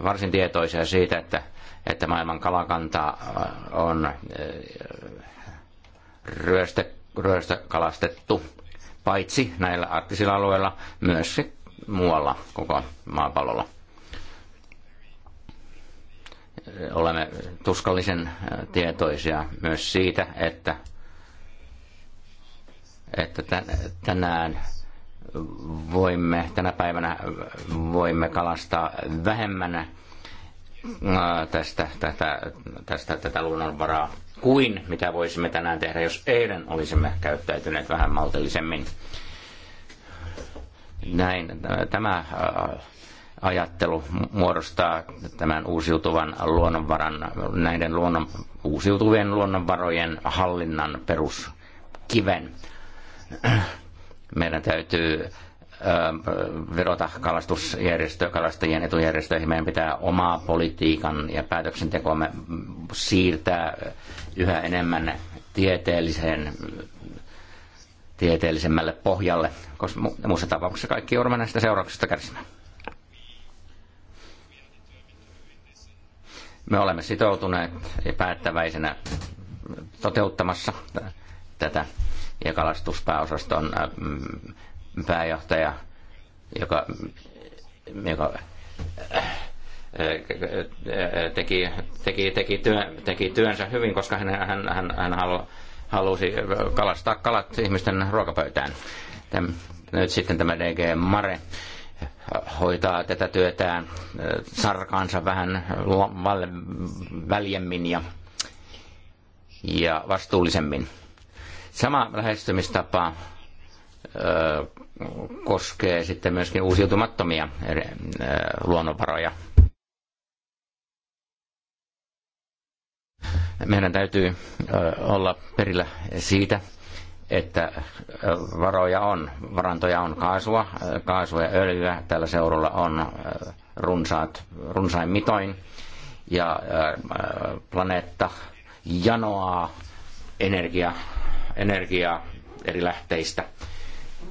varsin tietoisia siitä, että, että maailman kalakanta on ryöstä, kalastettu, paitsi näillä arktisilla alueilla, myös muualla koko maapallolla. Olemme tuskallisen äh, tietoisia myös siitä, että, että tänään voimme, tänä päivänä voimme kalastaa vähemmän äh, tästä, tätä, tästä, tätä luonnonvaraa kuin mitä voisimme tänään tehdä, jos eilen olisimme käyttäytyneet vähän maltillisemmin. Näin tämä ajattelu muodostaa tämän uusiutuvan luonnonvaran, näiden luonnon, uusiutuvien luonnonvarojen hallinnan peruskiven. Meidän täytyy vedota kalastusjärjestö, kalastajien etujärjestöihin. Meidän pitää omaa politiikan ja päätöksentekoamme siirtää yhä enemmän tieteelliseen, tieteellisemmälle pohjalle, koska muussa tapauksessa kaikki joudumme näistä seurauksista kärsimään. Me olemme sitoutuneet ja päättäväisenä toteuttamassa tätä ja kalastuspääosaston äh, mm, pääjohtaja, joka, joka äh, teki, teki, teki, työ, teki työnsä hyvin, koska hän, hän, hän, hän halu, halusi kalastaa kalat ihmisten ruokapöytään. Täm, nyt sitten tämä DG Mare hoitaa tätä työtään sarkaansa vähän väljemmin ja, ja vastuullisemmin. Sama lähestymistapa ö, koskee sitten myöskin uusiutumattomia luonnonvaroja – Meidän täytyy olla perillä siitä, että varoja on, varantoja on kaasua, kaasua ja öljyä. Tällä seudulla on runsaat, runsain mitoin ja planeetta janoaa energia, energiaa eri lähteistä.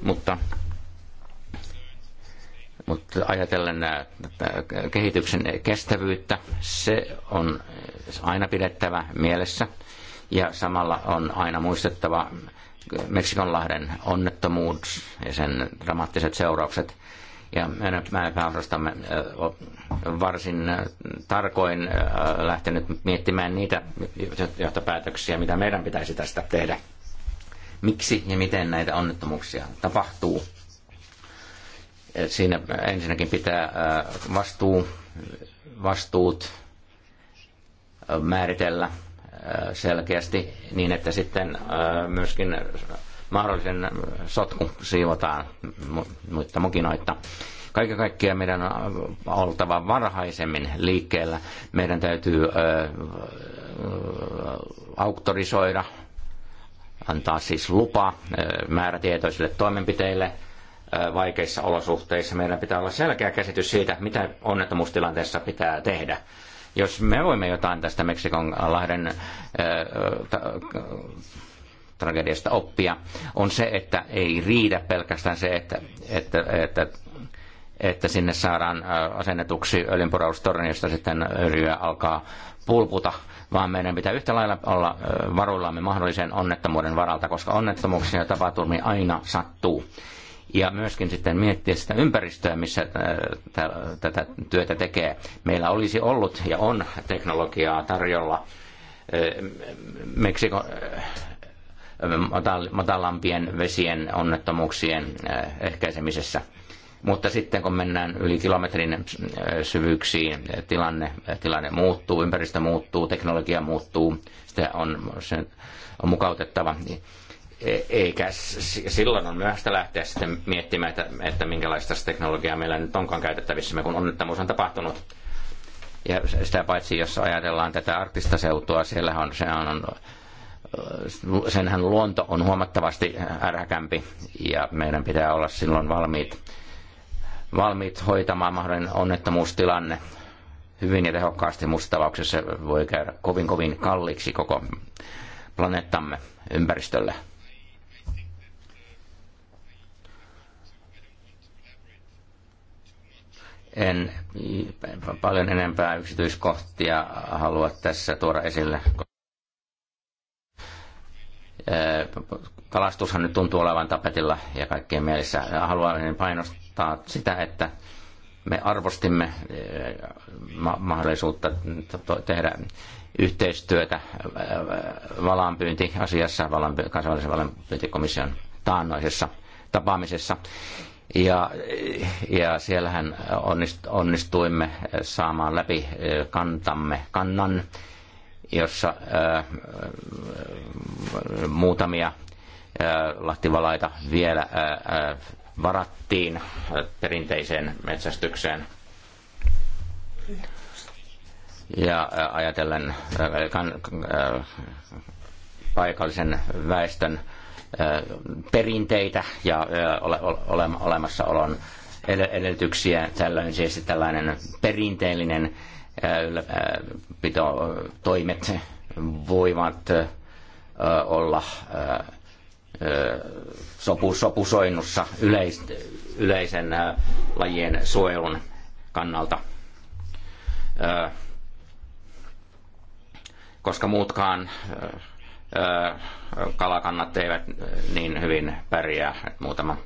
Mutta mutta ajatellen äh, äh, kehityksen kestävyyttä, se on aina pidettävä mielessä. Ja samalla on aina muistettava Meksikonlahden onnettomuus ja sen dramaattiset seuraukset. Ja meidän pääosastamme äh, varsin tarkoin lähtenyt miettimään niitä johtopäätöksiä, mitä meidän pitäisi tästä tehdä. Miksi ja miten näitä onnettomuuksia tapahtuu? Siinä ensinnäkin pitää vastuu, vastuut määritellä selkeästi niin, että sitten myöskin mahdollisen sotku siivotaan muita mukinoita. Kaiken kaikkiaan meidän on oltava varhaisemmin liikkeellä. Meidän täytyy auktorisoida, antaa siis lupa määrätietoisille toimenpiteille – vaikeissa olosuhteissa. Meillä pitää olla selkeä käsitys siitä, mitä onnettomuustilanteessa pitää tehdä. Jos me voimme jotain tästä Meksikon lahden tragediasta oppia, on se, että ei riitä pelkästään se, että, että, että, että sinne saadaan asennetuksi josta sitten öljyä alkaa pulputa, vaan meidän pitää yhtä lailla olla varuillamme mahdollisen onnettomuuden varalta, koska onnettomuuksia ja tapaturmia aina sattuu ja myöskin sitten miettiä sitä ympäristöä, missä äh, tätä työtä tekee. Meillä olisi ollut ja on teknologiaa tarjolla äh, Meksiko, äh, matalampien vesien onnettomuuksien ehkäisemisessä. Mutta sitten kun mennään yli kilometrin syvyyksiin, tilanne, tilanne muuttuu, ympäristö muuttuu, teknologia muuttuu, sitä on, se on mukautettava. E- eikä silloin on myöhäistä lähteä sitten miettimään, että, että minkälaista teknologiaa meillä nyt onkaan käytettävissä, kun onnettomuus on tapahtunut. Ja sitä paitsi, jos ajatellaan tätä arktista seutua, siellä on, se on, senhän luonto on huomattavasti ärhäkämpi ja meidän pitää olla silloin valmiit, valmiit hoitamaan mahdollinen onnettomuustilanne hyvin ja tehokkaasti. Muussa tapauksessa voi käydä kovin kovin kalliiksi koko planeettamme ympäristölle. En paljon enempää yksityiskohtia halua tässä tuoda esille. Kalastushan nyt tuntuu olevan tapetilla ja kaikkien mielessä. Haluan painostaa sitä, että me arvostimme mahdollisuutta tehdä yhteistyötä valaanpyyntiasiassa, kansainvälisen valaanpyyntikomission taannoisessa tapaamisessa. Ja, ja siellähän onnistuimme saamaan läpi äh, kantamme, kannan, jossa ää, äh, muutamia ää, äh, lahtivalaita vielä ää, varattiin perinteiseen metsästykseen. Ja ajatellen paikallisen väestön perinteitä ja ole, ole, olemassaolon edellytyksiä. Tällöin siis tällainen perinteellinen pito, toimet voivat olla sopu, sopusoinnussa yleis, yleisen lajien suojelun kannalta. Koska muutkaan kalakannat eivät niin hyvin pärjää. että Muutama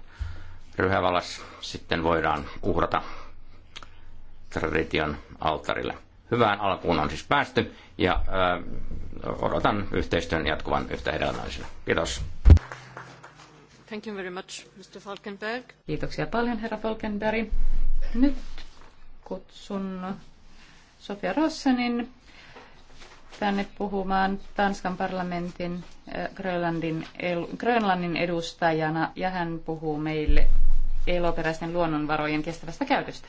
ryhävalas sitten voidaan uhrata tradition alttarille. Hyvään alkuun on siis päästy ja ö, odotan yhteistyön jatkuvan yhtä hedelmällisenä. Kiitos. Thank you very much, Mr. Falkenberg. Kiitoksia paljon, herra Falkenberg. Nyt kutsun Sofia Rossenin tänne puhumaan Tanskan parlamentin äh, Grönlandin, Grönlannin edustajana ja hän puhuu meille eloperäisten luonnonvarojen kestävästä käytöstä.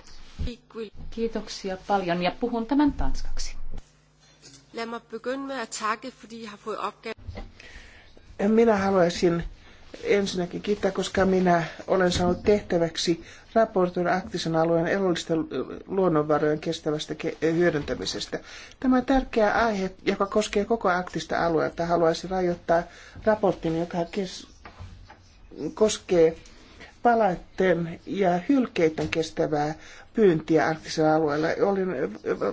Kiitoksia paljon ja puhun tämän tanskaksi. Minä haluaisin ensinnäkin kiittää, koska minä olen saanut tehtäväksi raportoida arktisen alueen erollisten luonnonvarojen kestävästä hyödyntämisestä. Tämä on tärkeä aihe, joka koskee koko arktista aluetta. Haluaisin rajoittaa raportin, joka kes- koskee palautteen ja hylkeiden kestävää pyyntiä arktisella alueella. Olin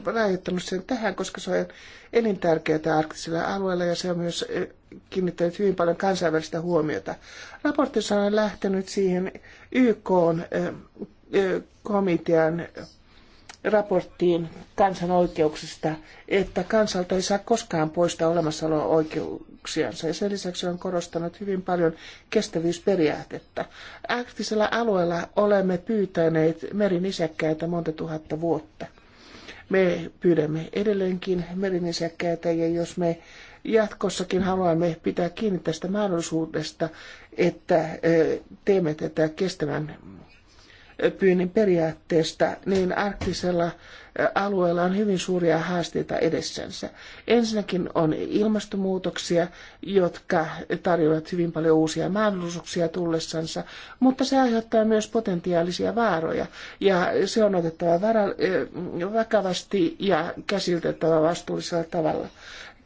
rajoittanut sen tähän, koska se on elintärkeää arktisella alueella ja se on myös eh, kiinnittänyt hyvin paljon kansainvälistä huomiota. Raportissa on lähtenyt siihen YK eh, eh, komitean raporttiin kansan oikeuksista, että kansalta ei saa koskaan poistaa olemassaolo-oikeuksiansa. Ja sen lisäksi on korostanut hyvin paljon kestävyysperiaatetta. Arktisella alueella olemme pyytäneet merinisäkkäitä monta tuhatta vuotta. Me pyydämme edelleenkin merinisäkkäitä ja jos me jatkossakin haluamme pitää kiinni tästä mahdollisuudesta, että teemme tätä kestävän pyynnin periaatteesta, niin arktisella alueella on hyvin suuria haasteita edessänsä. Ensinnäkin on ilmastonmuutoksia, jotka tarjoavat hyvin paljon uusia mahdollisuuksia tullessansa, mutta se aiheuttaa myös potentiaalisia vaaroja. Ja se on otettava vakavasti ja käsiteltävä vastuullisella tavalla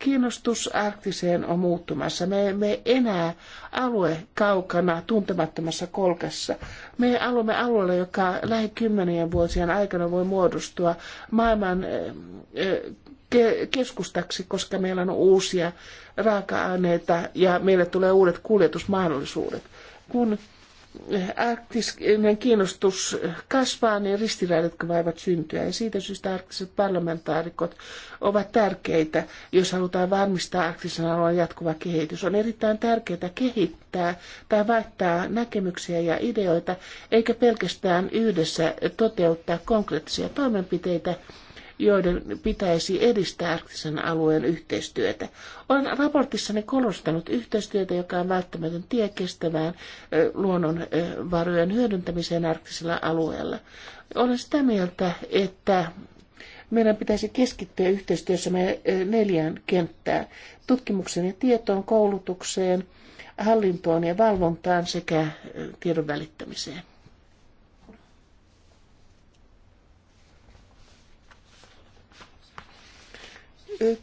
kiinnostus arktiseen on muuttumassa. Me emme enää alue kaukana tuntemattomassa kolkassa. Me alumme alueella, joka lähikymmenien vuosien aikana voi muodostua maailman eh, eh, keskustaksi, koska meillä on uusia raaka-aineita ja meille tulee uudet kuljetusmahdollisuudet. Kun arktinen kiinnostus kasvaa, niin ristiriidatkin voivat syntyä. Ja siitä syystä arktiset parlamentaarikot ovat tärkeitä, jos halutaan varmistaa arktisen alueen jatkuva kehitys. On erittäin tärkeää kehittää tai vaihtaa näkemyksiä ja ideoita, eikä pelkästään yhdessä toteuttaa konkreettisia toimenpiteitä, joiden pitäisi edistää arktisen alueen yhteistyötä. Olen raportissani korostanut yhteistyötä, joka on välttämätön tie kestävään luonnonvarojen hyödyntämiseen arktisella alueella. Olen sitä mieltä, että meidän pitäisi keskittyä yhteistyössä meidän neljään kenttään. tutkimuksen ja tietoon, koulutukseen, hallintoon ja valvontaan sekä tiedon välittämiseen.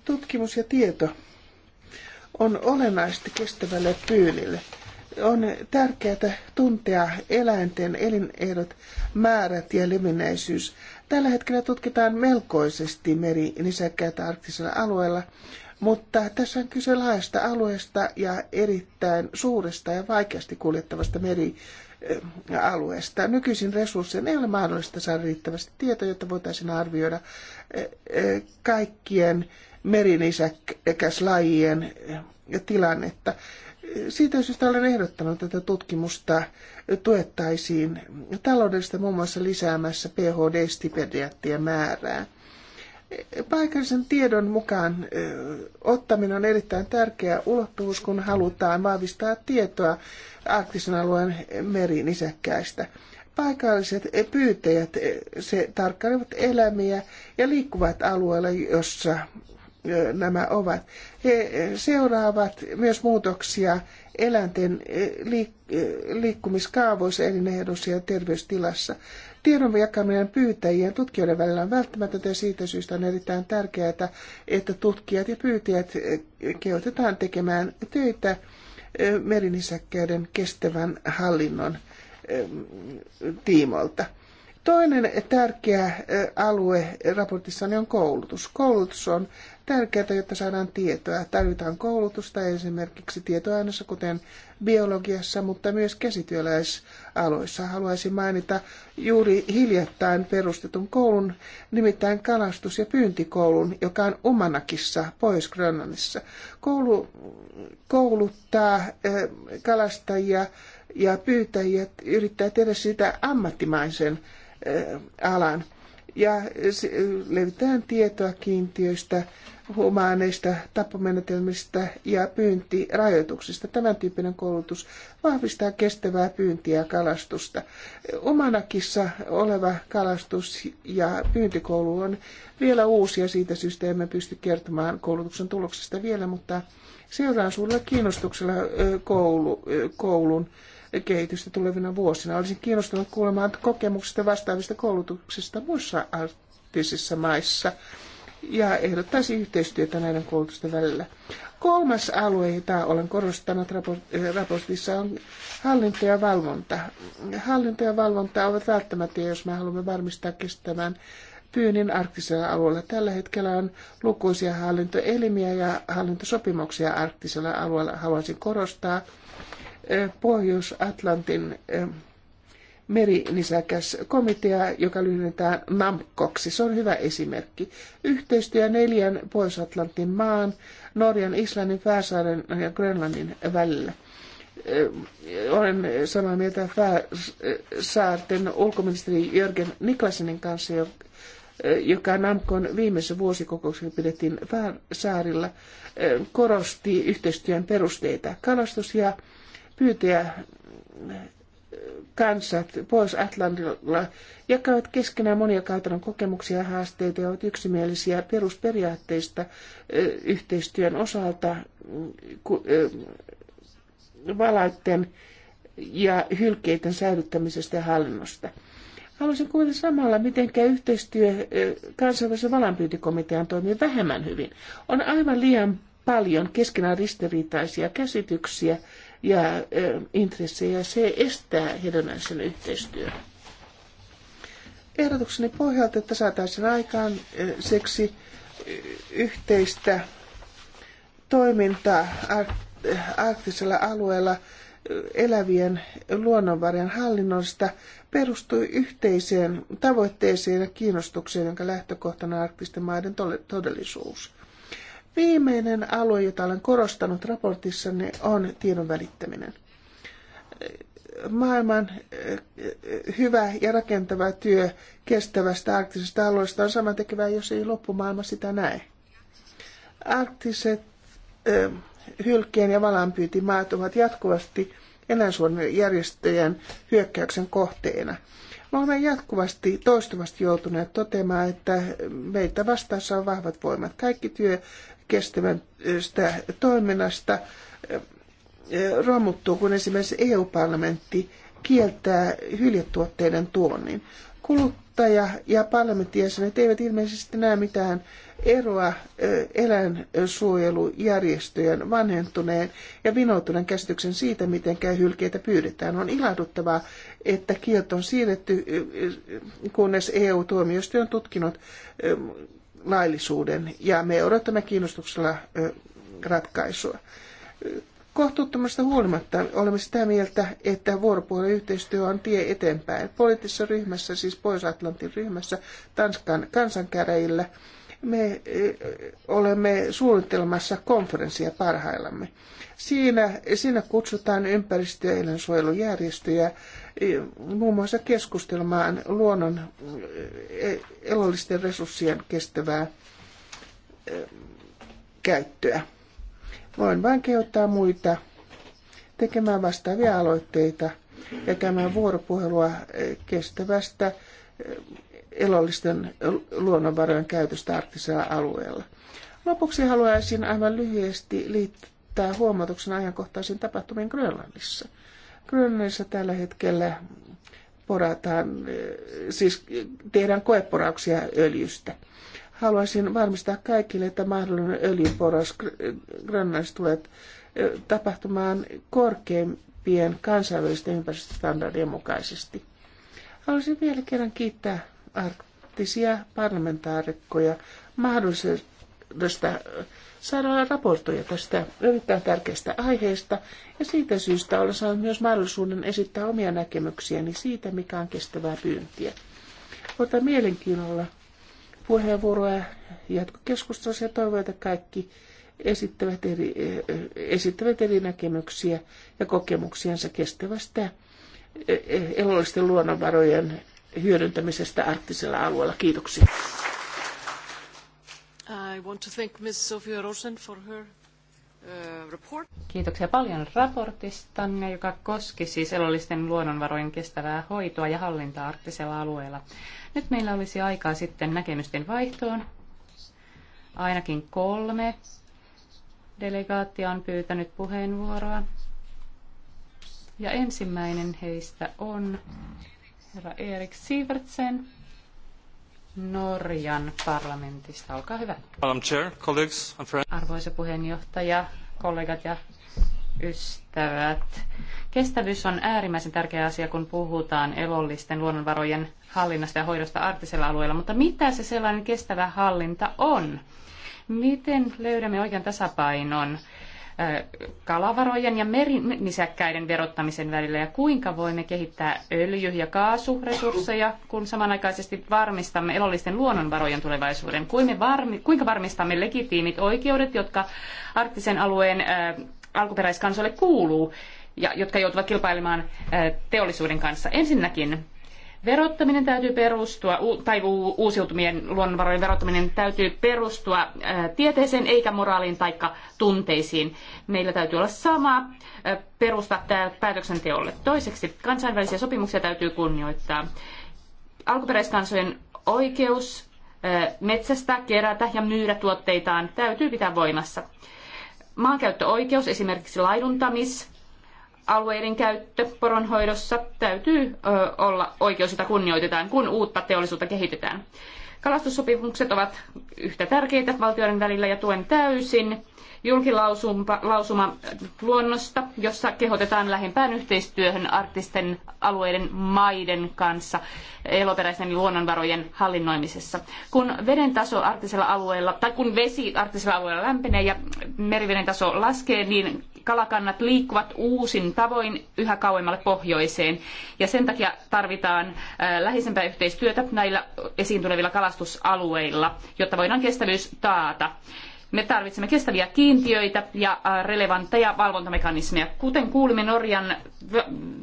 tutkimus ja tieto on olennaisesti kestävälle pyynille. On tärkeää tuntea eläinten elinehdot, määrät ja levinneisyys. Tällä hetkellä tutkitaan melkoisesti meri, merinisäkkäitä arktisella alueella, mutta tässä on kyse laajasta alueesta ja erittäin suuresta ja vaikeasti kuljettavasta meri alueesta. Nykyisin resurssien ei ole mahdollista saada riittävästi tietoa, jotta voitaisiin arvioida eh, eh, kaikkien merinisäkäslajien eh, tilannetta. Siitä syystä olen ehdottanut, että tutkimusta tuettaisiin taloudellisesti muun muassa lisäämässä PHD-stipendiaattien määrää. Paikallisen tiedon mukaan ottaminen on erittäin tärkeä ulottuvuus, kun halutaan vahvistaa tietoa arktisen alueen merinisäkkäistä. Paikalliset pyytäjät se tarkkailevat elämiä ja liikkuvat alueella, jossa nämä ovat. He seuraavat myös muutoksia eläinten liikkumiskaavoissa, elinehdollisessa ja terveystilassa tiedon jakaminen pyytäjien ja tutkijoiden välillä on välttämätöntä ja siitä syystä on erittäin tärkeää, että tutkijat ja pyytäjät eh, kehotetaan tekemään töitä eh, merinisäkkäiden kestävän hallinnon eh, tiimolta. Toinen tärkeä alue raportissani on koulutus. Koulutus on tärkeää, jotta saadaan tietoa. Tarvitaan koulutusta esimerkiksi tietoaineessa, kuten biologiassa, mutta myös käsityöläisaloissa. Haluaisin mainita juuri hiljattain perustetun koulun, nimittäin kalastus- ja pyyntikoulun, joka on Umanakissa, Pohjois-Grönlannissa. Koulu kouluttaa eh, kalastajia ja pyytäjiä, yrittää tehdä siitä ammattimaisen eh, alan ja eh, levitään tietoa kiintiöistä huumaaneista, tappomenetelmistä ja pyyntirajoituksista. Tämän tyyppinen koulutus vahvistaa kestävää pyyntiä ja kalastusta. Omanakissa oleva kalastus ja pyyntikoulu on vielä uusia siitä syystä emme pysty kertomaan koulutuksen tuloksista vielä, mutta seuraan suurella kiinnostuksella koulu, koulun kehitystä tulevina vuosina. Olisin kiinnostunut kuulemaan kokemuksista vastaavista koulutuksista muissa arktisissa maissa ja ehdottaisi yhteistyötä näiden koulutusten välillä. Kolmas alue, jota olen korostanut eh, raportissa, on hallinto ja valvonta. Hallinto ja valvonta ovat välttämättömiä, jos me haluamme varmistaa kestävän pyynnin arktisella alueella. Tällä hetkellä on lukuisia hallintoelimiä ja hallintosopimuksia arktisella alueella. Haluaisin korostaa eh, Pohjois-Atlantin eh, merinisäkäs komitea, joka lyhennetään NAMKOksi. Se on hyvä esimerkki. Yhteistyö neljän Pohjois-Atlantin maan, Norjan, Islannin, Färsaaren ja Grönlannin välillä. Olen samaa mieltä Färsaarten ulkoministeri Jörgen Niklasenin kanssa, joka NAMKon viimeisessä vuosikokouksessa pidettiin Färsaarilla, korosti yhteistyön perusteita. Kalastus ja pyytäjä kansat pois Atlantilla jakavat keskenään monia käytännön kokemuksia ja haasteita ja ovat yksimielisiä perusperiaatteista yhteistyön osalta mm, valaitten ja hylkeiden säilyttämisestä ja hallinnosta. Haluaisin kuulla samalla, miten yhteistyö kansainvälisen valanpyyntikomitean toimii vähemmän hyvin. On aivan liian paljon keskenään ristiriitaisia käsityksiä ja intressejä. Se estää hedonaisen yhteistyön. Ehdotukseni pohjalta, että saataisiin aikaan seksi yhteistä toimintaa arktisella alueella elävien luonnonvarien hallinnosta perustui yhteiseen tavoitteeseen ja kiinnostukseen, jonka lähtökohtana arktisten maiden todellisuus. Viimeinen alue, jota olen korostanut raportissanne, on tiedon välittäminen. Maailman eh, hyvä ja rakentava työ kestävästä arktisesta alueesta on sama tekevää, jos ei loppumaailma sitä näe. Arktiset eh, hylkien ja valanpyytimaat ovat jatkuvasti eläinsuojelujärjestöjen hyökkäyksen kohteena. Me olemme jatkuvasti, toistuvasti joutuneet toteamaan, että meitä vastassa on vahvat voimat. Kaikki työ kestävästä toiminnasta romuttuu, kun esimerkiksi EU-parlamentti kieltää hyljetuotteiden tuonnin. Kuluttaja ja parlamenttijäsenet eivät ilmeisesti näe mitään eroa eläinsuojelujärjestöjen vanhentuneen ja vinoutuneen käsityksen siitä, miten käy hylkeitä pyydetään. On ilahduttavaa, että kielto on siirretty, kunnes EU-tuomioistuin on tutkinut laillisuuden ja me odotamme kiinnostuksella ratkaisua. Kohtuuttomasta huolimatta olemme sitä mieltä, että vuoropuhelu yhteistyö on tie eteenpäin. Poliittisessa ryhmässä, siis Pohjois-Atlantin ryhmässä, Tanskan kansankäräjillä, me olemme suunnittelemassa konferenssia parhaillamme. Siinä, siinä kutsutaan ympäristö- ja eläinsuojelujärjestöjä muun muassa keskustelmaan luonnon e, elollisten resurssien kestävää e, käyttöä. Voin vain kehottaa muita tekemään vastaavia aloitteita ja käymään vuoropuhelua e, kestävästä elollisten luonnonvarojen käytöstä arktisella alueella. Lopuksi haluaisin aivan lyhyesti liittää huomautuksen ajankohtaisiin tapahtumiin Grönlannissa – Grönlannissa tällä hetkellä porataan, siis tehdään koeporauksia öljystä. Haluaisin varmistaa kaikille, että mahdollinen öljyporaus Grönlannissa tulee tapahtumaan korkeimpien kansainvälisten ympäristöstandardien mukaisesti. Haluaisin vielä kerran kiittää arktisia parlamentaarikkoja mahdollisesta saada raportoja tästä erittäin tärkeästä aiheesta ja siitä syystä olla saanut myös mahdollisuuden esittää omia näkemyksiäni siitä, mikä on kestävää pyyntiä. Otan mielenkiinnolla puheenvuoroja jatkokeskustelussa ja toivon, että kaikki esittävät eri, eh, esittävät eri näkemyksiä ja kokemuksiansa kestävästä eh, eh, elollisten luonnonvarojen hyödyntämisestä arktisella alueella. Kiitoksia. I want to thank Ms. Rosen for her uh, report. Kiitoksia paljon raportistanne, joka koski siis elollisten luonnonvarojen kestävää hoitoa ja hallintaa arktisella alueella. Nyt meillä olisi aikaa sitten näkemysten vaihtoon. Ainakin kolme delegaattia on pyytänyt puheenvuoroa. Ja ensimmäinen heistä on herra Erik Sivertsen Norjan parlamentista. Olkaa hyvä. Madam Chair, colleagues and friends. Arvoisa puheenjohtaja, kollegat ja ystävät. Kestävyys on äärimmäisen tärkeä asia, kun puhutaan elollisten luonnonvarojen hallinnasta ja hoidosta arktisella alueella, mutta mitä se sellainen kestävä hallinta on? Miten löydämme oikean tasapainon kalavarojen ja merinisäkkäiden verottamisen välillä ja kuinka voimme kehittää öljy- ja kaasuresursseja, kun samanaikaisesti varmistamme elollisten luonnonvarojen tulevaisuuden. Kuinka varmistamme legitiimit oikeudet, jotka arktisen alueen alkuperäiskansoille kuuluu ja jotka joutuvat kilpailemaan teollisuuden kanssa. Ensinnäkin Verottaminen täytyy perustua, tai uusiutumien luonnonvarojen verottaminen täytyy perustua tieteeseen eikä moraaliin tai tunteisiin. Meillä täytyy olla sama perusta päätöksenteolle. Toiseksi kansainvälisiä sopimuksia täytyy kunnioittaa. Alkuperäiskansojen oikeus metsästä, kerätä ja myydä tuotteitaan täytyy pitää voimassa. Maankäyttöoikeus, esimerkiksi laiduntamis, alueiden käyttö poronhoidossa täytyy olla oikeus, jota kunnioitetaan, kun uutta teollisuutta kehitetään. Kalastussopimukset ovat yhtä tärkeitä valtioiden välillä ja tuen täysin julkilausuma luonnosta, jossa kehotetaan lähempään yhteistyöhön arktisten alueiden maiden kanssa eloperäisten luonnonvarojen hallinnoimisessa. Kun veden taso arktisella alueella, tai kun vesi arktisella alueella lämpenee ja meriveden taso laskee, niin kalakannat liikkuvat uusin tavoin yhä kauemmalle pohjoiseen. Ja sen takia tarvitaan läheisempää yhteistyötä näillä esiin tulevilla kalastusalueilla, jotta voidaan kestävyys taata. Me tarvitsemme kestäviä kiintiöitä ja äh, relevantteja valvontamekanismeja. Kuten kuulimme, Norjan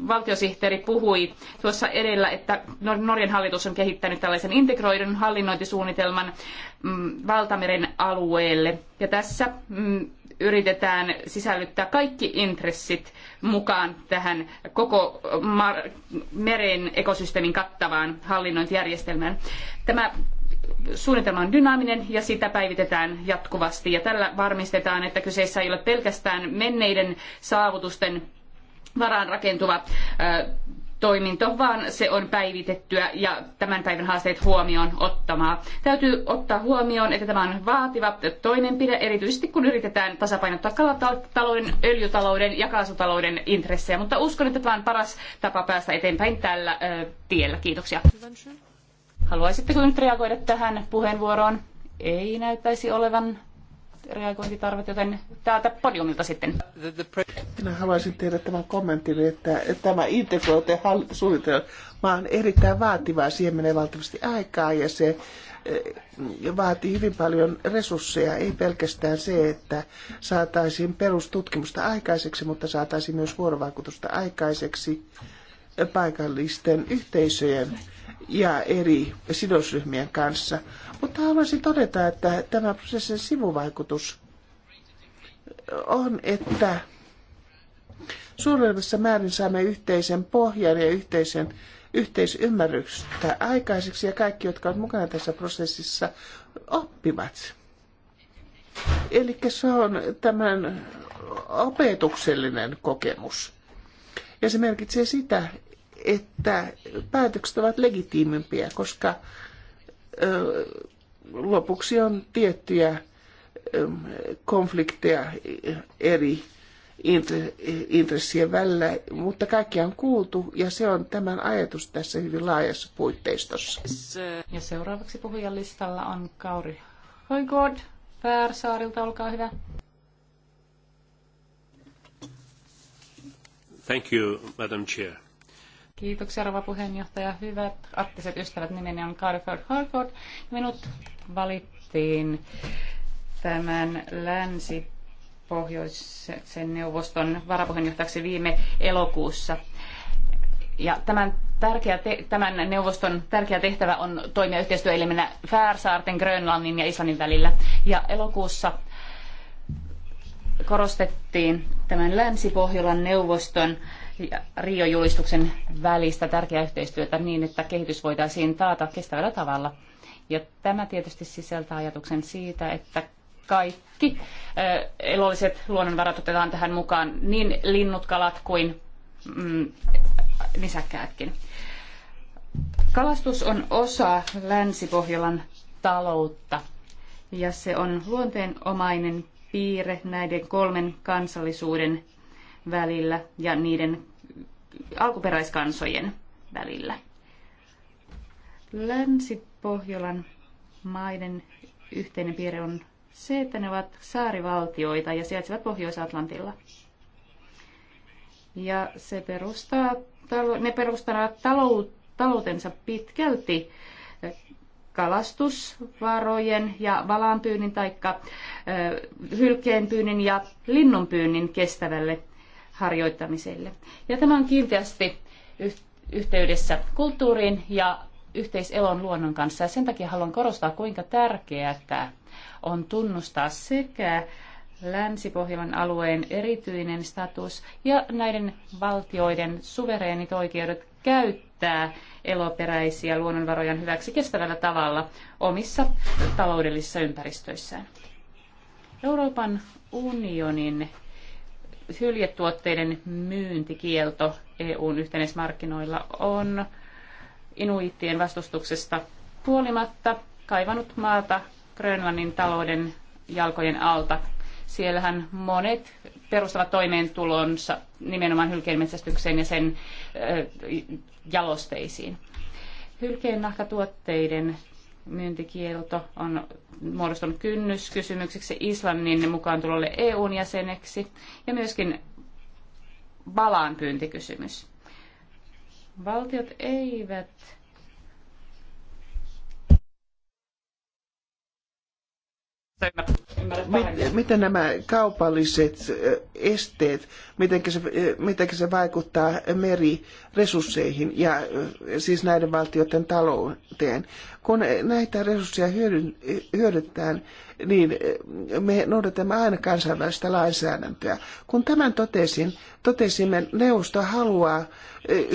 valtiosihteeri puhui tuossa edellä, että Norjan hallitus on kehittänyt tällaisen integroidun hallinnointisuunnitelman mm, valtameren alueelle. Ja tässä mm, yritetään sisällyttää kaikki intressit mukaan tähän koko meren ekosysteemin kattavaan hallinnointijärjestelmään. Tämä suunnitelma on dynaaminen ja sitä päivitetään jatkuvasti. Ja tällä varmistetaan, että kyseessä ei ole pelkästään menneiden saavutusten varaan rakentuva toiminto, vaan se on päivitettyä ja tämän päivän haasteet huomioon ottamaa. Täytyy ottaa huomioon, että tämä on vaativa toimenpide, erityisesti kun yritetään tasapainottaa kalatalouden, öljytalouden ja kaasutalouden intressejä, mutta uskon, että tämä on paras tapa päästä eteenpäin tällä ö, tiellä. Kiitoksia. Haluaisitteko nyt reagoida tähän puheenvuoroon? Ei näyttäisi olevan reagointitarvet, joten täältä podiumilta sitten. Minä haluaisin tehdä tämän kommentin, että tämä integroite hallintosuunnitelma on erittäin vaativaa. Siihen menee valtavasti aikaa ja se eh, vaatii hyvin paljon resursseja, ei pelkästään se, että saataisiin perustutkimusta aikaiseksi, mutta saataisiin myös vuorovaikutusta aikaiseksi paikallisten yhteisöjen ja eri sidosryhmien kanssa. Mutta haluaisin todeta, että tämä prosessin sivuvaikutus on, että suuremmassa määrin saamme yhteisen pohjan ja yhteisen yhteisymmärrystä aikaiseksi ja kaikki, jotka ovat mukana tässä prosessissa, oppivat. Eli se on tämän opetuksellinen kokemus. Ja se merkitsee sitä, että päätökset ovat legitiimimpiä, koska lopuksi on tiettyjä konflikteja eri intressien välillä, mutta kaikkia on kuultu ja se on tämän ajatus tässä hyvin laajassa puitteistossa. Ja seuraavaksi puhujan listalla on Kauri Hoigod Färsaarilta, olkaa hyvä. Thank you, Madam Chair. Kiitoksia, rouva puheenjohtaja. Hyvät arktiset ystävät, nimeni on Carford Harford. Minut valittiin tämän länsi Pohjoisen neuvoston varapuheenjohtajaksi viime elokuussa. Ja tämän, tärkeä te- tämän neuvoston tärkeä tehtävä on toimia yhteistyöelimenä Färsaarten, Grönlannin ja Islannin välillä. Ja elokuussa korostettiin tämän Länsi-Pohjolan neuvoston ja Rio-julistuksen välistä tärkeää yhteistyötä niin, että kehitys voitaisiin taata kestävällä tavalla. Ja tämä tietysti sisältää ajatuksen siitä, että kaikki elolliset luonnonvarat otetaan tähän mukaan, niin linnut, kalat kuin mm, nisäkkäätkin. Kalastus on osa Länsi-Pohjolan taloutta ja se on luonteenomainen piirre näiden kolmen kansallisuuden välillä ja niiden alkuperäiskansojen välillä. Länsi-Pohjolan maiden yhteinen piirre on se, että ne ovat saarivaltioita ja sijaitsevat Pohjois-Atlantilla. Ja se perustaa, ne perustavat taloutensa pitkälti kalastusvarojen ja valaanpyynnin tai hylkeenpyynnin ja linnunpyynnin kestävälle harjoittamiselle. Ja tämä on kiinteästi yhteydessä kulttuuriin ja yhteiselon luonnon kanssa. Ja sen takia haluan korostaa, kuinka tärkeää on tunnustaa sekä Länsi-Pohjolan alueen erityinen status ja näiden valtioiden suvereenit oikeudet käyttää eloperäisiä luonnonvaroja hyväksi kestävällä tavalla omissa taloudellisissa ympäristöissään. Euroopan unionin hyljetuotteiden myyntikielto EUn yhteismarkkinoilla on inuittien vastustuksesta huolimatta kaivanut maata Grönlannin talouden jalkojen alta Siellähän monet perustavat toimeentulonsa nimenomaan hylkeenmetsästykseen ja sen jalosteisiin. Hylkeen nahkatuotteiden myyntikielto on muodostunut kynnyskysymykseksi Islannin mukaan tulolle EUn jäseneksi ja myöskin balaan pyyntikysymys. Valtiot eivät miten nämä kaupalliset esteet, miten se, miten se vaikuttaa meriresursseihin ja siis näiden valtioiden talouteen? Kun näitä resursseja hyödynnetään niin eh, me noudatamme aina kansainvälistä lainsäädäntöä. Kun tämän totesin, totesimme, neuvosto haluaa eh,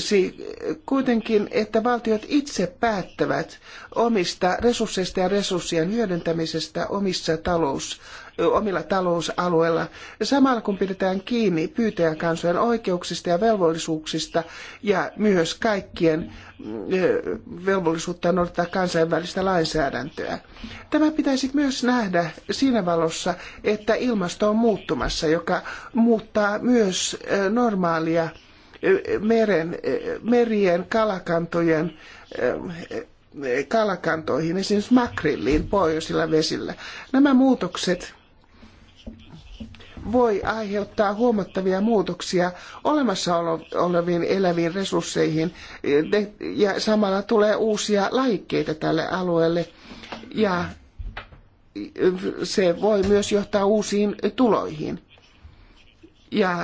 kuitenkin, että valtiot itse päättävät omista resursseista ja resurssien hyödyntämisestä omissa talous- omilla talousalueilla, samalla kun pidetään kiinni pyytäjäkansojen oikeuksista ja velvollisuuksista ja myös kaikkien mm, velvollisuutta noudattaa kansainvälistä lainsäädäntöä. Tämä pitäisi myös nähdä siinä valossa, että ilmasto on muuttumassa, joka muuttaa myös normaalia meren, merien kalakantojen kalakantoihin, esimerkiksi makrilliin pohjoisilla vesillä. Nämä muutokset voi aiheuttaa huomattavia muutoksia olemassa oleviin eläviin resursseihin ja samalla tulee uusia laikkeita tälle alueelle ja se voi myös johtaa uusiin tuloihin. Ja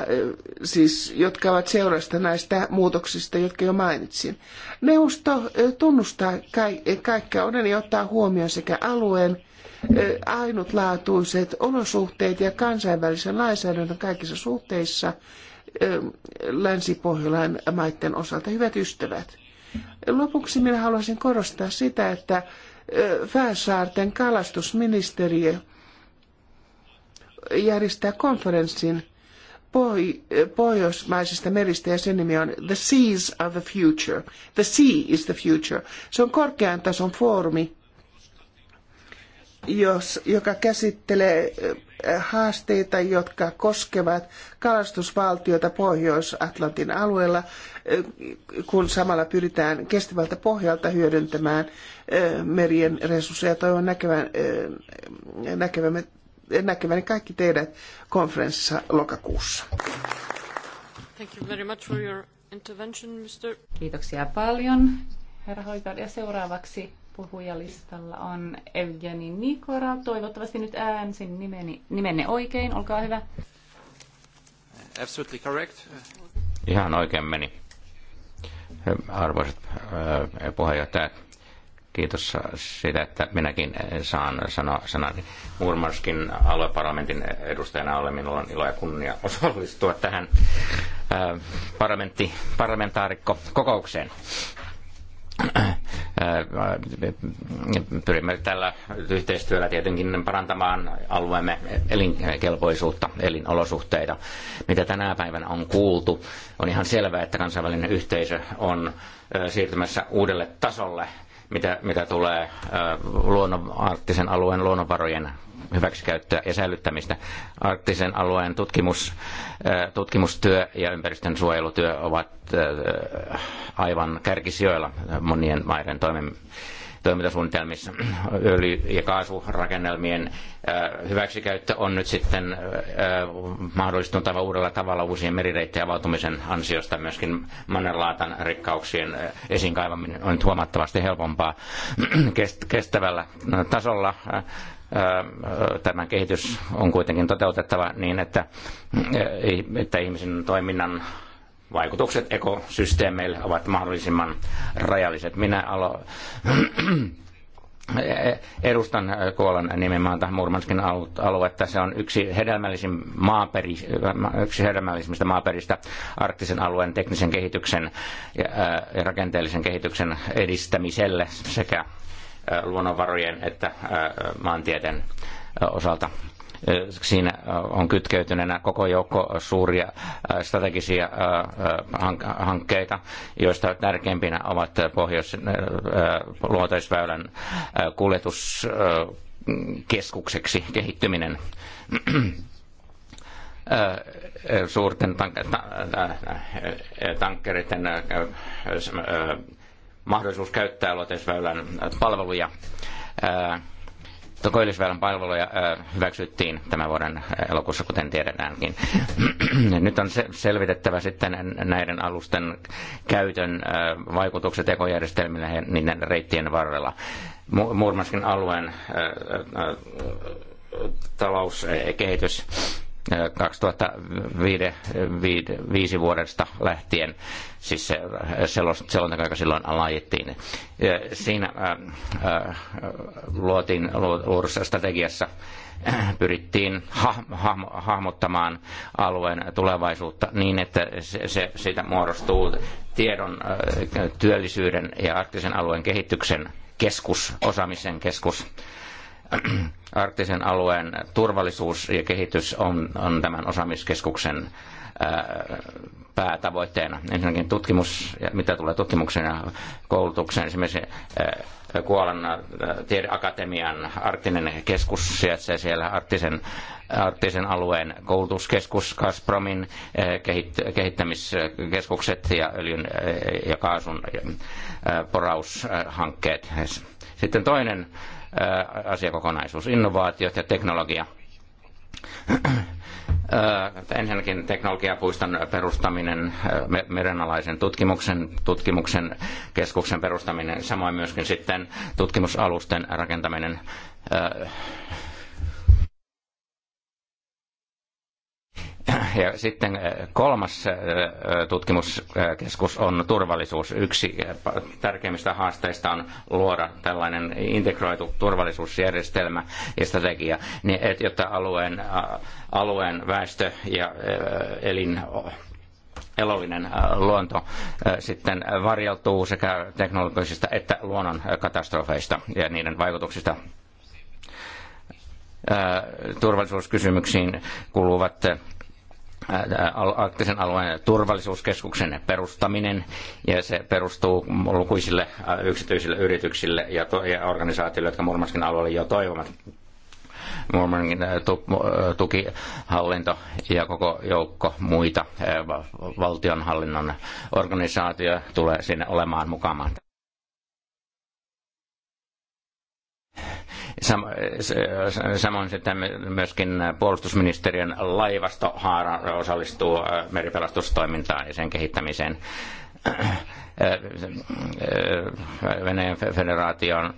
siis, jotka ovat seurasta näistä muutoksista, jotka jo mainitsin. Neuvosto tunnustaa kaikkea onnen ja ottaa huomioon sekä alueen ainutlaatuiset olosuhteet ja kansainvälisen lainsäädännön kaikissa suhteissa Länsi-Pohjolan maiden osalta. Hyvät ystävät, lopuksi minä haluaisin korostaa sitä, että Färsaarten kalastusministeriö järjestää konferenssin pohjoismaisista meristä ja sen nimi on The Seas of the Future. The Sea is the Future. Se on korkean tason foorumi, jos, joka käsittelee äh, haasteita, jotka koskevat kalastusvaltiota Pohjois-Atlantin alueella, äh, kun samalla pyritään kestävältä pohjalta hyödyntämään äh, merien resursseja. Toivon näkevän, näkevämme, näkeväni kaikki teidät konferenssissa lokakuussa. Kiitoksia paljon, herra Ja seuraavaksi puhujalistalla on Evgeni Nikora. Toivottavasti nyt äänsin nimeni, nimenne oikein. Olkaa hyvä. Absolutely correct. Ihan oikein meni. Arvoisat puheenjohtajat, kiitos siitä, että minäkin saan sanoa sanani. Murmanskin alueparlamentin edustajana ole minulla on ilo ja kunnia osallistua tähän parlamentti, parlamentaarikko kokoukseen Äh, äh, pyrimme tällä yhteistyöllä tietenkin parantamaan alueemme elinkelpoisuutta, elinolosuhteita. Mitä tänä päivänä on kuultu, on ihan selvää, että kansainvälinen yhteisö on äh, siirtymässä uudelle tasolle – mitä, mitä tulee äh, luonnon, arktisen alueen luonnonvarojen hyväksikäyttöä ja säilyttämistä. Arktisen alueen tutkimus, äh, tutkimustyö ja ympäristön suojelutyö ovat äh, aivan kärkisijoilla monien maiden toimen, toimintasuunnitelmissa. [clears throat] Öljy- ja kaasurakennelmien hyväksikäyttö on nyt sitten mahdollistunut aivan uudella tavalla uusien merireittien avautumisen ansiosta. Myöskin mannerlaatan rikkauksien esiin kaivaminen on nyt huomattavasti helpompaa [clears throat] kestävällä no, tasolla tämä kehitys on kuitenkin toteutettava niin, että, että ihmisen toiminnan vaikutukset ekosysteemeille ovat mahdollisimman rajalliset. Minä alo- [clears throat] edustan Koolan nimenomaan Murmanskin aluetta. Se on yksi, hedelmällisin maaperi, yksi hedelmällisimmistä maaperistä arktisen alueen teknisen kehityksen ja äh, rakenteellisen kehityksen edistämiselle sekä äh, luonnonvarojen että äh, maantieteen osalta Siinä äh, on kytkeytyneenä koko joukko suuria äh, strategisia äh, hankkeita, joista tärkeimpinä ovat pohjoisen luoteisväylän kuljetuskeskukseksi kehittyminen suurten tank- mahdollisuus käyttää luoteisväylän palveluja koillisväylän palveluja hyväksyttiin tämän vuoden elokuussa, kuten tiedetäänkin. [clears throat] Nyt on selvitettävä sitten näiden alusten käytön vaikutukset ekojärjestelmille ja niiden reittien varrella. Murmanskin alueen talouskehitys e-, 2005 vuodesta lähtien, siis se selonteko, silloin laajettiin. Siinä luotiin luodussa strategiassa [clears throat] pyrittiin hahmottamaan alueen tulevaisuutta niin, että se, siitä muodostuu tiedon, työllisyyden ja arktisen alueen kehityksen keskus, osaamisen keskus [clears throat] arktisen alueen turvallisuus ja kehitys on, on tämän osaamiskeskuksen äh, päätavoitteena. Ensinnäkin tutkimus, mitä tulee tutkimukseen ja koulutukseen, esimerkiksi äh, Kuolan äh, tiedeakatemian arktinen keskus sijaitsee siellä arktisen, arktisen alueen koulutuskeskus, Gazpromin kehittämiskeskukset ja öljyn ja kaasun poraushankkeet. Sitten toinen Äh, asiakokonaisuus, innovaatiot ja teknologia. Äh, ensinnäkin teknologiapuiston perustaminen, äh, merenalaisen tutkimuksen, tutkimuksen keskuksen perustaminen, samoin myöskin sitten tutkimusalusten rakentaminen Ja sitten äh, kolmas äh, äh, tutkimuskeskus on turvallisuus. Yksi tärkeimmistä haasteista on luoda tällainen integroitu turvallisuusjärjestelmä ja strategia, niin että, jotta alueen, alueen väestö ja elin elollinen luonto sitten varjeltuu sekä teknologisista että luonnon katastrofeista ja niiden vaikutuksista turvallisuuskysymyksiin kuuluvat arktisen alueen turvallisuuskeskuksen perustaminen ja se perustuu lukuisille yksityisille yrityksille ja, organisaatioille, jotka Murmanskin alueelle jo toivovat. Murmanskin tukihallinto ja koko joukko muita valtionhallinnon organisaatioja tulee sinne olemaan mukana. Samoin sitten myöskin puolustusministeriön laivastohaara osallistuu äh, meripelastustoimintaan ja sen kehittämiseen. Äh, äh, Venäjän federaatio äh,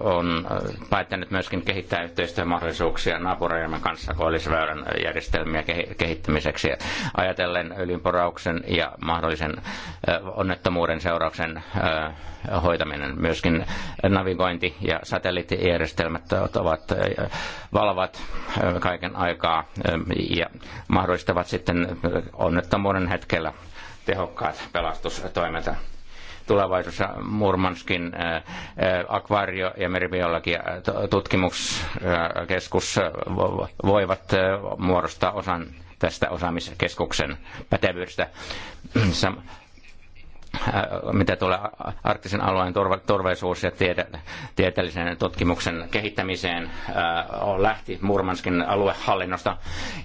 on päättänyt myöskin kehittää yhteistyömahdollisuuksia naapureiden kanssa koillisväylän järjestelmiä kehittämiseksi ajatellen öljynporauksen ja mahdollisen onnettomuuden seurauksen hoitaminen. Myöskin navigointi ja satelliittijärjestelmät ovat valvat kaiken aikaa ja mahdollistavat sitten onnettomuuden hetkellä tehokkaat pelastustoimet. Tulevaisuudessa Murmanskin äh, äh, akvaario- ja meribiologia tutkimuskeskus äh, voivat muodostaa osan tästä osaamiskeskuksen pätevyydestä. Äh, mitä tulee arktisen alueen turvallisuus- ja tiede, tieteellisen tutkimuksen kehittämiseen, äh, lähti Murmanskin aluehallinnosta.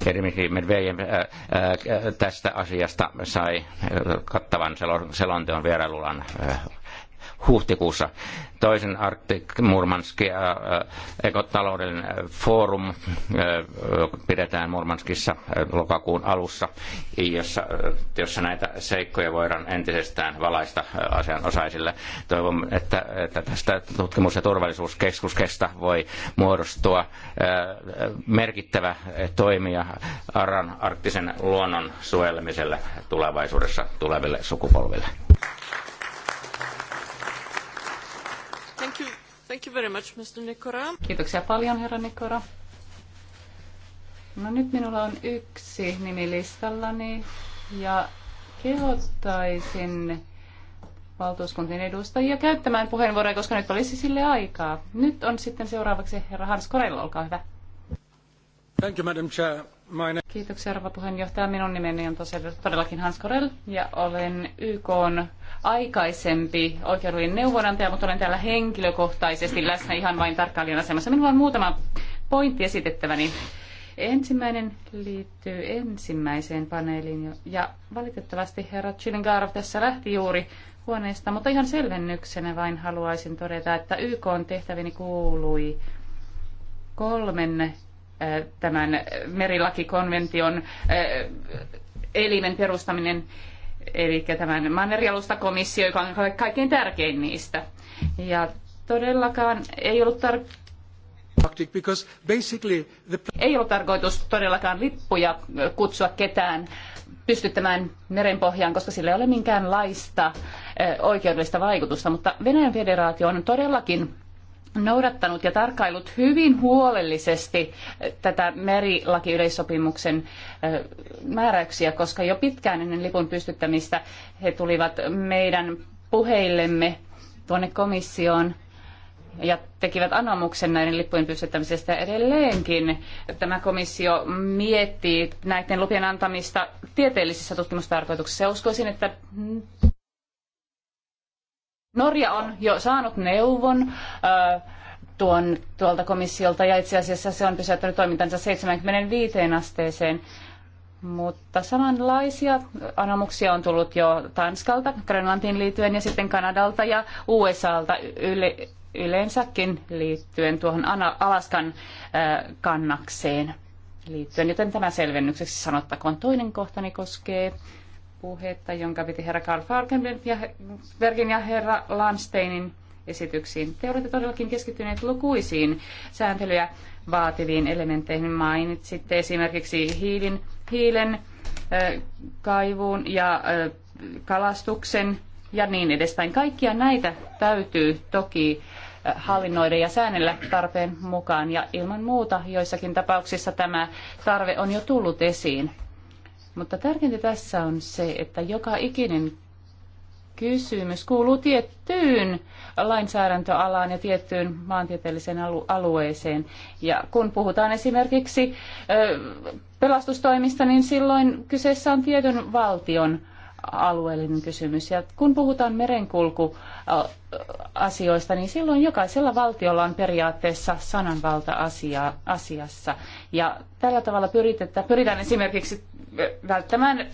Esimerkiksi Medvedev äh, tästä asiasta sai kattavan selonteon vierailullaan huhtikuussa. Toisen Arctic Murmansk äh, äh, ekotaloudellinen äh, foorum pidetään Murmanskissa lokakuun alussa, jossa, jossa näitä seikkoja voidaan entisestään valaista asianosaisille. Toivon, että, että tästä tutkimus- ja turvallisuuskeskuskesta voi muodostua merkittävä toimija Aran arktisen luonnon suojelemiselle tulevaisuudessa tuleville sukupolville. Thank you very much, Mr. Nikora. Kiitoksia paljon, herra Nikora. No nyt minulla on yksi nimi listallani ja kehottaisin valtuuskuntien edustajia käyttämään puheenvuoroja, koska nyt olisi sille aikaa. Nyt on sitten seuraavaksi herra Hans Korella, olkaa hyvä. Thank you, Madam Chair. My... Kiitoksia, puheenjohtaja. Minun nimeni on todellakin Hans Corell ja olen YK aikaisempi oikeudellinen neuvonantaja, mutta olen täällä henkilökohtaisesti läsnä ihan vain tarkkailijan asemassa. Minulla on muutama pointti esitettäväni. Ensimmäinen liittyy ensimmäiseen paneeliin ja valitettavasti herra Chilingarov tässä lähti juuri huoneesta, mutta ihan selvennyksenä vain haluaisin todeta, että YK on tehtäväni kuului kolmen tämän merilakikonvention elimen perustaminen, eli tämän mannerialustakomissio, joka on kaikkein tärkein niistä. Ja todellakaan ei ollut tarkoitus ei ollut tarkoitus todellakaan lippuja kutsua ketään pystyttämään merenpohjaan, koska sillä ei ole minkäänlaista oikeudellista vaikutusta, mutta Venäjän federaatio on todellakin noudattanut ja tarkkaillut hyvin huolellisesti eh, tätä merilakiyleissopimuksen eh, määräyksiä, koska jo pitkään ennen lipun pystyttämistä he tulivat meidän puheillemme tuonne komissioon ja tekivät anomuksen näiden lippujen pystyttämisestä edelleenkin. Tämä komissio miettii näiden lupien antamista tieteellisissä tutkimustarkoituksissa ja uskoisin, että Norja on jo saanut neuvon tuon, tuolta komissiolta ja itse asiassa se on pysäyttänyt toimintansa 75 asteeseen. Mutta samanlaisia anomuksia on tullut jo Tanskalta, Grönlantiin liittyen ja sitten Kanadalta ja USAlta yle, yleensäkin liittyen tuohon Alaskan kannakseen liittyen. Joten tämä selvennykseksi sanottakoon toinen kohtani koskee puhetta, jonka piti herra Karl Falkenbergin ja herra Landsteinin esityksiin. Te olette todellakin keskittyneet lukuisiin sääntelyjä vaativiin elementteihin. Mainitsitte esimerkiksi hiilin, hiilen kaivuun ja kalastuksen ja niin edespäin. Kaikkia näitä täytyy toki hallinnoida ja säännellä tarpeen mukaan. Ja ilman muuta joissakin tapauksissa tämä tarve on jo tullut esiin. Mutta tärkeintä tässä on se, että joka ikinen kysymys kuuluu tiettyyn lainsäädäntöalaan ja tiettyyn maantieteelliseen alueeseen. Ja kun puhutaan esimerkiksi pelastustoimista, niin silloin kyseessä on tietyn valtion alueellinen kysymys. Ja kun puhutaan merenkulkuasioista, niin silloin jokaisella valtiolla on periaatteessa sananvalta asia, asiassa. Ja tällä tavalla pyritetään, pyritään esimerkiksi välttämään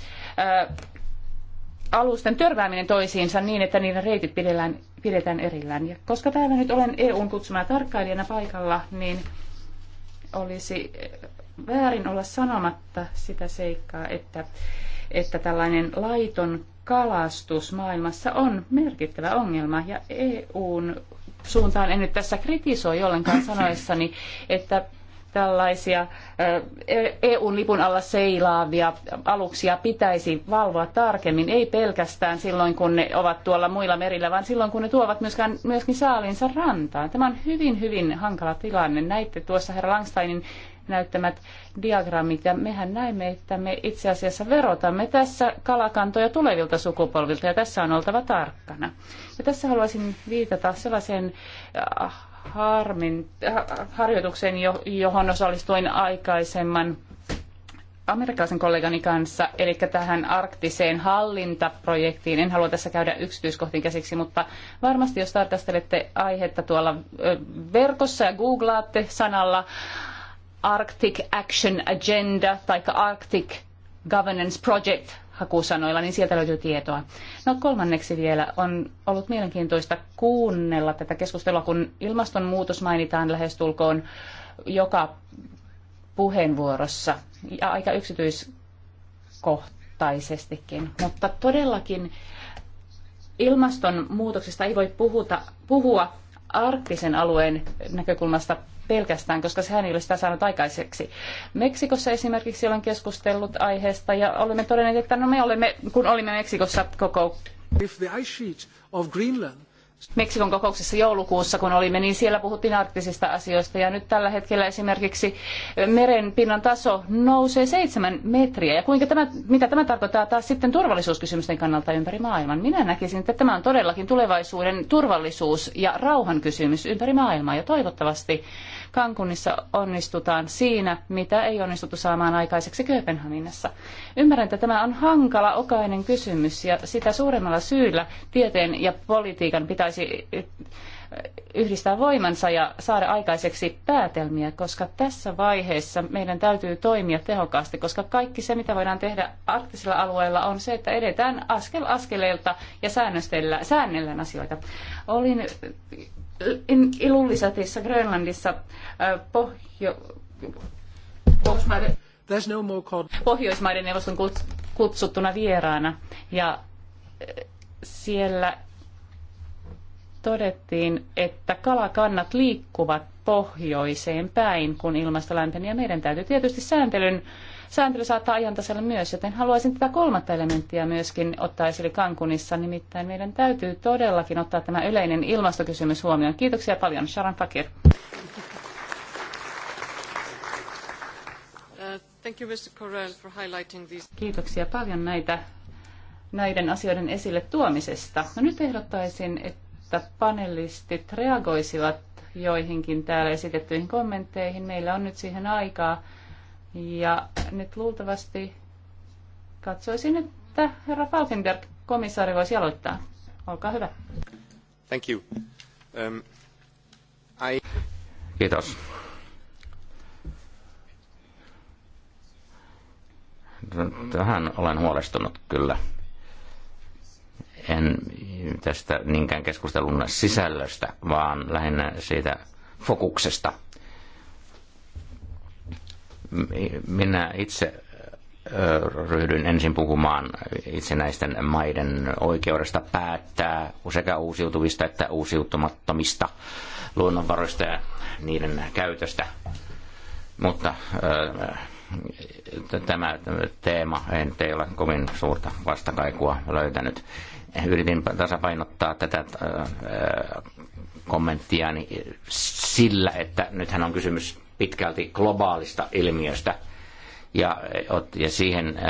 alusten törmääminen toisiinsa niin, että niiden reitit pidellään, pidetään erillään. Ja koska täällä nyt olen EUn kutsumana tarkkailijana paikalla, niin olisi väärin olla sanomatta sitä seikkaa, että, että tällainen laiton kalastus maailmassa on merkittävä ongelma ja EUn suuntaan en nyt tässä kritisoi ollenkaan sanoessani, että tällaisia EUn e lipun alla seilaavia aluksia pitäisi valvoa tarkemmin, ei pelkästään silloin, kun ne ovat tuolla muilla merillä, vaan silloin, kun ne tuovat myöskin myöskin saaliinsa rantaan. Tämä on hyvin, hyvin hankala tilanne. Näitte tuossa herra Langsteinin näyttämät diagrammit, ja mehän näemme, että me itse asiassa verotamme tässä kalakantoja tulevilta sukupolvilta, ja tässä on oltava tarkkana. Ja tässä haluaisin viitata sellaiseen äh, harmin, äh, harjoituksen, johon osallistuin aikaisemman amerikkalaisen kollegani kanssa, eli tähän arktiseen hallintaprojektiin. En halua tässä käydä yksityiskohtiin käsiksi, mutta varmasti jos tarkastelette aihetta tuolla verkossa ja googlaatte sanalla Arctic Action Agenda tai Arctic Governance Project, hakusanoilla, niin sieltä löytyy tietoa. No kolmanneksi vielä on ollut mielenkiintoista kuunnella tätä keskustelua, kun ilmastonmuutos mainitaan lähestulkoon joka puheenvuorossa ja aika yksityiskohtaisestikin. Mutta todellakin ilmastonmuutoksesta ei voi puhuta, puhua arktisen alueen näkökulmasta pelkästään, koska sehän ei ole sitä saanut aikaiseksi. Meksikossa esimerkiksi olen keskustellut aiheesta ja olemme todenneet, että no me olemme, kun olimme Meksikossa koko Meksikon kokouksessa joulukuussa, kun olimme, niin siellä puhuttiin arktisista asioista. Ja nyt tällä hetkellä esimerkiksi merenpinnan taso nousee seitsemän metriä. Ja kuinka tämä, mitä tämä tarkoittaa taas sitten turvallisuuskysymysten kannalta ympäri maailman? Minä näkisin, että tämä on todellakin tulevaisuuden turvallisuus- ja rauhan kysymys ympäri maailmaa. Ja toivottavasti Kankunissa onnistutaan siinä, mitä ei onnistuttu saamaan aikaiseksi Kööpenhaminassa. Ymmärrän, että tämä on hankala okainen kysymys ja sitä suuremmalla syyllä tieteen ja politiikan pitäisi yhdistää voimansa ja saada aikaiseksi päätelmiä, koska tässä vaiheessa meidän täytyy toimia tehokkaasti, koska kaikki se, mitä voidaan tehdä arktisilla alueilla, on se, että edetään askel askeleelta ja säännöstellään, säännellään asioita. Olin Ilulisatissa Grönlandissa pohjo, Pohjoismaiden, no more... Pohjoismaiden neuvoston kutsuttuna vieraana. Ja siellä todettiin, että kalakannat liikkuvat pohjoiseen päin, kun ilmasto lämpeni. Ja meidän täytyy tietysti sääntelyn sääntely saattaa ajan myös, joten haluaisin tätä kolmatta elementtiä myöskin ottaa esille Kankunissa. Nimittäin meidän täytyy todellakin ottaa tämä yleinen ilmastokysymys huomioon. Kiitoksia paljon, Sharon Fakir. Uh, thank you, Mr. Correll, for highlighting these. Kiitoksia paljon näitä, näiden asioiden esille tuomisesta. No nyt ehdottaisin, että panelistit reagoisivat joihinkin täällä esitettyihin kommentteihin. Meillä on nyt siihen aikaa ja nyt luultavasti katsoisin, että herra Falkenberg, komissaari, voisi aloittaa. Olkaa hyvä. Thank you. Um, I... Kiitos. Tähän olen huolestunut kyllä. En tästä niinkään keskustelun sisällöstä, vaan lähinnä siitä fokuksesta – minä itse ryhdyn ensin puhumaan itsenäisten maiden oikeudesta päättää sekä uusiutuvista että uusiutumattomista luonnonvaroista ja niiden käytöstä. Mutta tämä teema ei ole kovin suurta vastakaikua löytänyt. Yritin tasapainottaa tätä kommenttiani sillä, että nythän on kysymys pitkälti globaalista ilmiöstä. Ja, ja siihen äh,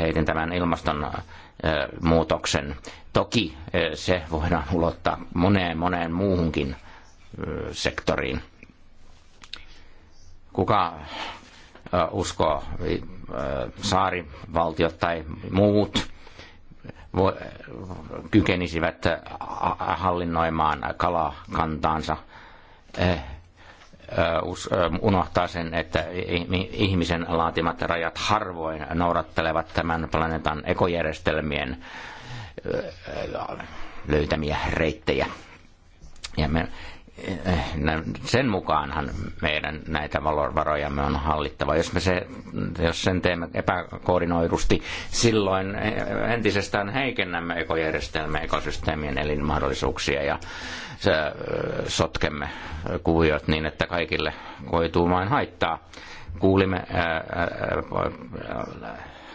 heitin tämän ilmastonmuutoksen. Äh, Toki äh, se voidaan ulottaa moneen moneen muuhunkin sektoriin. Kuka uskoo saarivaltiot tai muut kykenisivät hallinnoimaan kalakantaansa unohtaa sen, että ihmisen laatimat rajat harvoin noudattelevat tämän planeetan ekojärjestelmien löytämiä reittejä. Ja me, sen mukaanhan meidän näitä varojamme on hallittava. Jos, me se, jos sen teemme epäkoordinoidusti, silloin entisestään heikennämme ekojärjestelmien, ekosysteemien elinmahdollisuuksia ja se, sotkemme kuviot niin, että kaikille koituu vain haittaa. Kuulimme ää, ää,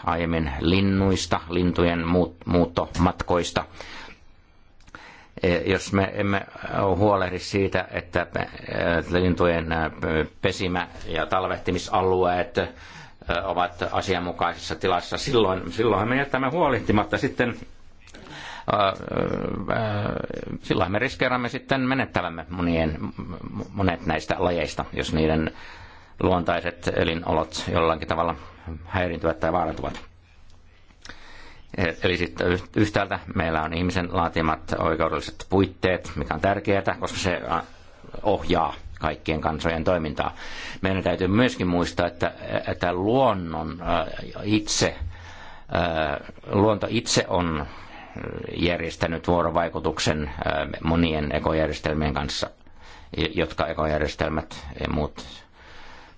aiemmin linnuista, lintujen muut, muuttomatkoista E, jos me emme huolehdi siitä, että lintujen pesimä- ja talvehtimisalueet ovat asianmukaisessa tilassa, silloin, silloin me jättämme huolehtimatta sitten silloin me riskeeramme sitten menettävämme monien, monet näistä lajeista, jos niiden luontaiset elinolot jollakin tavalla häirintyvät tai vaarantuvat. Eh, eli sitten yhtäältä meillä on ihmisen laatimat oikeudelliset puitteet, mikä on tärkeää, koska se ohjaa kaikkien kansojen toimintaa. Meidän täytyy myöskin muistaa, että, että luonnon itse, luonto itse on järjestänyt vuorovaikutuksen monien ekojärjestelmien kanssa, jotka ekojärjestelmät ja muut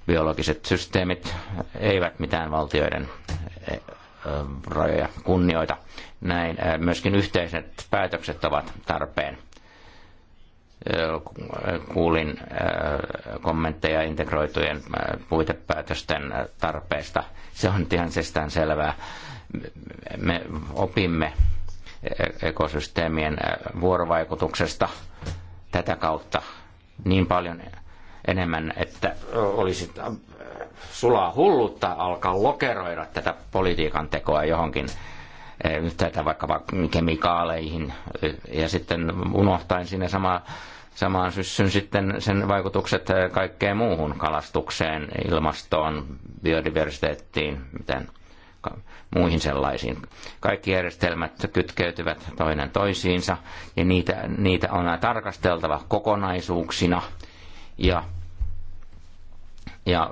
biologiset systeemit eivät mitään valtioiden Ähm, rajoja kunnioita. Näin äh, myöskin yhteiset päätökset ovat tarpeen. Äh, kuulin äh, kommentteja integroitujen puitepäätösten tarpeesta. Se on ihan sestään selvää. Me opimme e-, ekosysteemien e-, vuorovaikutuksesta tätä kautta niin paljon enemmän, että olisi sulaa hullutta alkaa lokeroida tätä politiikan tekoa johonkin eh, tätä vaikka kemikaaleihin eh, ja sitten unohtain sinne sama, samaan syssyn sitten sen vaikutukset eh, kaikkeen muuhun kalastukseen, ilmastoon, biodiversiteettiin, miten muihin sellaisiin. Kaikki järjestelmät kytkeytyvät toinen toisiinsa ja niitä, niitä on tarkasteltava kokonaisuuksina ja ja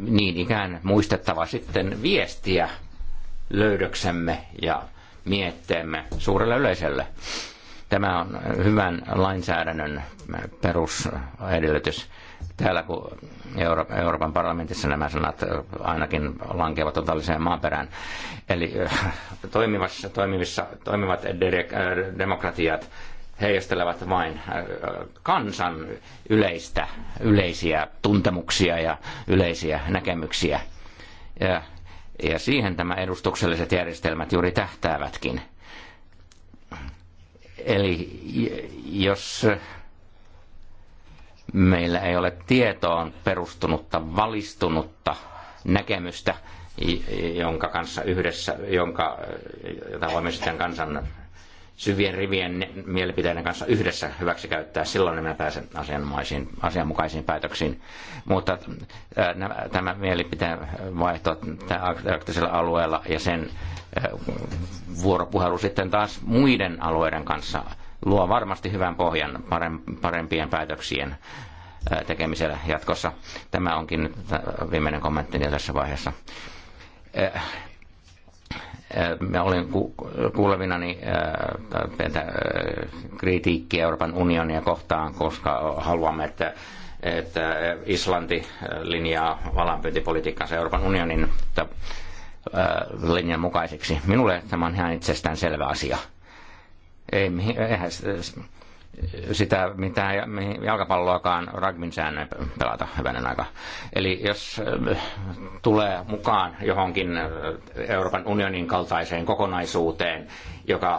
niin ikään muistettava sitten viestiä löydöksemme ja mietteemme suurelle yleisölle. Tämä on hyvän lainsäädännön perusedellytys. Täällä kun Euro- Euroopan parlamentissa nämä sanat ainakin lankevat totaaliseen maaperään. Eli toimivassa, toimivissa, toimivat demokratiat heijastelevat vain äh, kansan yleistä, yleisiä tuntemuksia ja yleisiä näkemyksiä. Ja, ja siihen tämä edustukselliset järjestelmät juuri tähtäävätkin. Eli jos meillä ei ole tietoon perustunutta, valistunutta näkemystä, jonka kanssa yhdessä, jonka, jota voimme sitten kansan syvien rivien mielipiteiden kanssa yhdessä käyttää, Silloin minä pääsen asianmaisiin, asianmukaisiin päätöksiin. Mutta äh, tämä mielipiteen vaihto arktisella alueella ja sen äh, vuoropuhelu sitten taas muiden alueiden kanssa luo varmasti hyvän pohjan parempien päätöksien äh, tekemiselle jatkossa. Tämä onkin viimeinen kommentti tässä vaiheessa Mä olin tätä kritiikkiä Euroopan unionia kohtaan, koska haluamme, että että Islanti linjaa valanpyyntipolitiikkansa Euroopan unionin linjan mukaiseksi. Minulle tämä on ihan itsestään selvä asia. Ei, eihän, sitä, mitä jalkapalloakaan rugbyn säännöin pelata hyvänen aika. Eli jos äh, tulee mukaan johonkin äh, Euroopan unionin kaltaiseen kokonaisuuteen, joka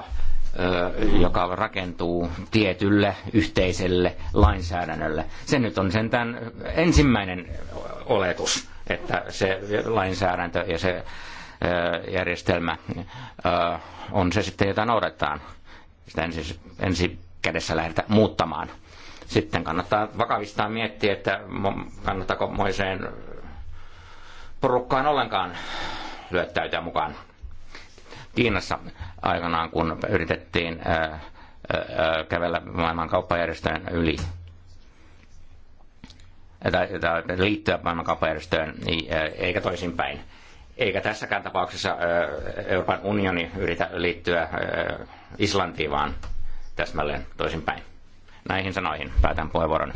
äh, joka rakentuu tietylle yhteiselle lainsäädännölle. Se nyt on sentään ensimmäinen oletus, että se lainsäädäntö ja se järjestelmä on se sitten, jota noudatetaan. Sitä ensi, ensi kädessä lähdetä muuttamaan. Sitten kannattaa vakavistaan miettiä, että kannattaako moiseen porukkaan ollenkaan lyöttäytyä mukaan. Kiinassa aikanaan, kun yritettiin ää, ää, kävellä maailman kauppajärjestöjen yli, tai, tai liittyä maailman kauppajärjestöön, niin, ää, eikä toisinpäin. Eikä tässäkään tapauksessa ää, Euroopan unioni yritä liittyä ää, Islantiin, vaan täsmälleen toisinpäin. Näihin sanoihin päätän puheenvuoron.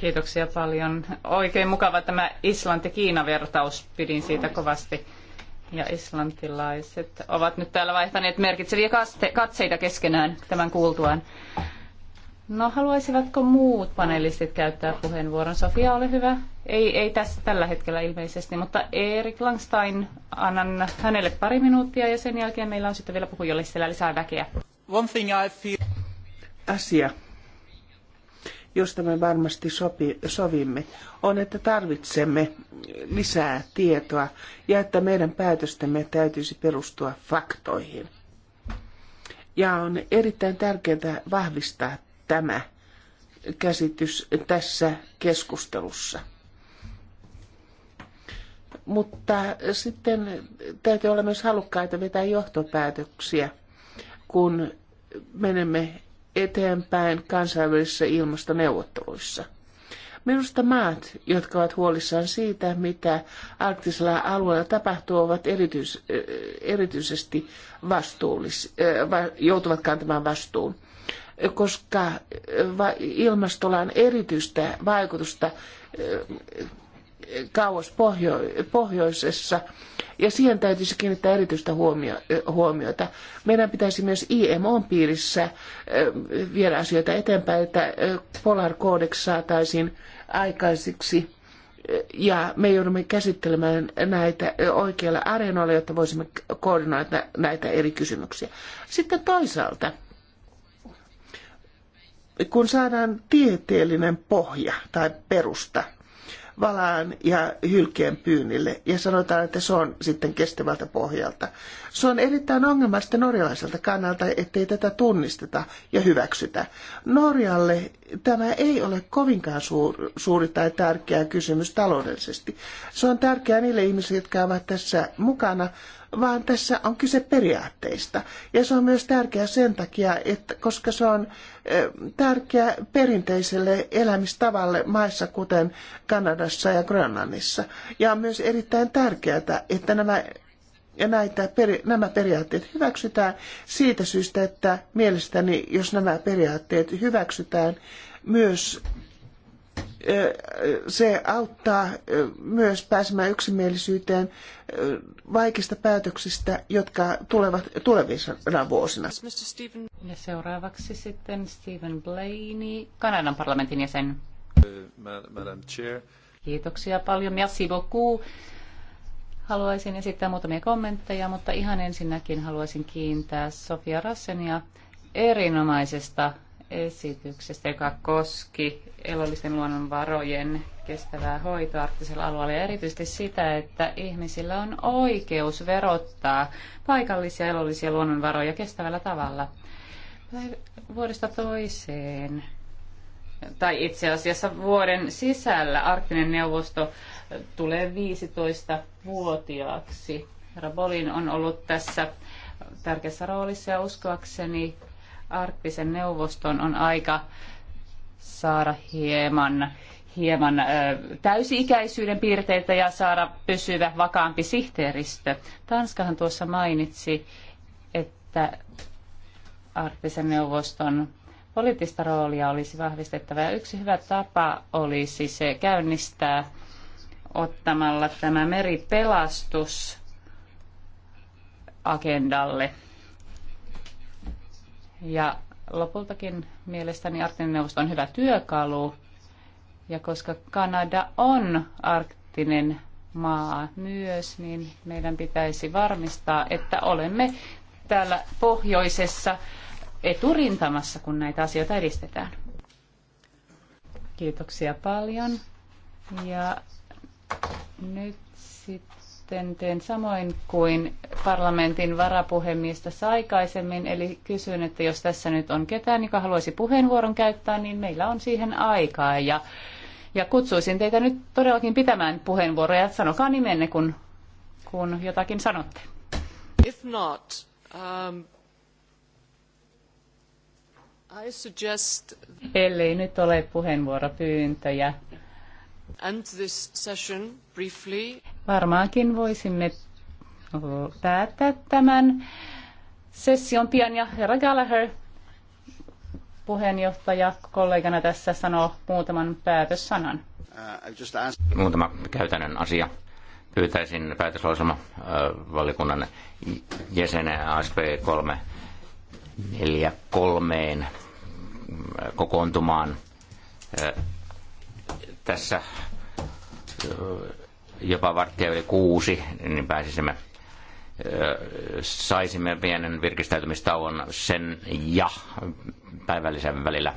Kiitoksia paljon. Oikein mukava tämä Islanti-Kiina-vertaus. Pidin siitä kovasti. Ja islantilaiset ovat nyt täällä vaihtaneet merkitseviä katseita keskenään tämän kuultuaan. No haluaisivatko muut panelistit käyttää puheenvuoron? Sofia, ole hyvä. Ei, ei tässä tällä hetkellä ilmeisesti, mutta Erik Langstein, annan hänelle pari minuuttia ja sen jälkeen meillä on sitten vielä puhujolle siellä lisää väkeä. Asia, josta me varmasti sopi, sovimme, on, että tarvitsemme lisää tietoa ja että meidän päätöstemme täytyisi perustua faktoihin. Ja on erittäin tärkeää vahvistaa tämä käsitys tässä keskustelussa. Mutta sitten täytyy olla myös halukkaita vetää johtopäätöksiä kun menemme eteenpäin kansainvälisissä ilmastoneuvotteluissa. Minusta maat, jotka ovat huolissaan siitä, mitä arktisella alueella tapahtuu, ovat erityis, eh, erityisesti vastuullis, eh, joutuvat kantamaan vastuun, koska ilmastolla on erityistä vaikutusta eh, kauas pohjo- pohjoisessa, ja siihen täytyisi kiinnittää erityistä huomiota. Meidän pitäisi myös IMOn piirissä viedä asioita eteenpäin, että Polar Codex saataisiin aikaiseksi ja me joudumme käsittelemään näitä oikeilla areenoilla, jotta voisimme koordinoida näitä eri kysymyksiä. Sitten toisaalta, kun saadaan tieteellinen pohja tai perusta valaan ja hylkeen pyynnille ja sanotaan, että se on sitten kestävältä pohjalta. Se on erittäin ongelmasta norjalaiselta kannalta, ettei tätä tunnisteta ja hyväksytä. Norjalle tämä ei ole kovinkaan suur, suuri tai tärkeä kysymys taloudellisesti. Se on tärkeää niille ihmisille, jotka ovat tässä mukana, vaan tässä on kyse periaatteista. Ja se on myös tärkeää sen takia, että koska se on tärkeä perinteiselle elämistavalle maissa, kuten Kanadassa ja Grönlannissa. Ja on myös erittäin tärkeää, että nämä ja näitä, nämä periaatteet hyväksytään siitä syystä, että mielestäni, jos nämä periaatteet hyväksytään, myös se auttaa myös pääsemään yksimielisyyteen vaikeista päätöksistä, jotka tulevat tulevina vuosina. Ja seuraavaksi sitten Stephen Blaney, Kanadan parlamentin jäsen. Madam Chair. Kiitoksia paljon. Merci beaucoup. Haluaisin esittää muutamia kommentteja, mutta ihan ensinnäkin haluaisin kiintää Sofia Rassenia erinomaisesta esityksestä, joka koski elollisten luonnonvarojen kestävää hoitoa arktisella alueella ja erityisesti sitä, että ihmisillä on oikeus verottaa paikallisia elollisia luonnonvaroja kestävällä tavalla vuodesta toiseen. Tai itse asiassa vuoden sisällä arktinen neuvosto tulee 15-vuotiaaksi. Herra Bolin on ollut tässä tärkeässä roolissa ja uskoakseni arktisen neuvoston on aika saada hieman, hieman ö, täysi-ikäisyyden piirteitä ja saada pysyvä, vakaampi sihteeristö. Tanskahan tuossa mainitsi, että arktisen neuvoston poliittista roolia olisi vahvistettava. Ja yksi hyvä tapa olisi se käynnistää ottamalla tämä meripelastus agendalle ja lopultakin mielestäni Arktinen neuvosto on hyvä työkalu. Ja koska Kanada on arktinen maa myös, niin meidän pitäisi varmistaa, että olemme täällä pohjoisessa eturintamassa, kun näitä asioita edistetään. Kiitoksia paljon. Ja nyt sitten sitten teen samoin kuin parlamentin varapuhemies tässä aikaisemmin, eli kysyn, että jos tässä nyt on ketään, joka haluaisi puheenvuoron käyttää, niin meillä on siihen aikaa. Ja, ja kutsuisin teitä nyt todellakin pitämään puheenvuoroja, sanokaa nimenne, kun, kun jotakin sanotte. If not, um, I suggest... Ellei nyt ole puheenvuoropyyntöjä, And this session briefly. Varmaankin voisimme päättää tämän session pian ja herra Gallagher puheenjohtaja kollegana tässä sanoo muutaman päätössanan. Muutama käytännön asia. Pyytäisin päätöslausuma valikunnan jäsenen ASP 343 kolmeen kokoontumaan tässä jopa varttia yli kuusi, niin pääsisimme saisimme pienen virkistäytymistauon sen ja päivällisen välillä.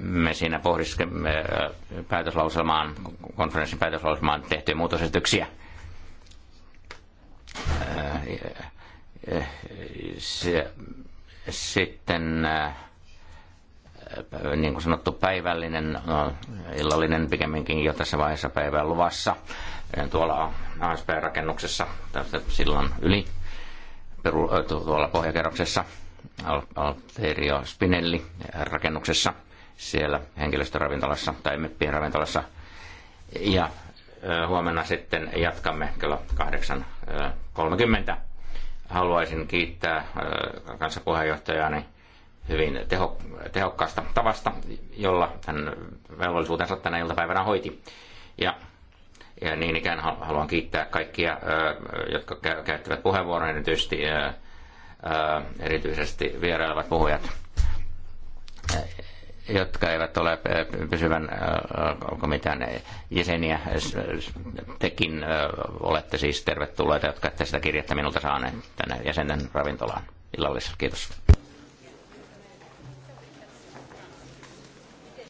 Me siinä pohdiskemme päätöslauselmaan, konferenssin päätöslauselmaan tehtyjä muutosesityksiä. sitten niin kuin sanottu päivällinen, illallinen pikemminkin jo tässä vaiheessa päivän luvassa tuolla ASP-rakennuksessa tästä sillan yli peru, tuolla pohjakerroksessa Alterio Spinelli rakennuksessa siellä henkilöstöravintolassa tai meppien ravintolassa ja huomenna sitten jatkamme kello 8.30. Haluaisin kiittää kanssa puheenjohtajani hyvin teho, tehokkaasta tavasta, jolla hän velvollisuutensa tänä iltapäivänä hoiti. Ja, ja niin ikään haluan kiittää kaikkia, jotka käyttävät puheenvuoron, erityisesti, erityisesti vierailevat puhujat, e, jotka eivät ole pysyvän komitean jäseniä. Tekin olette siis tervetulleita, jotka ette sitä kirjettä minulta saaneet tänne jäsenten ravintolaan. Illallis. Kiitos.